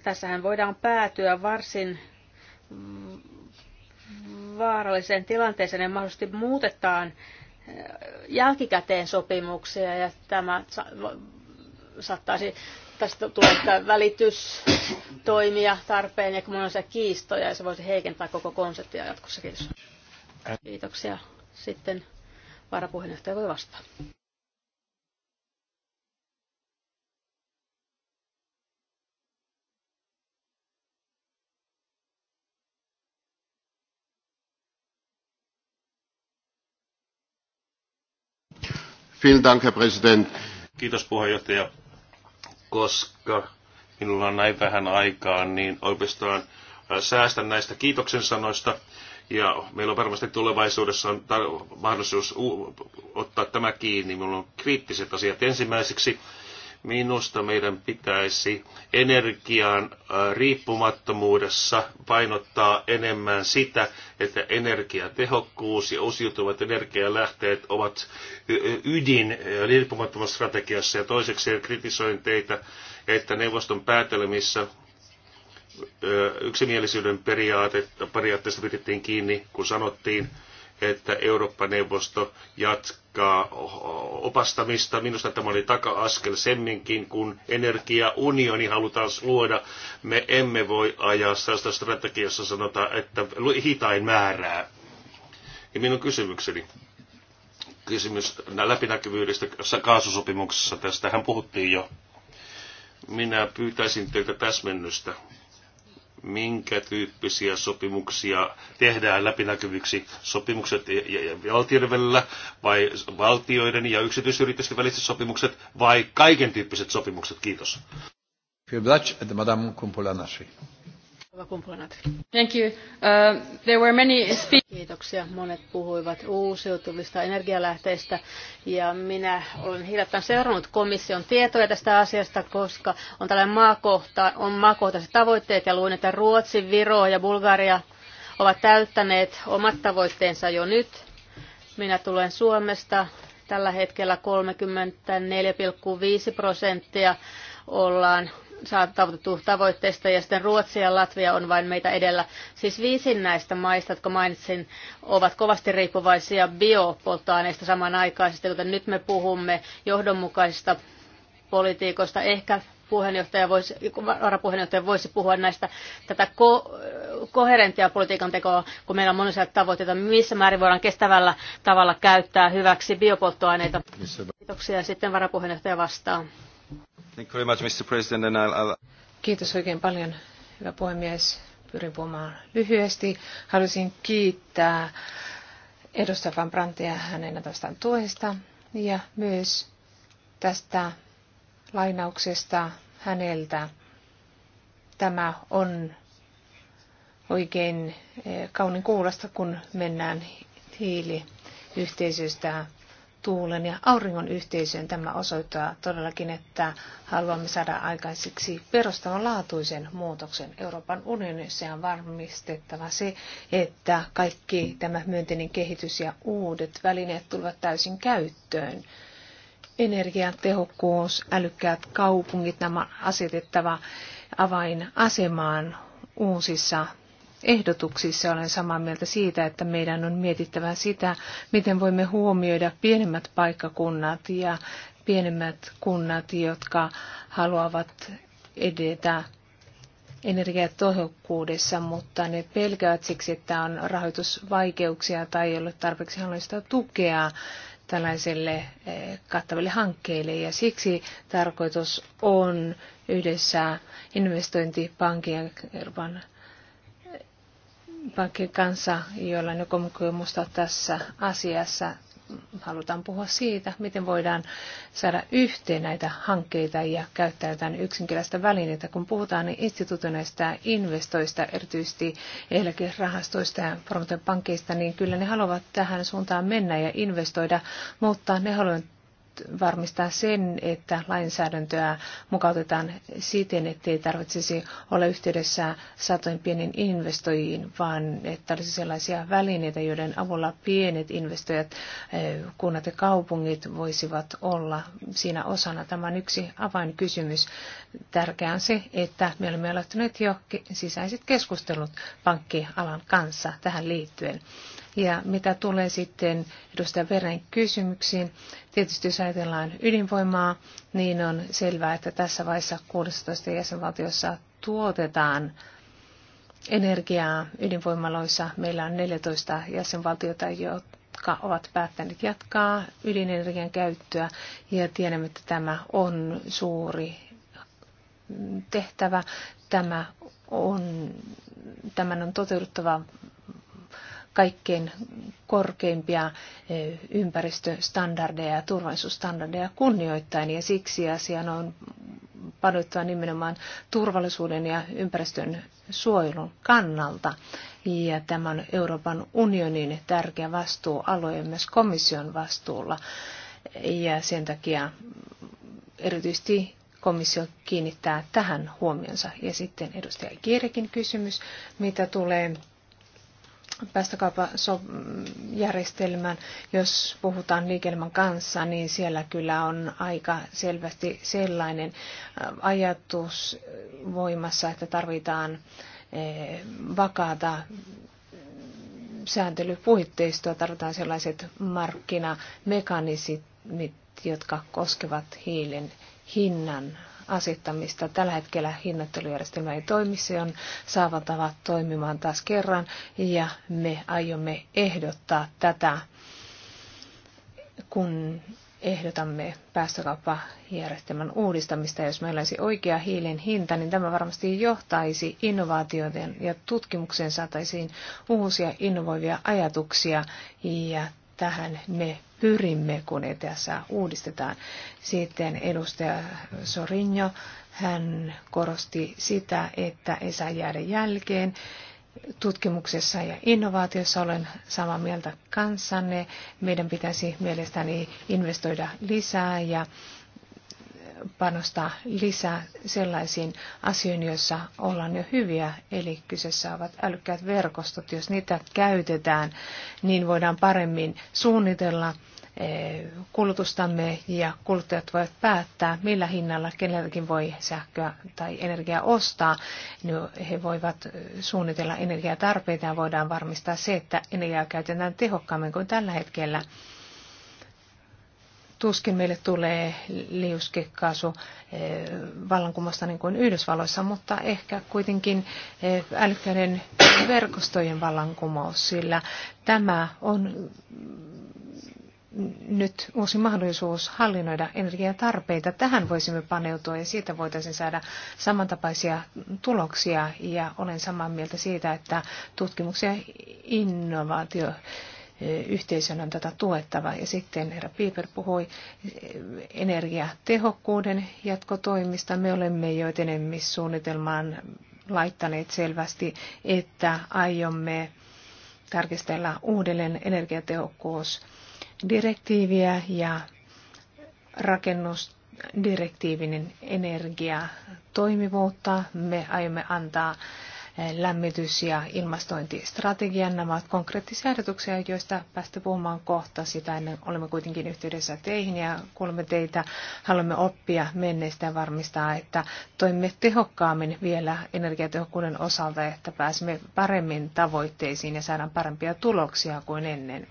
tässähän voidaan päätyä varsin vaaralliseen tilanteeseen ja mahdollisesti muutetaan jälkikäteen sopimuksia ja tämä saattaisi tästä tulee toimia tarpeen ja monenlaisia kiistoja ja se voisi heikentää koko konseptia jatkossa. Kiitos. Kiitoksia. Sitten varapuheenjohtaja voi vastata. Vielen Dank, Herr Präsident. Kiitos puheenjohtaja koska minulla on näin vähän aikaa, niin oikeastaan säästän näistä kiitoksen sanoista. Ja meillä on varmasti tulevaisuudessa on mahdollisuus ottaa tämä kiinni. Minulla on kriittiset asiat ensimmäiseksi. Minusta meidän pitäisi energian äh, riippumattomuudessa painottaa enemmän sitä, että energiatehokkuus ja uusiutuvat energialähteet ovat ydin äh, riippumattomassa strategiassa. Ja toiseksi kritisoin teitä, että neuvoston päätelmissä äh, yksimielisyyden periaatteesta pidettiin kiinni, kun sanottiin, että Eurooppa-neuvosto jatkaa tarkkaa opastamista. Minusta tämä oli taka-askel semminkin, kun energiaunioni halutaan luoda. Me emme voi ajaa sellaista strategiaa, jossa sanotaan, että hitain määrää. Ja minun kysymykseni, kysymys läpinäkyvyydestä kaasusopimuksessa, tästähän puhuttiin jo. Minä pyytäisin teiltä täsmennystä minkä tyyppisiä sopimuksia tehdään läpinäkyviksi, sopimukset valtioiden välillä vai valtioiden ja yksityisyritysten väliset sopimukset vai kaiken tyyppiset sopimukset. Kiitos. Madame Thank you. Uh, there were many Kiitoksia. Monet puhuivat uusiutuvista energialähteistä ja minä olen hiljattain seurannut komission tietoja tästä asiasta, koska on tällainen maakohta, on maakohtaiset tavoitteet ja luin, että Ruotsi, Viro ja Bulgaria ovat täyttäneet omat tavoitteensa jo nyt. Minä tulen Suomesta. Tällä hetkellä 34,5 prosenttia ollaan saavutettu tavoitteista ja sitten Ruotsi ja Latvia on vain meitä edellä. Siis viisi näistä maista, jotka mainitsin, ovat kovasti riippuvaisia biopolttoaineista samanaikaisesti, joten nyt me puhumme johdonmukaisista politiikoista. Ehkä puheenjohtaja voisi, varapuheenjohtaja voisi puhua näistä tätä ko, koherenttia politiikan tekoa, kun meillä on monia tavoitteita, missä määrin voidaan kestävällä tavalla käyttää hyväksi biopolttoaineita. Kiitoksia. Sitten varapuheenjohtaja vastaa. Thank you very much, Mr. President, and I'll... Kiitos oikein paljon, hyvä puhemies. Pyrin puhumaan lyhyesti. Haluaisin kiittää edustaja Van Brantia hänen tästään tuesta ja myös tästä lainauksesta häneltä. Tämä on oikein eh, kaunin kuulosta, kun mennään hiiliyhteisöstä tuulen ja auringon yhteisöön. Tämä osoittaa todellakin, että haluamme saada aikaiseksi perustavanlaatuisen muutoksen Euroopan unionissa ja varmistettava se, että kaikki tämä myönteinen kehitys ja uudet välineet tulevat täysin käyttöön. Energiatehokkuus, älykkäät kaupungit, nämä asetettava avainasemaan uusissa ehdotuksissa. Olen samaa mieltä siitä, että meidän on mietittävä sitä, miten voimme huomioida pienemmät paikkakunnat ja pienemmät kunnat, jotka haluavat edetä energiatehokkuudessa, mutta ne pelkäävät siksi, että on rahoitusvaikeuksia tai ei ole tarpeeksi hallinnollista tukea tällaiselle eh, kattaville hankkeille. Ja siksi tarkoitus on yhdessä investointipankin ja pankkien kanssa, joilla on joku kokemusta tässä asiassa. Halutaan puhua siitä, miten voidaan saada yhteen näitä hankkeita ja käyttää jotain yksinkertaista välineitä, kun puhutaan niin instituutioista investoista, erityisesti eläkerahastoista ja promoten pankkeista, niin kyllä ne haluavat tähän suuntaan mennä ja investoida, mutta ne haluavat varmistaa sen, että lainsäädäntöä mukautetaan siten, ettei tarvitsisi olla yhteydessä satojen pienin investoijiin, vaan että olisi sellaisia välineitä, joiden avulla pienet investoijat, eh, kunnat ja kaupungit voisivat olla siinä osana. Tämä on yksi avainkysymys. Tärkeää on se, että me olemme aloittaneet jo sisäiset keskustelut pankkialan kanssa tähän liittyen. Ja mitä tulee sitten edustaja Veren kysymyksiin, tietysti jos ajatellaan ydinvoimaa, niin on selvää, että tässä vaiheessa 16 jäsenvaltiossa tuotetaan energiaa ydinvoimaloissa. Meillä on 14 jäsenvaltiota, jotka ovat päättäneet jatkaa ydinenergian käyttöä ja tiedämme, että tämä on suuri tehtävä. Tämä on, tämän on toteuduttava kaikkein korkeimpia eh, ympäristöstandardeja ja turvallisuusstandardeja kunnioittain ja siksi asia on padoittua nimenomaan turvallisuuden ja ympäristön suojelun kannalta. Ja tämä on Euroopan unionin tärkeä vastuualue ja myös komission vastuulla. Ja sen takia erityisesti komissio kiinnittää tähän huomionsa. Ja sitten edustaja Kiirikin kysymys, mitä tulee päästökauppajärjestelmän, jos puhutaan liikelman kanssa, niin siellä kyllä on aika selvästi sellainen äh, ajatus voimassa, että tarvitaan äh, vakaata sääntelypuitteistoa, tarvitaan sellaiset markkinamekanismit, jotka koskevat hiilen hinnan asettamista. Tällä hetkellä hinnoittelujärjestelmä ei toimi, se on saavantava toimimaan taas kerran ja me aiomme ehdottaa tätä, kun ehdotamme päästökauppajärjestelmän uudistamista. Jos meillä olisi oikea hiilen hinta, niin tämä varmasti johtaisi innovaatioiden ja tutkimukseen saataisiin uusia innovoivia ajatuksia ja tähän me pyrimme, kun ETSA uudistetaan. Sitten edustaja Sorinjo, hän korosti sitä, että ei saa jäädä jälkeen tutkimuksessa ja innovaatiossa olen samaa mieltä kanssanne. Meidän pitäisi mielestäni investoida lisää ja panostaa lisää sellaisiin asioihin, joissa ollaan jo hyviä, eli kyseessä ovat älykkäät verkostot. Jos niitä käytetään, niin voidaan paremmin suunnitella eh, kulutustamme ja kuluttajat voivat päättää, millä hinnalla keneltäkin voi sähköä tai energiaa ostaa. No, he voivat eh, suunnitella energiatarpeita ja voidaan varmistaa se, että energiaa käytetään tehokkaammin kuin tällä hetkellä tuskin meille tulee liuskekaasu eh, vallankumousta niin kuin Yhdysvalloissa, mutta ehkä kuitenkin eh, älykkäiden verkostojen vallankumous, sillä tämä on nyt uusi mahdollisuus hallinnoida energiatarpeita. Tähän voisimme paneutua ja siitä voitaisiin saada samantapaisia tuloksia ja olen samaa mieltä siitä, että tutkimuksia ja innovaatio yhteisön on tätä tuettava. Ja sitten herra Piper puhui eh, energiatehokkuuden jatkotoimista. Me olemme jo suunnitelmaan laittaneet selvästi, että aiomme tarkistella uudelleen energiatehokkuusdirektiiviä ja rakennusdirektiivin energiatoimivuutta. Me aiomme antaa lämmitys- ja ilmastointistrategian. Nämä ovat konkreettisia ehdotuksia, joista päästä puhumaan kohta. Sitä ennen olemme kuitenkin yhteydessä teihin ja kuulemme teitä. Haluamme oppia menneistä ja varmistaa, että toimimme tehokkaammin vielä energiatehokkuuden osalta, että pääsemme paremmin tavoitteisiin ja saadaan parempia tuloksia kuin ennen.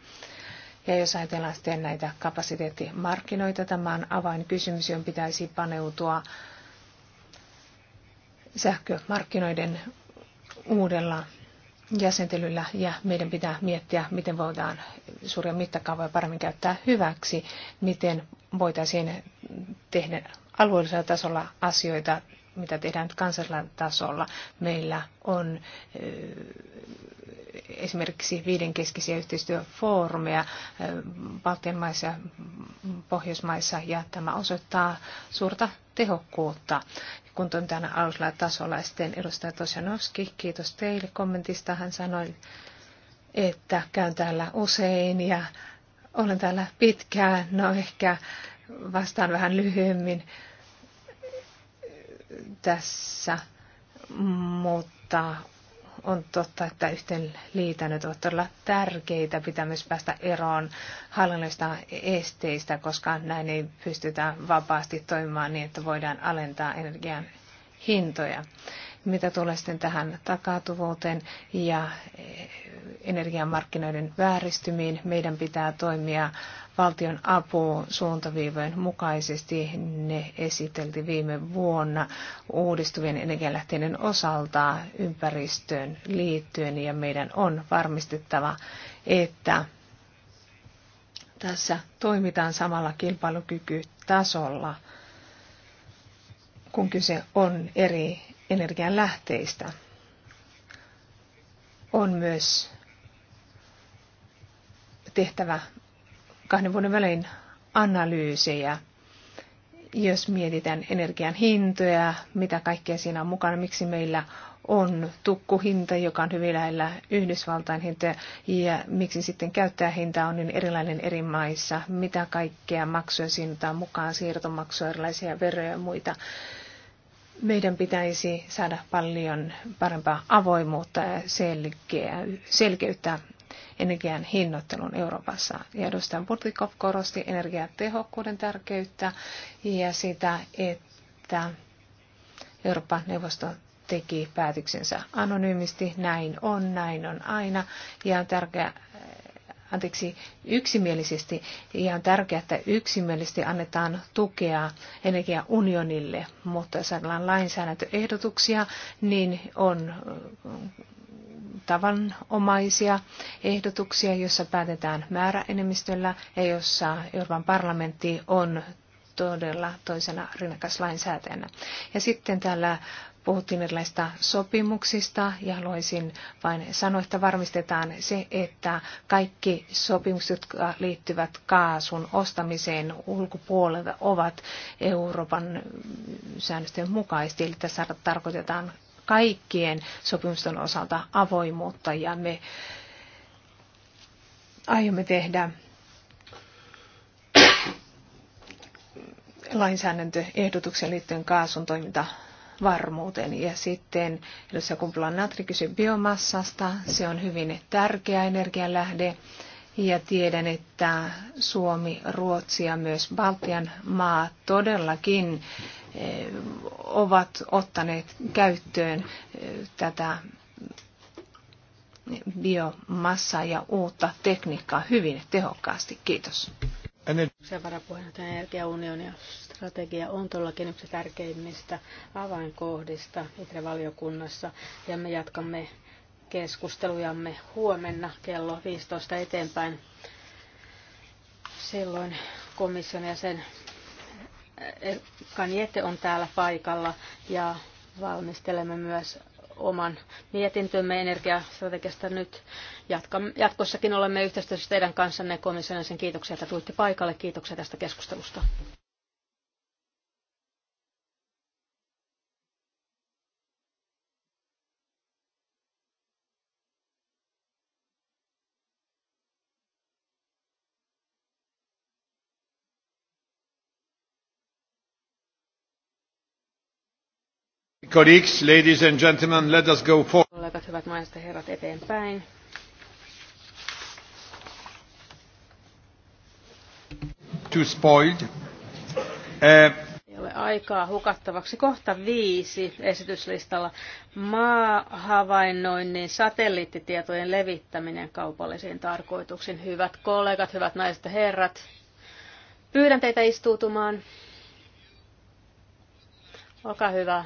Ja jos ajatellaan sitten näitä kapasiteettimarkkinoita, tämä on avainkysymys, johon pitäisi paneutua sähkömarkkinoiden uudella jäsentelyllä ja meidän pitää miettiä, miten voidaan suuria mittakaavoja paremmin käyttää hyväksi, miten voitaisiin tehdä alueellisella tasolla asioita, mitä tehdään nyt kansallisella tasolla. Meillä on eh, esimerkiksi keskisiä yhteistyöfoorumeja eh, Baltian maissa ja Pohjoismaissa, ja tämä osoittaa suurta tehokkuutta. Kun toimitaan alusla tasolla, sitten edustaja Tosjanovski, kiitos teille kommentista. Hän sanoi, että käyn täällä usein ja olen täällä pitkään, no ehkä vastaan vähän lyhyemmin tässä, mutta on totta, että yhteenliitännöt ovat todella tärkeitä. Pitää myös päästä eroon hallinnollista esteistä, koska näin ei pystytä vapaasti toimimaan niin, että voidaan alentaa energian hintoja. Mitä tulee sitten tähän takautuvuuteen ja eh, energiamarkkinoiden vääristymiin, meidän pitää toimia valtion apu suuntaviivojen mukaisesti. Ne esitelti viime vuonna uudistuvien energialähteiden osalta ympäristöön liittyen ja meidän on varmistettava, että tässä toimitaan samalla kilpailukykytasolla, kun kyse on eri energian lähteistä On myös tehtävä kahden vuoden välein analyysejä, jos mietitään energian hintoja, mitä kaikkea siinä on mukana, miksi meillä on tukkuhinta, joka on hyvin lähellä Yhdysvaltain hintoja, ja miksi sitten käyttäjähinta on niin erilainen eri maissa, mitä kaikkea maksuja siinä mukaan, siirtomaksuja, erilaisia veroja ja muita meidän pitäisi saada paljon parempaa avoimuutta ja selkeä, selkeyttä energian hinnoittelun Euroopassa. Ja edustaja Burtikov korosti energiatehokkuuden tärkeyttä ja sitä, että Euroopan neuvosto teki päätöksensä anonyymisti. Näin on, näin on aina. Ja tärkeä, tärkeää, anteeksi, yksimielisesti. Ja on tärkeää, että yksimielisesti annetaan tukea energiaunionille, mutta jos ajatellaan lainsäädäntöehdotuksia, niin on mm, tavanomaisia ehdotuksia, joissa päätetään määräenemmistöllä ja jossa Euroopan parlamentti on todella toisena rinnakas Ja sitten täällä Puhuttiin erilaisista sopimuksista ja haluaisin vain sanoa, että varmistetaan se, että kaikki sopimukset, jotka liittyvät kaasun ostamiseen ulkopuolelta, ovat Euroopan säännösten mukaisesti. Eli tässä tarkoitetaan kaikkien sopimusten osalta avoimuutta ja me aiomme tehdä lainsäädäntöehdotuksen liittyen kaasun toiminta varmuuteen. Ja sitten edustaja Kumpulan natri kysyi biomassasta. Se on hyvin tärkeä energialähde. Ja tiedän, että Suomi, Ruotsi ja myös Baltian maat todellakin eh, ovat ottaneet käyttöön eh, tätä biomassaa ja uutta tekniikkaa hyvin tehokkaasti. Kiitos. Sen varapuheenjohtaja energiaunionista strategia on todellakin yksi tärkeimmistä avainkohdista ITRE-valiokunnassa ja me jatkamme keskustelujamme huomenna kello 15 eteenpäin. Silloin komission jäsen eh, Kanjete on täällä paikalla ja valmistelemme myös oman mietintömme energiastrategiasta nyt. jatkossakin olemme yhteistyössä teidän kanssanne komission jäsen kiitoksia, että tulitte paikalle. Kiitoksia tästä keskustelusta. Colleagues, ladies and gentlemen, let us go Kollegat, hyvät naiset ja herrat, eteenpäin. Too spoiled. Uh, ei ole aikaa hukattavaksi. Kohta viisi esityslistalla maahavainnoinnin satelliittitietojen levittäminen kaupallisiin tarkoituksiin. Hyvät kollegat, hyvät naiset ja herrat, pyydän teitä istuutumaan. Olkaa hyvä,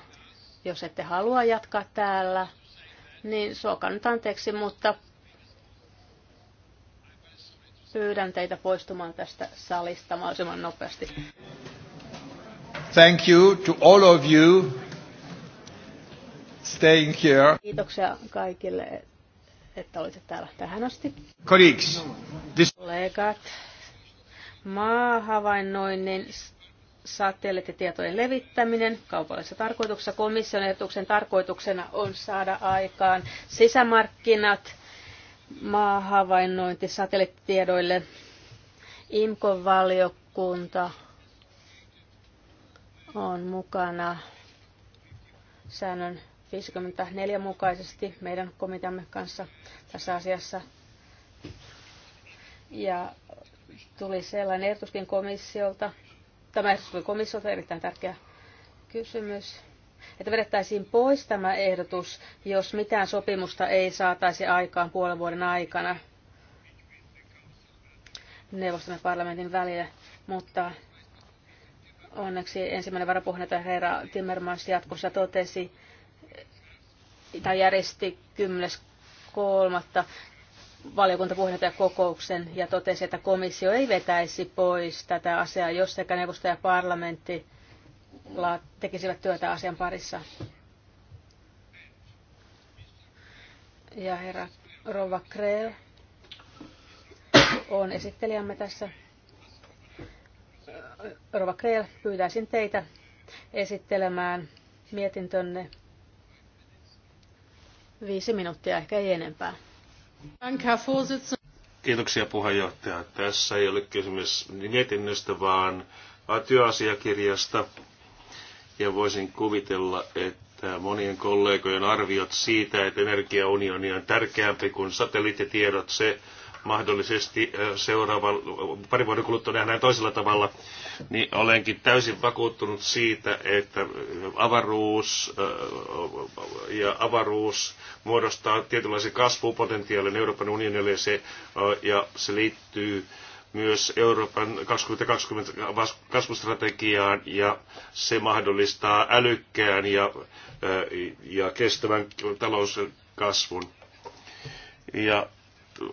jos ette halua jatkaa täällä, niin suokaa nyt anteeksi, mutta pyydän teitä poistumaan tästä salista mahdollisimman nopeasti. Thank you to all of you staying here. Kiitoksia kaikille, että olitte täällä tähän asti. Colleagues, this... Kollegat, maahavainnoinnin tietojen levittäminen kaupallisessa tarkoituksessa. Komission ehdotuksen tarkoituksena on saada aikaan sisämarkkinat maahavainnointi satelliittitiedoille. IMKO-valiokunta on mukana säännön 54 mukaisesti meidän komiteamme kanssa tässä asiassa. Ja tuli sellainen ehdotuskin komissiolta, Tämä ehdotus tuli komissiolta erittäin tärkeä kysymys. Että vedettäisiin pois tämä ehdotus, jos mitään sopimusta ei saataisi aikaan puolen vuoden aikana neuvoston ja parlamentin välillä. Mutta onneksi ensimmäinen varapuheenjohtaja Herra Timmermans jatkossa totesi, tai järjesti 10.3 valiokuntapuheenjohtajakokouksen ja totesi, että komissio ei vetäisi pois tätä asiaa, jos sekä neuvosto ja parlamentti tekisivät työtä asian parissa. Ja herra Rova Kreel on esittelijämme tässä. Rova Kreel, pyytäisin teitä esittelemään mietintönne viisi minuuttia, ehkä ei enempää. Kiitoksia puheenjohtaja. Tässä ei ole kysymys mietinnöstä, vaan työasiakirjasta. Ja voisin kuvitella, että monien kollegojen arviot siitä, että energiaunioni on tärkeämpi kuin satelliittitiedot, se mahdollisesti seuraava pari vuoden kuluttua nähdään toisella tavalla, niin olenkin täysin vakuuttunut siitä, että avaruus ja avaruus muodostaa tietynlaisen kasvupotentiaalin Euroopan unionille ja se, ja se liittyy myös Euroopan 2020 kasvustrategiaan ja se mahdollistaa älykkään ja, ja kestävän talouskasvun. Ja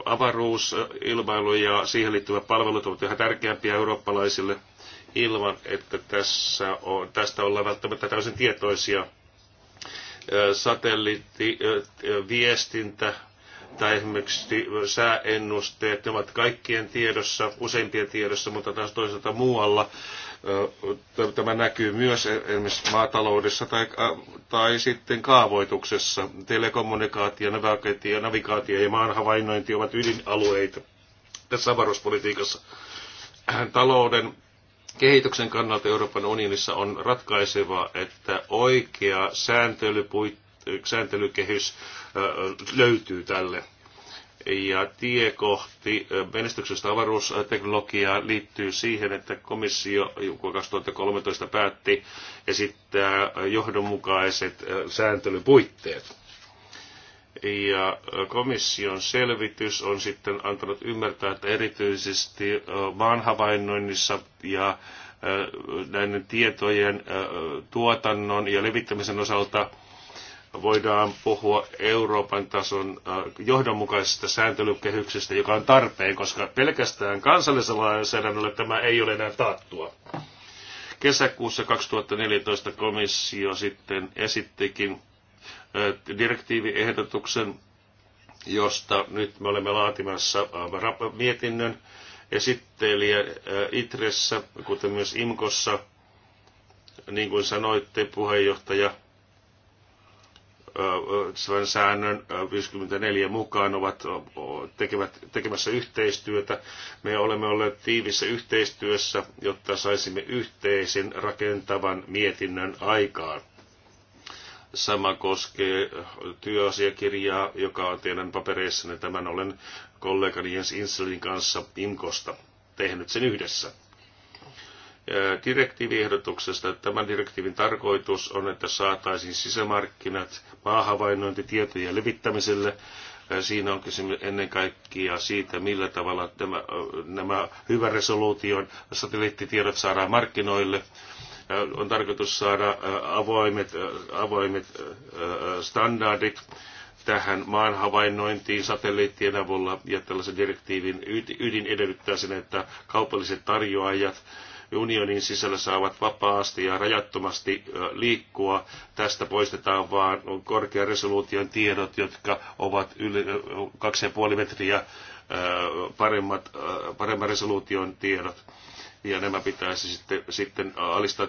avaruusilmailu ja siihen liittyvät palvelut ovat yhä tärkeämpiä eurooppalaisille ilman, että tässä on, tästä ollaan välttämättä täysin tietoisia. Satelliittiviestintä tai esimerkiksi sääennusteet, ne ovat kaikkien tiedossa, useimpien tiedossa, mutta taas toisaalta muualla Tämä näkyy myös e- esimerkiksi maataloudessa tai, tai sitten kaavoituksessa. Telekommunikaatio, navigaatio, navigaatio ja maan ovat ydinalueita tässä avaruuspolitiikassa. Talouden kehityksen kannalta Euroopan unionissa on ratkaisevaa, että oikea sääntelykehys löytyy tälle ja tie kohti menestyksestä avaruusteknologiaa liittyy siihen, että komissio 2013 päätti esittää johdonmukaiset sääntelypuitteet. Ja komission selvitys on sitten antanut ymmärtää, että erityisesti maan havainnoinnissa ja näiden tietojen tuotannon ja levittämisen osalta – voidaan puhua Euroopan tason äh, johdonmukaisesta sääntelykehyksestä, joka on tarpeen, koska pelkästään kansallisella lainsäädännöllä tämä ei ole enää taattua. Kesäkuussa 2014 komissio sitten esittikin äh, direktiiviehdotuksen, josta nyt me olemme laatimassa äh, mietinnön esittelijä Itressä, kuten myös Imkossa, niin kuin sanoitte puheenjohtaja, säännön 54 mukaan ovat tekevät, tekemässä yhteistyötä. Me olemme olleet tiivissä yhteistyössä, jotta saisimme yhteisen rakentavan mietinnön aikaan. Sama koskee työasiakirjaa, joka on teidän papereissanne. Tämän olen kollegani Jens Inselin kanssa Imkosta tehnyt sen yhdessä direktiiviehdotuksesta. Tämän direktiivin tarkoitus on, että saataisiin sisämarkkinat maahavainnointitietojen levittämiselle. Siinä on kysymys ennen kaikkea siitä, millä tavalla nämä, nämä hyvän resoluution satelliittitiedot saadaan markkinoille on tarkoitus saada avoimet, avoimet standardit tähän maan havainnointiin satelliittien avulla ja tällaisen direktiivin ydin edellyttää sen, että kaupalliset tarjoajat unionin sisällä saavat vapaasti ja rajattomasti liikkua. Tästä poistetaan vaan korkean resoluution tiedot, jotka ovat yli 2,5 metriä paremmat, paremman resoluution tiedot ja nämä pitäisi sitten, sitten alistaa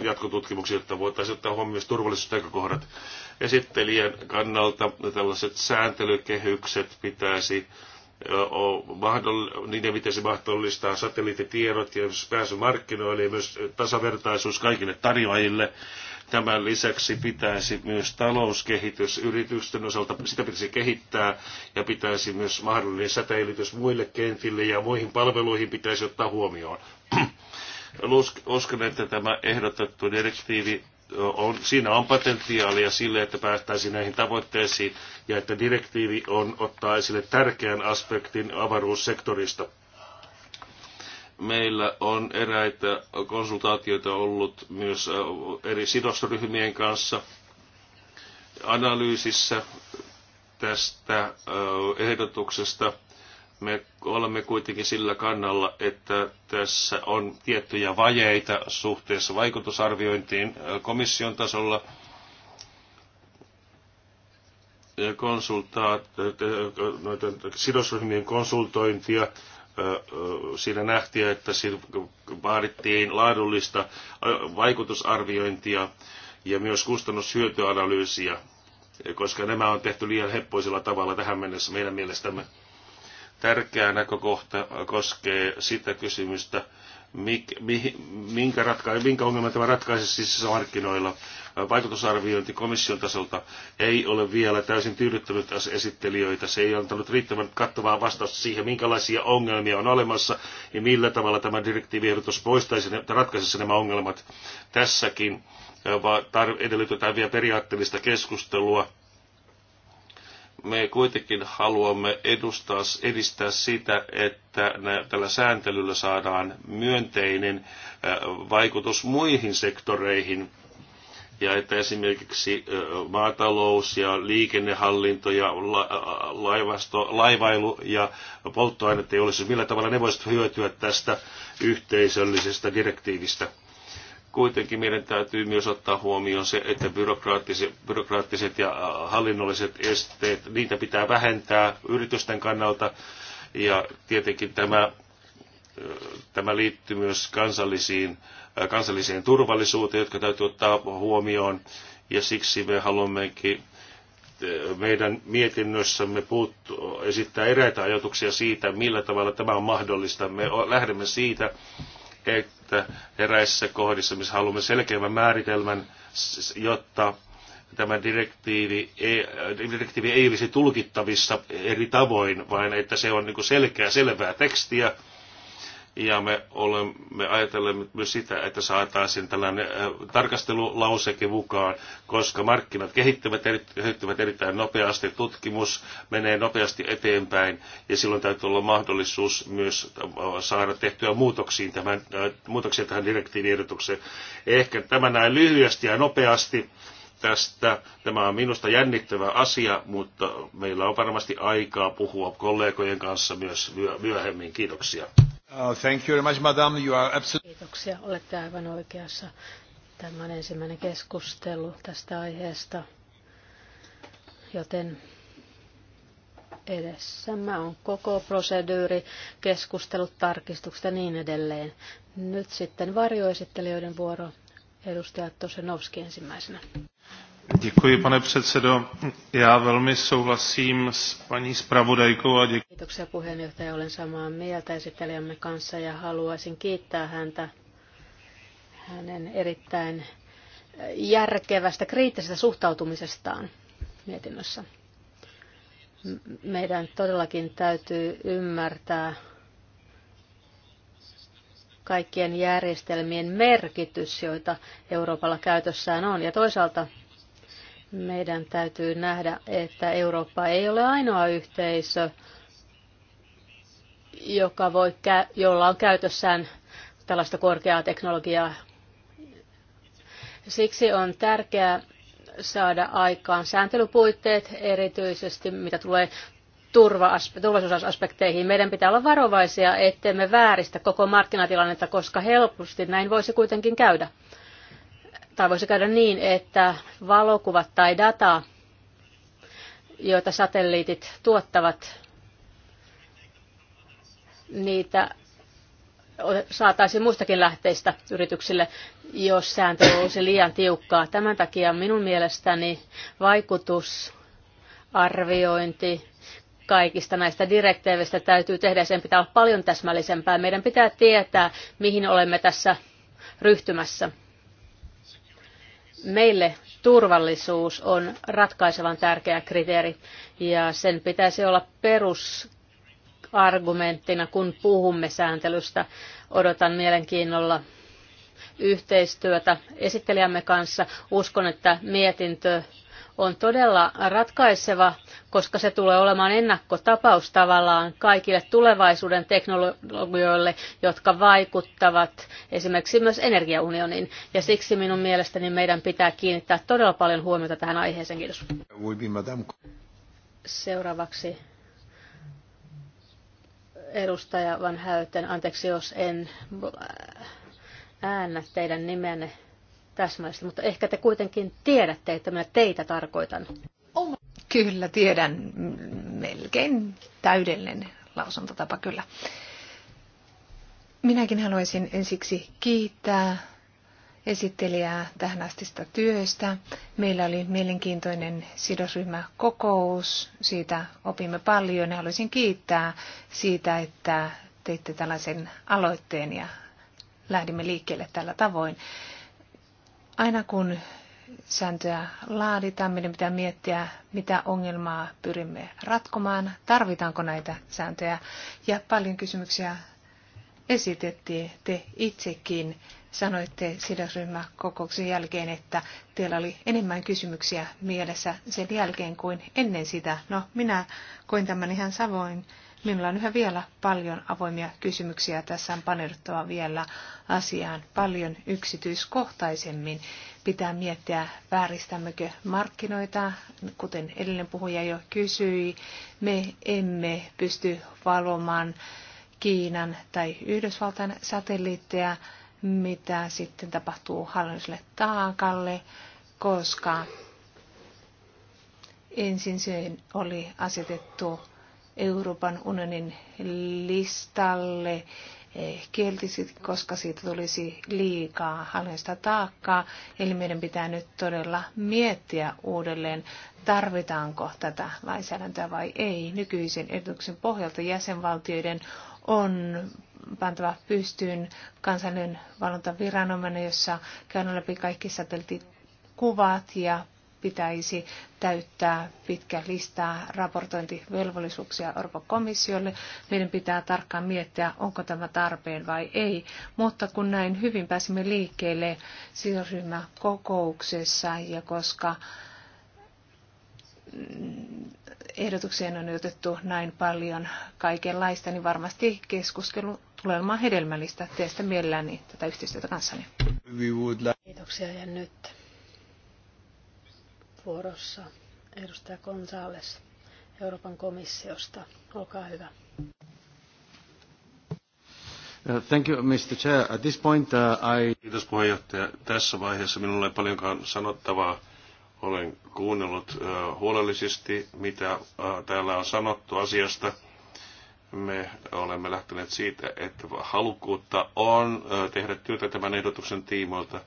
jatkotutkimuksiin, jotta voitaisiin ottaa huomioon myös turvallisuusnäkökohdat. Esittelijän kannalta tällaiset sääntelykehykset pitäisi niiden, pitäisi mahdollistaa satelliittitiedot ja pääsy markkinoille ja myös tasavertaisuus kaikille tarjoajille. Tämän lisäksi pitäisi myös talouskehitys yritysten osalta, sitä pitäisi kehittää ja pitäisi myös mahdollinen säteilytys muille kentille ja muihin palveluihin pitäisi ottaa huomioon. <clears throat> Uskon, että tämä ehdotettu direktiivi on, siinä on potentiaalia sille, että päästäisiin näihin tavoitteisiin ja että direktiivi on ottaa esille tärkeän aspektin avaruussektorista. Meillä on eräitä konsultaatioita ollut myös äh, eri sidosryhmien kanssa analyysissä tästä äh, ehdotuksesta me olemme kuitenkin sillä kannalla, että tässä on tiettyjä vajeita suhteessa vaikutusarviointiin komission tasolla konsultaat, sidosryhmien konsultointia. Siinä nähtiin, että siinä vaadittiin laadullista vaikutusarviointia ja myös kustannushyötyanalyysiä, koska nämä on tehty liian heppoisella tavalla tähän mennessä meidän mielestämme. Tärkeä näkökohta koskee sitä kysymystä, minkä, ratka- minkä ongelman tämä ratkaisisi sisämarkkinoilla. Vaikutusarviointi komission tasolta ei ole vielä täysin tyydyttänyt esittelijöitä. Se ei antanut riittävän kattavaa vastausta siihen, minkälaisia ongelmia on olemassa ja millä tavalla tämä direktiiviehdotus poistaisi ne, ratkaisisi nämä ongelmat. Tässäkin äh, edellytetään vielä periaatteellista keskustelua me kuitenkin haluamme edustaa, edistää sitä, että tällä sääntelyllä saadaan myönteinen vaikutus muihin sektoreihin ja että esimerkiksi maatalous ja liikennehallinto ja laivasto, laivailu ja polttoaineteollisuus, millä tavalla ne voisivat hyötyä tästä yhteisöllisestä direktiivistä. Kuitenkin meidän täytyy myös ottaa huomioon se, että byrokraattiset, byrokraattiset ja äh, hallinnolliset esteet, niitä pitää vähentää yritysten kannalta. Ja tietenkin tämä, äh, tämä liittyy myös kansallisiin, äh, kansalliseen turvallisuuteen, jotka täytyy ottaa huomioon. Ja siksi me haluammekin meidän mietinnössämme puuttu, esittää eräitä ajatuksia siitä, millä tavalla tämä on mahdollista. Me lähdemme siitä, että eräissä kohdissa, missä haluamme selkeämmän määritelmän, jotta tämä direktiivi ei, direktiivi ei olisi tulkittavissa eri tavoin, vaan että se on niin selkeää, selvää tekstiä, ja me olemme ajatelleet myös sitä, että saataisiin tällainen äh, tarkastelulauseke mukaan, koska markkinat kehittyvät, eri, kehittyvät erittäin nopeasti, tutkimus menee nopeasti eteenpäin ja silloin täytyy olla mahdollisuus myös äh, saada tehtyä muutoksiin tämän, äh, muutoksia tähän direktiiviehdotukseen. Ehkä tämä näin lyhyesti ja nopeasti tästä. Tämä on minusta jännittävä asia, mutta meillä on varmasti aikaa puhua kollegojen kanssa myös myöhemmin. Kiitoksia. Uh, thank you very much, madam. You are absolutely... Kiitoksia, olette aivan oikeassa. Tämä on ensimmäinen keskustelu tästä aiheesta, joten edessämme on koko proseduuri, keskustelut, tarkistukset ja niin edelleen. Nyt sitten varjoesittelijöiden vuoro. Edustaja Tosenovski ensimmäisenä pane předsedo. Já velmi souhlasím s paní zpravodajkou a děkuji. Kiitoksia puheenjohtaja. Olen samaa mieltä esittelijämme kanssa ja haluaisin kiittää häntä hänen erittäin järkevästä kriittisestä suhtautumisestaan mietinnössä. Meidän todellakin täytyy ymmärtää kaikkien järjestelmien merkitys, joita Euroopalla käytössään on. Ja toisaalta meidän täytyy nähdä, että Eurooppa ei ole ainoa yhteisö, joka voi, jolla on käytössään tällaista korkeaa teknologiaa. Siksi on tärkeää saada aikaan sääntelypuitteet, erityisesti mitä tulee turvallisuusaspekteihin. Meidän pitää olla varovaisia, ettemme vääristä koko markkinatilannetta, koska helposti näin voisi kuitenkin käydä tai voisi käydä niin, että valokuvat tai data, joita satelliitit tuottavat, niitä saataisiin muistakin lähteistä yrityksille, jos sääntely olisi liian tiukkaa. Tämän takia minun mielestäni vaikutusarviointi kaikista näistä direktiiveistä täytyy tehdä. Sen pitää olla paljon täsmällisempää. Meidän pitää tietää, mihin olemme tässä ryhtymässä meille turvallisuus on ratkaisevan tärkeä kriteeri ja sen pitäisi olla perusargumenttina, kun puhumme sääntelystä. Odotan mielenkiinnolla yhteistyötä esittelijämme kanssa. Uskon, että mietintö on todella ratkaiseva, koska se tulee olemaan ennakkotapaus tavallaan kaikille tulevaisuuden teknologioille, jotka vaikuttavat esimerkiksi myös energiaunionin. Ja siksi minun mielestäni meidän pitää kiinnittää todella paljon huomiota tähän aiheeseen. Kiitos. Seuraavaksi edustaja Van Häyten, anteeksi jos en äännä teidän nimenne täsmällisesti, mutta ehkä te kuitenkin tiedätte, että minä teitä tarkoitan. Kyllä, tiedän. Melkein täydellinen lausuntotapa kyllä. Minäkin haluaisin ensiksi kiittää esittelijää tähän astista työstä. Meillä oli mielenkiintoinen sidosryhmäkokous. Siitä opimme paljon ja haluaisin kiittää siitä, että teitte tällaisen aloitteen ja lähdimme liikkeelle tällä tavoin. Aina kun sääntöjä laaditaan, meidän pitää miettiä, mitä ongelmaa pyrimme ratkomaan, tarvitaanko näitä sääntöjä. Ja paljon kysymyksiä esitettiin te itsekin sanoitte sidosryhmäkokouksen jälkeen, että teillä oli enemmän kysymyksiä mielessä sen jälkeen kuin ennen sitä. No, minä koin tämän ihan savoin Minulla on yhä vielä paljon avoimia kysymyksiä. Tässä on paneuduttava vielä asiaan paljon yksityiskohtaisemmin. Pitää miettiä, vääristämmekö markkinoita, kuten edellinen puhuja jo kysyi. Me emme pysty valvomaan Kiinan tai Yhdysvaltain satelliitteja, mitä sitten tapahtuu hallinnolliselle taakalle, koska ensin se oli asetettu Euroopan unionin listalle eh, kieltisit, koska siitä tulisi liikaa hallinnista taakkaa. Eli meidän pitää nyt todella miettiä uudelleen, tarvitaanko tätä lainsäädäntöä vai ei. Nykyisen edutuksen pohjalta jäsenvaltioiden on pantava pystyyn kansallinen valvontaviranomainen, jossa käyn läpi kaikki satelliittikuvat ja pitäisi täyttää pitkä lista raportointivelvollisuuksia Euroopan komissiolle. Meidän pitää tarkkaan miettiä, onko tämä tarpeen vai ei. Mutta kun näin hyvin pääsimme liikkeelle sidosryhmäkokouksessa ja koska ehdotukseen on otettu näin paljon kaikenlaista, niin varmasti keskustelu tulee olemaan hedelmällistä. Teistä mielelläni tätä yhteistyötä kanssani. Kiitoksia ja nyt vuorossa edustaja Gonzales Euroopan komissiosta. Olkaa hyvä. Uh, thank you, Mr. Chair. At this point, uh, I... Kiitos puheenjohtaja. Tässä vaiheessa minulla ei paljonkaan sanottavaa. Olen kuunnellut uh, huolellisesti, mitä uh, täällä on sanottu asiasta me olemme lähteneet siitä, että halukkuutta on uh, tehdä työtä tämän ehdotuksen tiimoilta.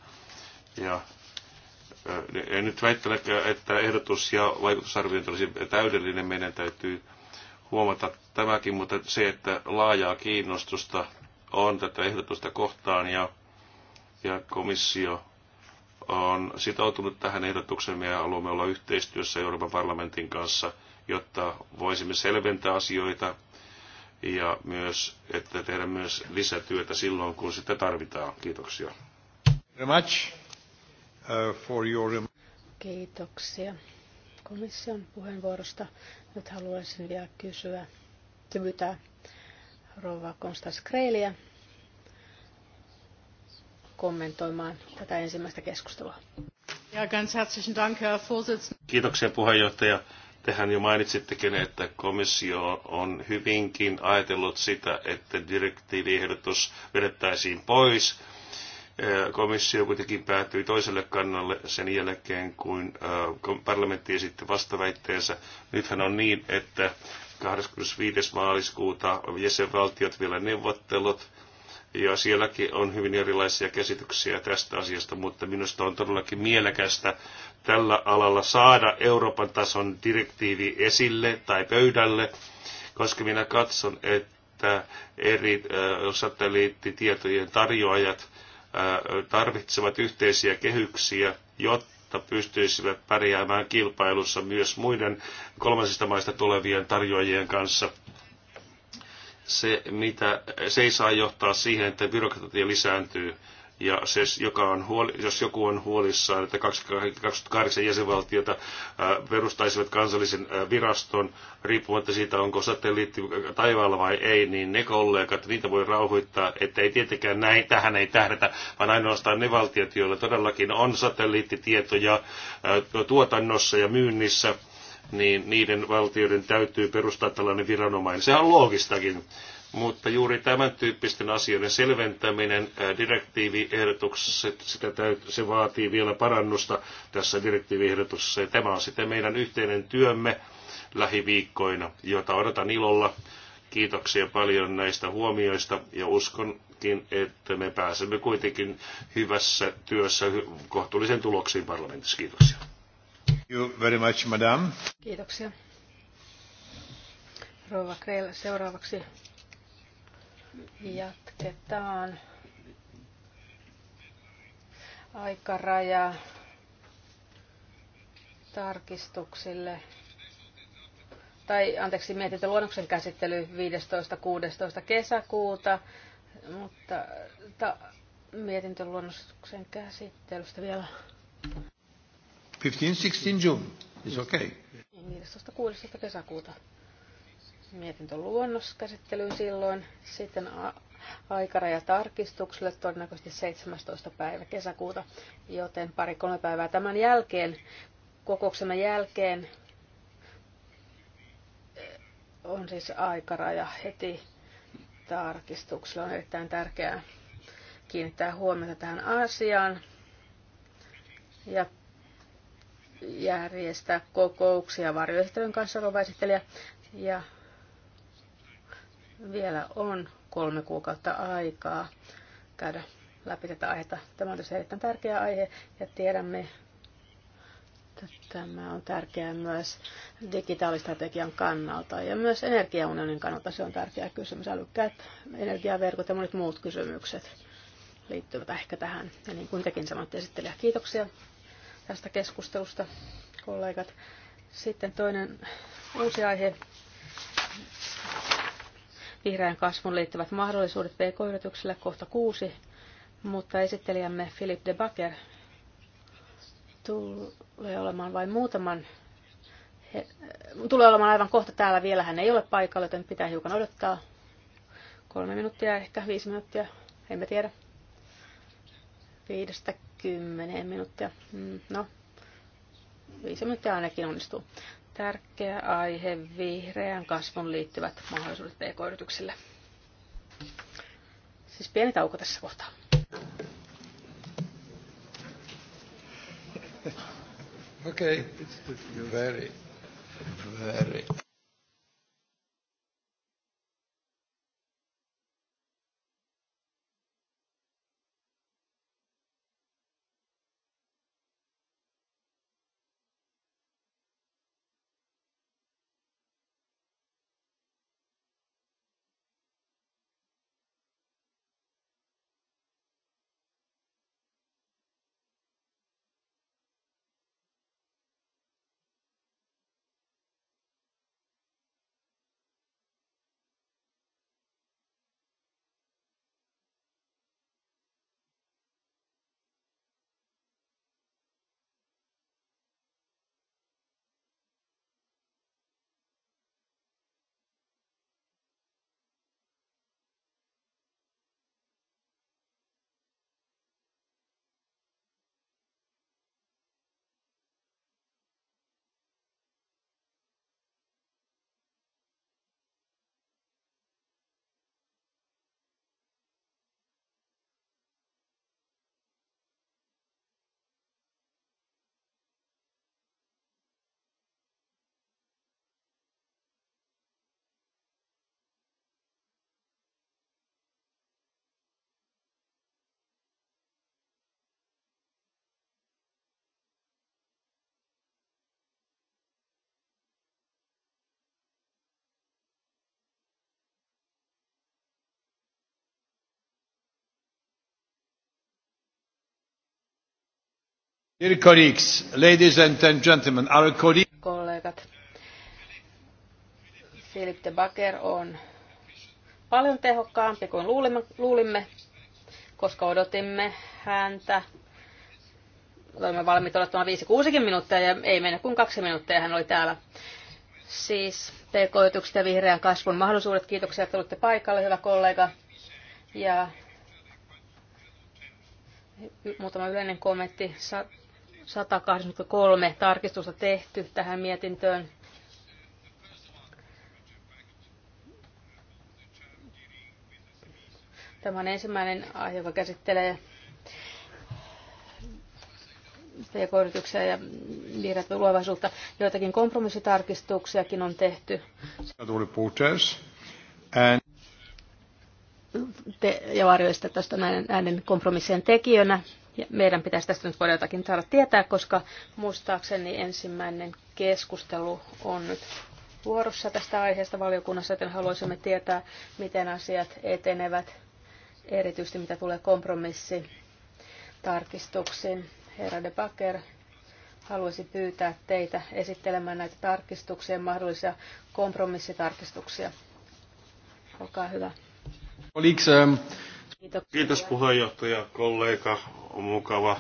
Ja en nyt väittele, että ehdotus ja vaikutusarviointi olisi täydellinen. Meidän täytyy huomata tämäkin, mutta se, että laajaa kiinnostusta on tätä ehdotusta kohtaan ja, ja komissio on sitoutunut tähän ehdotukseen. Me haluamme olla yhteistyössä Euroopan parlamentin kanssa, jotta voisimme selventää asioita ja myös, että tehdä myös lisätyötä silloin, kun sitä tarvitaan. Kiitoksia. Very much. Uh, for your... Kiitoksia komission puheenvuorosta. Nyt haluaisin vielä kysyä, pyytää rouva Konstas Kreilia kommentoimaan tätä ensimmäistä keskustelua. Ja ganz herzlichen Dank, Herr Vorsitzender. Kiitoksia puheenjohtaja. Tehän jo mainitsittekin, että komissio on hyvinkin ajatellut sitä, että direktiiviehdotus vedettäisiin pois – komissio kuitenkin päätyi toiselle kannalle sen jälkeen, kun parlamentti esitti vastaväitteensä. Nythän on niin, että 25. maaliskuuta jäsenvaltiot vielä neuvottelut, ja sielläkin on hyvin erilaisia käsityksiä tästä asiasta, mutta minusta on todellakin mielekästä tällä alalla saada Euroopan tason direktiivi esille tai pöydälle, koska minä katson, että eri satelliittitietojen tarjoajat tarvitsevat yhteisiä kehyksiä, jotta pystyisivät pärjäämään kilpailussa myös muiden kolmansista maista tulevien tarjoajien kanssa. Se, mitä, se ei saa johtaa siihen, että byrokratia lisääntyy ja se, joka on huoli, jos joku on huolissaan, että 28 jäsenvaltiota äh, perustaisivat kansallisen äh, viraston, riippumatta siitä, onko satelliitti taivaalla vai ei, niin ne kollegat, niitä voi rauhoittaa, että ei tietenkään näin, tähän ei tähdätä, vaan ainoastaan ne valtiot, joilla todellakin on satelliittitietoja äh, tuotannossa ja myynnissä, niin niiden valtioiden täytyy perustaa tällainen viranomainen. Sehän on loogistakin mutta juuri tämän tyyppisten asioiden selventäminen, direktiiviehdotuksessa, sitä täytyy, se vaatii vielä parannusta tässä direktiiviehdotuksessa. Ja tämä on sitten meidän yhteinen työmme lähiviikkoina, jota odotan ilolla. Kiitoksia paljon näistä huomioista ja uskonkin, että me pääsemme kuitenkin hyvässä työssä kohtuullisen tuloksiin parlamentissa. Kiitoksia. Thank you very much, madam. Kiitoksia. Rouva seuraavaksi Jatketaan. Aikaraja tarkistuksille tai anteeksi, mietintöluonnoksen käsittely 15.16. kesäkuuta, mutta ta, mietintöluonnoksen käsittelystä vielä. 15-16 June, is okay. 15.16. Niin, kesäkuuta. Mietintö luonnoskäsittelyyn silloin. Sitten aikaraja tarkistukselle todennäköisesti 17. päivä kesäkuuta, joten pari-kolme päivää tämän jälkeen, kokouksemme jälkeen on siis aikaraja heti tarkistuksella. On erittäin tärkeää kiinnittää huomiota tähän asiaan ja järjestää kokouksia varjoesittelyn kanssa, rovaisittelijä ja vielä on kolme kuukautta aikaa käydä läpi tätä aihetta. Tämä on tietysti erittäin tärkeä aihe ja tiedämme, että tämä on tärkeää myös digitaalistrategian kannalta ja myös energiaunionin kannalta se on tärkeä kysymys. Älykkäät energiaverkot ja monet muut kysymykset liittyvät ehkä tähän. Ja niin kuin tekin sanoitte esittelijä, kiitoksia tästä keskustelusta, kollegat. Sitten toinen uusi aihe, vihreän kasvun liittyvät mahdollisuudet pk-yrityksille kohta kuusi, mutta esittelijämme Philip de Backer tulee olemaan vain muutaman he, tulee olemaan aivan kohta täällä vielä. Hän ei ole paikalla, joten pitää hiukan odottaa. Kolme minuuttia, ehkä viisi minuuttia, emme tiedä. Viidestä kymmeneen minuuttia. Mm, no, viisi minuuttia ainakin onnistuu. Tärkeä aihe vihreän kasvun liittyvät mahdollisuudet pk-yrityksille. Siis pieni tauko tässä kohtaa. <laughs> Okay, it's very, very. Kollegat, Philip de Backer on paljon tehokkaampi kuin luulimme, luulimme koska odotimme häntä. Olemme valmiit odottamaan 5-60 minuuttia ja ei mennä kuin kaksi minuuttia hän oli täällä. Siis pk ja vihreän kasvun mahdollisuudet. Kiitoksia, että olitte paikalle, hyvä kollega. Ja muutama yleinen kommentti. 183 tarkistusta tehty tähän mietintöön. Tämä on ensimmäinen aihe, joka käsittelee tekoyrityksiä ja vihreät luovaisuutta. Joitakin kompromissitarkistuksiakin on tehty. Te, ja varjoista tästä näiden, näiden kompromissien tekijönä. Ja meidän pitäisi tästä nyt voida jotakin saada tietää, koska muistaakseni ensimmäinen keskustelu on nyt vuorossa tästä aiheesta valiokunnassa, joten haluaisimme tietää, miten asiat etenevät, erityisesti mitä tulee kompromissi tarkistuksiin. Herra de Backer, haluaisin pyytää teitä esittelemään näitä tarkistuksia, mahdollisia kompromissitarkistuksia. Olkaa hyvä. Colleagues, um, Kiitos. Kiitos puheenjohtaja, kollega. On mukava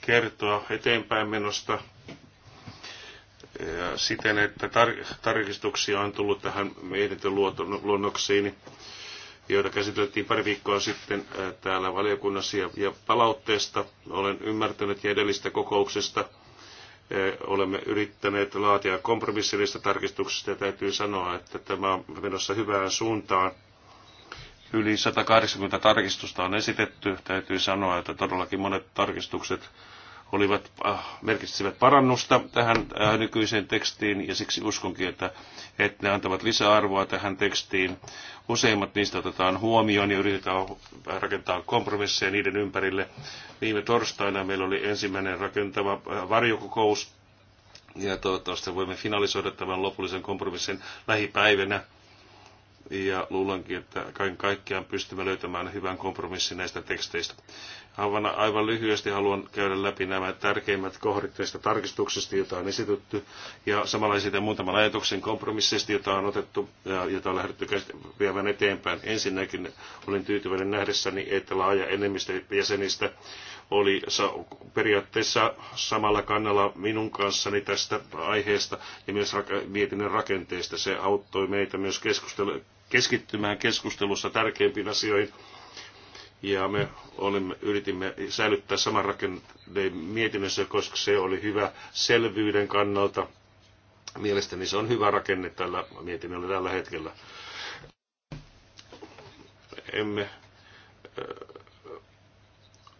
kertoa eteenpäin menosta ja siten, että tar- tarkistuksia on tullut tähän mietintön luonnoksiin, joita käsiteltiin pari viikkoa sitten täällä valiokunnassa. Ja, ja palautteesta olen ymmärtänyt ja edellistä kokouksesta olemme yrittäneet laatia kompromissillista tarkistuksista ja täytyy sanoa, että tämä on menossa hyvään suuntaan – Yli 180 tarkistusta on esitetty. Täytyy sanoa, että todellakin monet tarkistukset olivat, äh, merkitsivät parannusta tähän äh, nykyiseen tekstiin ja siksi uskonkin, että, että ne antavat lisäarvoa tähän tekstiin. Useimmat niistä otetaan huomioon ja yritetään rakentaa kompromisseja niiden ympärille. Viime torstaina meillä oli ensimmäinen rakentava äh, varjokokous ja toivottavasti voimme finalisoida tämän lopullisen kompromissin lähipäivänä ja luulenkin, että kaiken kaikkiaan pystymme löytämään hyvän kompromissin näistä teksteistä. Aivan, aivan lyhyesti haluan käydä läpi nämä tärkeimmät kohdat näistä tarkistuksista, joita on esitetty, ja samalla esitän muutaman ajatuksen kompromissista, jota on otettu ja jota on lähdetty viemään eteenpäin. Ensinnäkin olin tyytyväinen nähdessäni, että laaja enemmistö jäsenistä oli periaatteessa samalla kannalla minun kanssani tästä aiheesta ja myös mietinnön rakenteesta. Se auttoi meitä myös keskustelemaan keskittymään keskustelussa tärkeimpiin asioihin. Ja me olimme, yritimme säilyttää saman rakenteen mietinnössä, koska se oli hyvä selvyyden kannalta. Mielestäni se on hyvä rakenne tällä mietinnöllä tällä hetkellä. Emme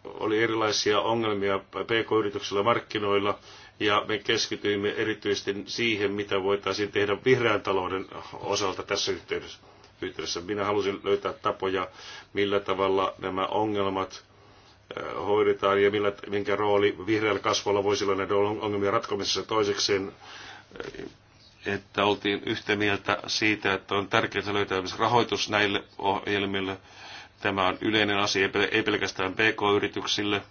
oli erilaisia ongelmia pk-yrityksillä markkinoilla, ja me keskityimme erityisesti siihen, mitä voitaisiin tehdä vihreän talouden osalta tässä yhteydessä yhteydessä. Minä halusin löytää tapoja, millä tavalla nämä ongelmat eh, hoidetaan ja millä, minkä rooli vihreällä kasvolla voisi olla näiden ongelmien ratkomisessa toisekseen eh, että oltiin yhtä mieltä siitä, että on tärkeää löytää myös rahoitus näille ohjelmille. Tämä on yleinen asia, ei pelkästään PK-yrityksille,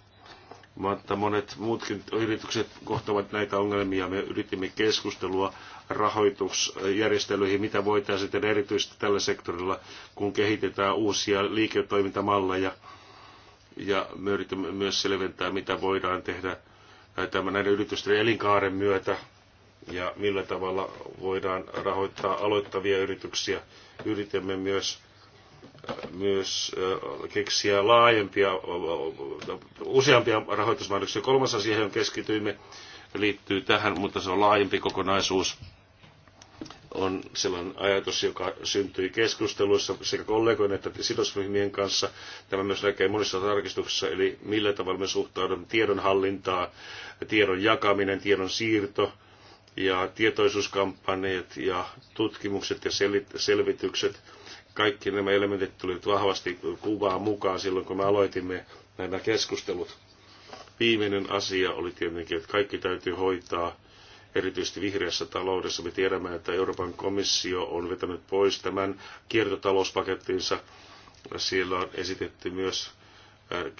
mutta monet muutkin yritykset kohtavat näitä ongelmia. Me yritimme keskustelua rahoitusjärjestelyihin, mitä voitaisiin tehdä erityisesti tällä sektorilla, kun kehitetään uusia liiketoimintamalleja. Ja me yritimme myös selventää, mitä voidaan tehdä tämän näiden yritysten elinkaaren myötä ja millä tavalla voidaan rahoittaa aloittavia yrityksiä. Yritämme myös myös keksiä laajempia, useampia rahoitusmahdollisuuksia. Kolmas asia, johon keskityimme, liittyy tähän, mutta se on laajempi kokonaisuus. On sellainen ajatus, joka syntyi keskusteluissa sekä kollegojen että sidosryhmien kanssa. Tämä myös näkee monissa tarkistuksissa, eli millä tavalla me suhtaudumme tiedonhallintaa, tiedon jakaminen, tiedon siirto, ja tietoisuuskampanjat ja tutkimukset ja selvitykset kaikki nämä elementit tulivat vahvasti kuvaan mukaan silloin, kun me aloitimme nämä keskustelut. Viimeinen asia oli tietenkin, että kaikki täytyy hoitaa erityisesti vihreässä taloudessa. Me tiedämme, että Euroopan komissio on vetänyt pois tämän kiertotalouspakettinsa. Siellä on esitetty myös äh,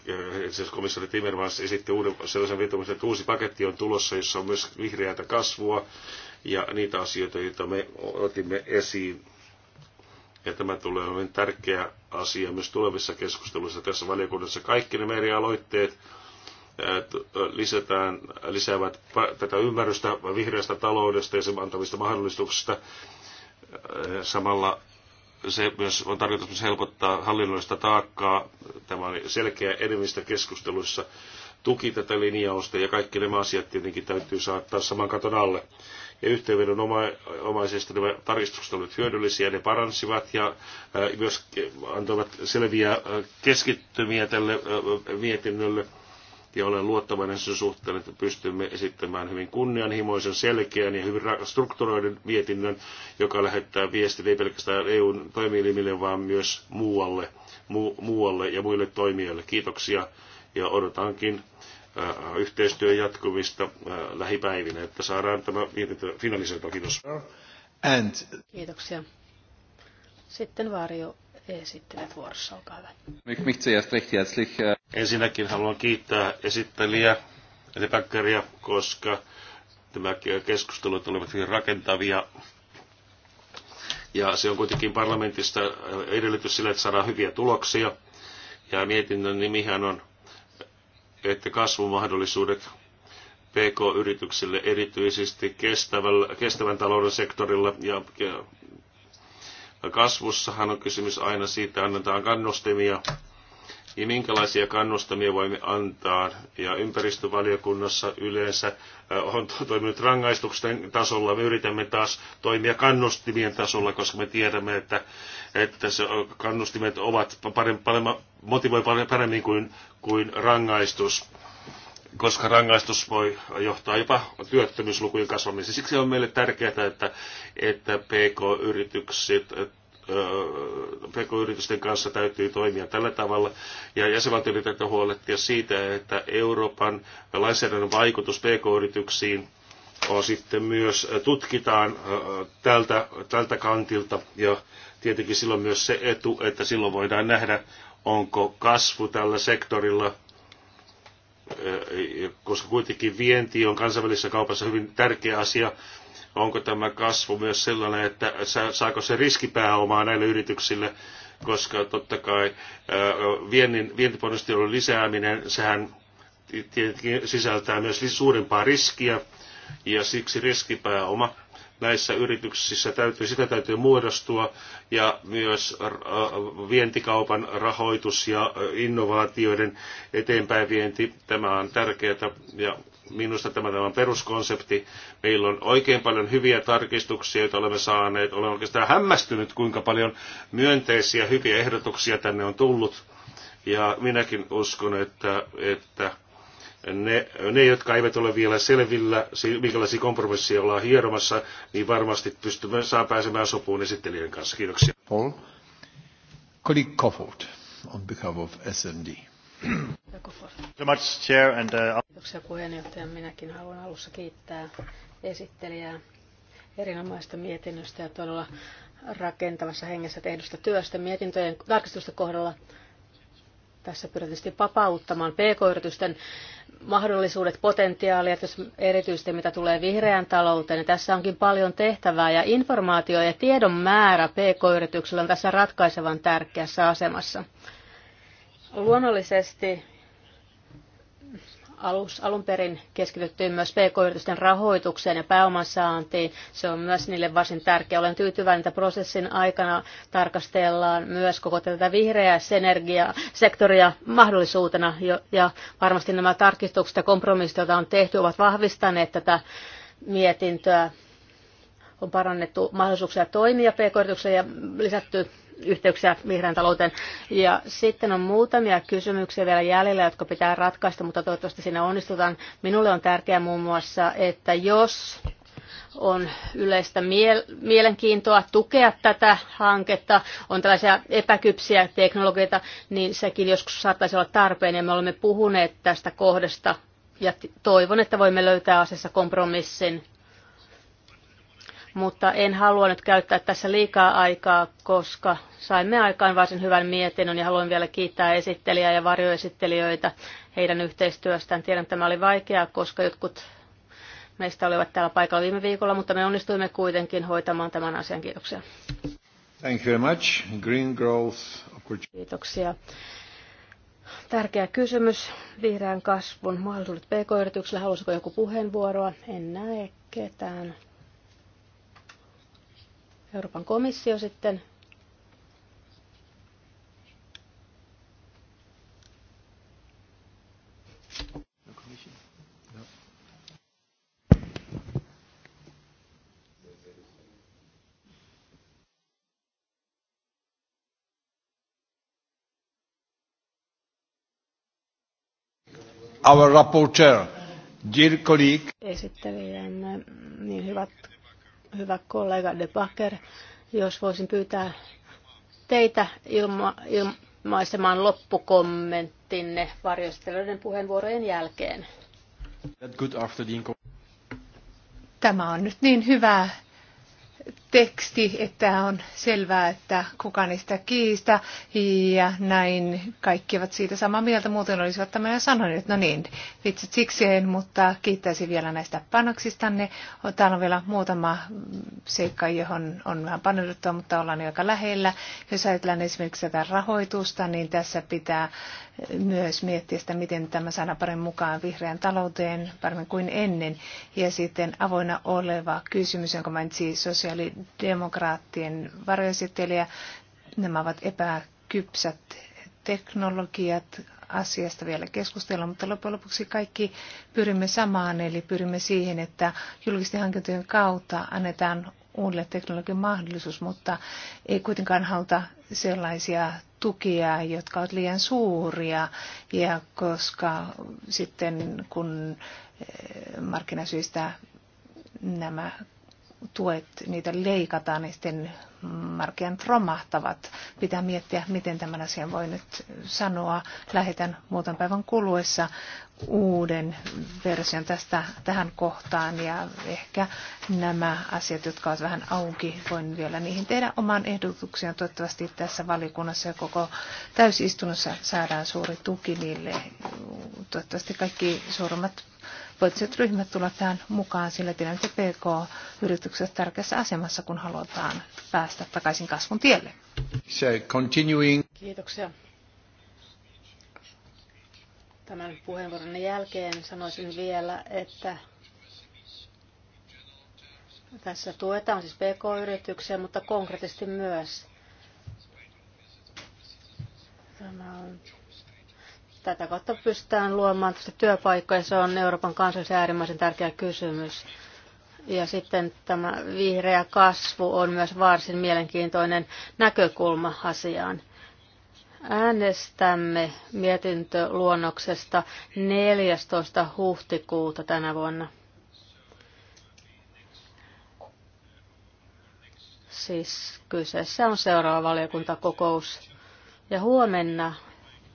siis komissaari Timmermans esitti uuden sellaisen vetomisen, että uusi paketti on tulossa, jossa on myös vihreätä kasvua ja niitä asioita, joita me otimme esiin ja tämä tulee hyvin tärkeä asia myös tulevissa keskusteluissa tässä valiokunnassa. Kaikki nämä eri aloitteet lisätään, lisäävät tätä ymmärrystä vihreästä taloudesta ja sen antavista mahdollisuuksista. Samalla se myös on tarkoitus myös helpottaa hallinnollista taakkaa. Tämä oli selkeä enemmistö keskusteluissa tuki tätä linjausta ja kaikki nämä asiat tietenkin täytyy saattaa saman katon alle ja yhteenvedonomaisesti nämä tarkistukset olivat hyödyllisiä, ne paransivat ja äh, myös antoivat selviä äh, keskittymiä tälle äh, mietinnölle. Ja olen luottavainen sen suhteen, että pystymme esittämään hyvin kunnianhimoisen, selkeän ja hyvin strukturoidun mietinnön, joka lähettää viestin ei pelkästään EUn toimielimille, vaan myös muualle, mu- muualle ja muille toimijoille. Kiitoksia ja odotankin Äh, yhteistyön jatkuvista äh, lähipäivinä, että saadaan tämä finalisoitua. Kiitos. And... Kiitoksia. Sitten Vaario esittelee vuorossa, olkaa hyvä. Äh, Ensinnäkin haluan kiittää esittelijä Lepäkkäriä, koska tämä keskustelut olivat hyvin rakentavia ja se on kuitenkin parlamentista edellytys sille, että saadaan hyviä tuloksia. Ja mietinnön nimihän on että kasvumahdollisuudet PK-yrityksille erityisesti kestävän talouden sektorilla ja, ja kasvussahan on kysymys aina siitä, annetaan kannustimia ja niin minkälaisia kannustamia voimme antaa. Ja ympäristövaliokunnassa yleensä eh, on toiminut rangaistuksen tasolla. Me yritämme taas toimia kannustimien tasolla, koska me tiedämme, että, että se kannustimet ovat paremmin, motivoi paremmin kuin, kuin rangaistus koska rangaistus voi johtaa jopa työttömyyslukujen kasvamiseen. Siksi on meille tärkeää, että, että PK-yritykset pk-yritysten kanssa täytyy toimia tällä tavalla, ja jäsenvaltioiden täytyy huolehtia siitä, että Euroopan lainsäädännön vaikutus pk-yrityksiin on sitten myös tutkitaan tältä, tältä kantilta, ja tietenkin silloin myös se etu, että silloin voidaan nähdä, onko kasvu tällä sektorilla koska kuitenkin vienti on kansainvälisessä kaupassa hyvin tärkeä asia, onko tämä kasvu myös sellainen, että saako se riskipääomaa näille yrityksille, koska totta kai viennin, vientiponnistelujen lisääminen, sehän tietenkin sisältää myös suurempaa riskiä, ja siksi riskipääoma näissä yrityksissä täytyy, sitä täytyy muodostua, ja myös vientikaupan rahoitus ja innovaatioiden eteenpäinvienti, tämä on tärkeää, ja Minusta tämä, tämä on peruskonsepti. Meillä on oikein paljon hyviä tarkistuksia, joita olemme saaneet. Olen oikeastaan hämmästynyt, kuinka paljon myönteisiä, hyviä ehdotuksia tänne on tullut. Ja minäkin uskon, että, että ne, ne, jotka eivät ole vielä selvillä, minkälaisia kompromisseja ollaan hieromassa, niin varmasti pystymme, saa pääsemään sopuun esittelijän kanssa. Kiitoksia. Paul. Colleague on behalf of SND. Uh, Kiitoksia puheenjohtaja. Minäkin haluan alussa kiittää esittelijää erinomaista mietinnöstä ja todella rakentavassa hengessä tehdystä työstä mietintöjen tarkistusten kohdalla. Tässä pyritään tietysti vapauttamaan pk-yritysten mahdollisuudet, potentiaalia, erityisesti mitä tulee vihreään talouteen. Niin tässä onkin paljon tehtävää ja informaatio ja tiedon määrä pk-yrityksillä on tässä ratkaisevan tärkeässä asemassa. Luonnollisesti alus, alun perin keskityttiin myös pk-yritysten rahoitukseen ja pääomansaantiin. Se on myös niille varsin tärkeä. Olen tyytyväinen, että prosessin aikana tarkastellaan myös koko tätä vihreää sektoria mahdollisuutena. Ja varmasti nämä tarkistukset ja kompromissit, joita on tehty, ovat vahvistaneet tätä mietintöä on parannettu mahdollisuuksia toimia pk ja lisätty yhteyksiä vihreän talouteen. Ja sitten on muutamia kysymyksiä vielä jäljellä, jotka pitää ratkaista, mutta toivottavasti siinä onnistutaan. Minulle on tärkeää muun muassa, että jos on yleistä mielenkiintoa tukea tätä hanketta, on tällaisia epäkypsiä teknologioita, niin sekin joskus saattaisi olla tarpeen, ja me olemme puhuneet tästä kohdasta, ja toivon, että voimme löytää asiassa kompromissin mutta en halua nyt käyttää tässä liikaa aikaa, koska saimme aikaan varsin hyvän mietinnön ja haluan vielä kiittää esittelijää ja varjoesittelijöitä heidän yhteistyöstään. Tiedän, että tämä oli vaikeaa, koska jotkut meistä olivat täällä paikalla viime viikolla, mutta me onnistuimme kuitenkin hoitamaan tämän asian. Kiitoksia. Thank you very much. Green growth Kiitoksia. Tärkeä kysymys. Vihreän kasvun mahdollisuudet pk-yrityksillä. Haluaisiko joku puheenvuoroa? En näe ketään. Euroopan komissio sitten our rapporteur, dear colleague. Esittelijän, mm, niin hyvät hyvä kollega De Backer, jos voisin pyytää teitä ilma, ilmaisemaan loppukommenttinne varjostelijoiden puheenvuorojen jälkeen. Tämä on nyt niin hyvää teksti, että on selvää, että kukaan ei sitä kiistä ja näin kaikki ovat siitä samaa mieltä, muuten olisivat tämän jo sanoneet, no niin, vitsit sikseen, mutta kiittäisin vielä näistä panoksistanne. Täällä on vielä muutama seikka, johon on vähän paneuduttua, mutta ollaan jo aika lähellä. Jos ajatellaan esimerkiksi tätä rahoitusta, niin tässä pitää myös miettiä sitä, miten tämä sana paremmin mukaan vihreän talouteen paremmin kuin ennen. Ja sitten avoinna oleva kysymys, jonka mainitsi sosiaalidemokraattien varjoesittelijä. Nämä ovat epäkypsät teknologiat, asiasta vielä keskustella, mutta loppujen lopuksi kaikki pyrimme samaan, eli pyrimme siihen, että julkisten hankintojen kautta annetaan uudelle teknologian mahdollisuus, mutta ei kuitenkaan haluta sellaisia tukia, jotka ovat liian suuria. Ja koska sitten kun eh, markkinasyistä nämä tuet, niitä leikataan, niin sitten markkinat romahtavat. Pitää miettiä, miten tämän asian voi nyt sanoa. Lähetän muutaman päivän kuluessa uuden version tästä tähän kohtaan ja ehkä nämä asiat, jotka ovat vähän auki, voin vielä niihin tehdä oman ehdotuksia. Toivottavasti tässä valikunnassa ja koko täysistunnossa saadaan suuri tuki niille. Toivottavasti kaikki suurimmat poliittiset ryhmät tulla tähän mukaan, sillä tilanne PK-yritykset tärkeässä asemassa, kun halutaan päästä takaisin kasvun tielle. So continuing. Kiitoksia. Tämän puheenvuoron jälkeen sanoisin vielä, että tässä tuetaan siis PK-yrityksiä, mutta konkreettisesti myös. Tämä on Tätä kautta pystytään luomaan työpaikkoja. Se on Euroopan kansallisen äärimmäisen tärkeä kysymys. Ja sitten tämä vihreä kasvu on myös varsin mielenkiintoinen näkökulma asiaan. Äänestämme mietintöluonnoksesta 14. huhtikuuta tänä vuonna. Siis kyseessä on seuraava valiokuntakokous. Ja huomenna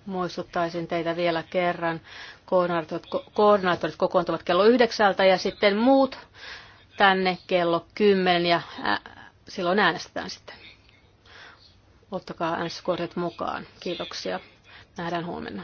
Muistuttaisin teitä vielä kerran. Koordinaattorit, koordinaattorit kokoontuvat kello yhdeksältä ja sitten muut tänne kello kymmenen ja ä, silloin äänestetään sitten. Ottakaa äänestyskortit mukaan. Kiitoksia. Nähdään huomenna.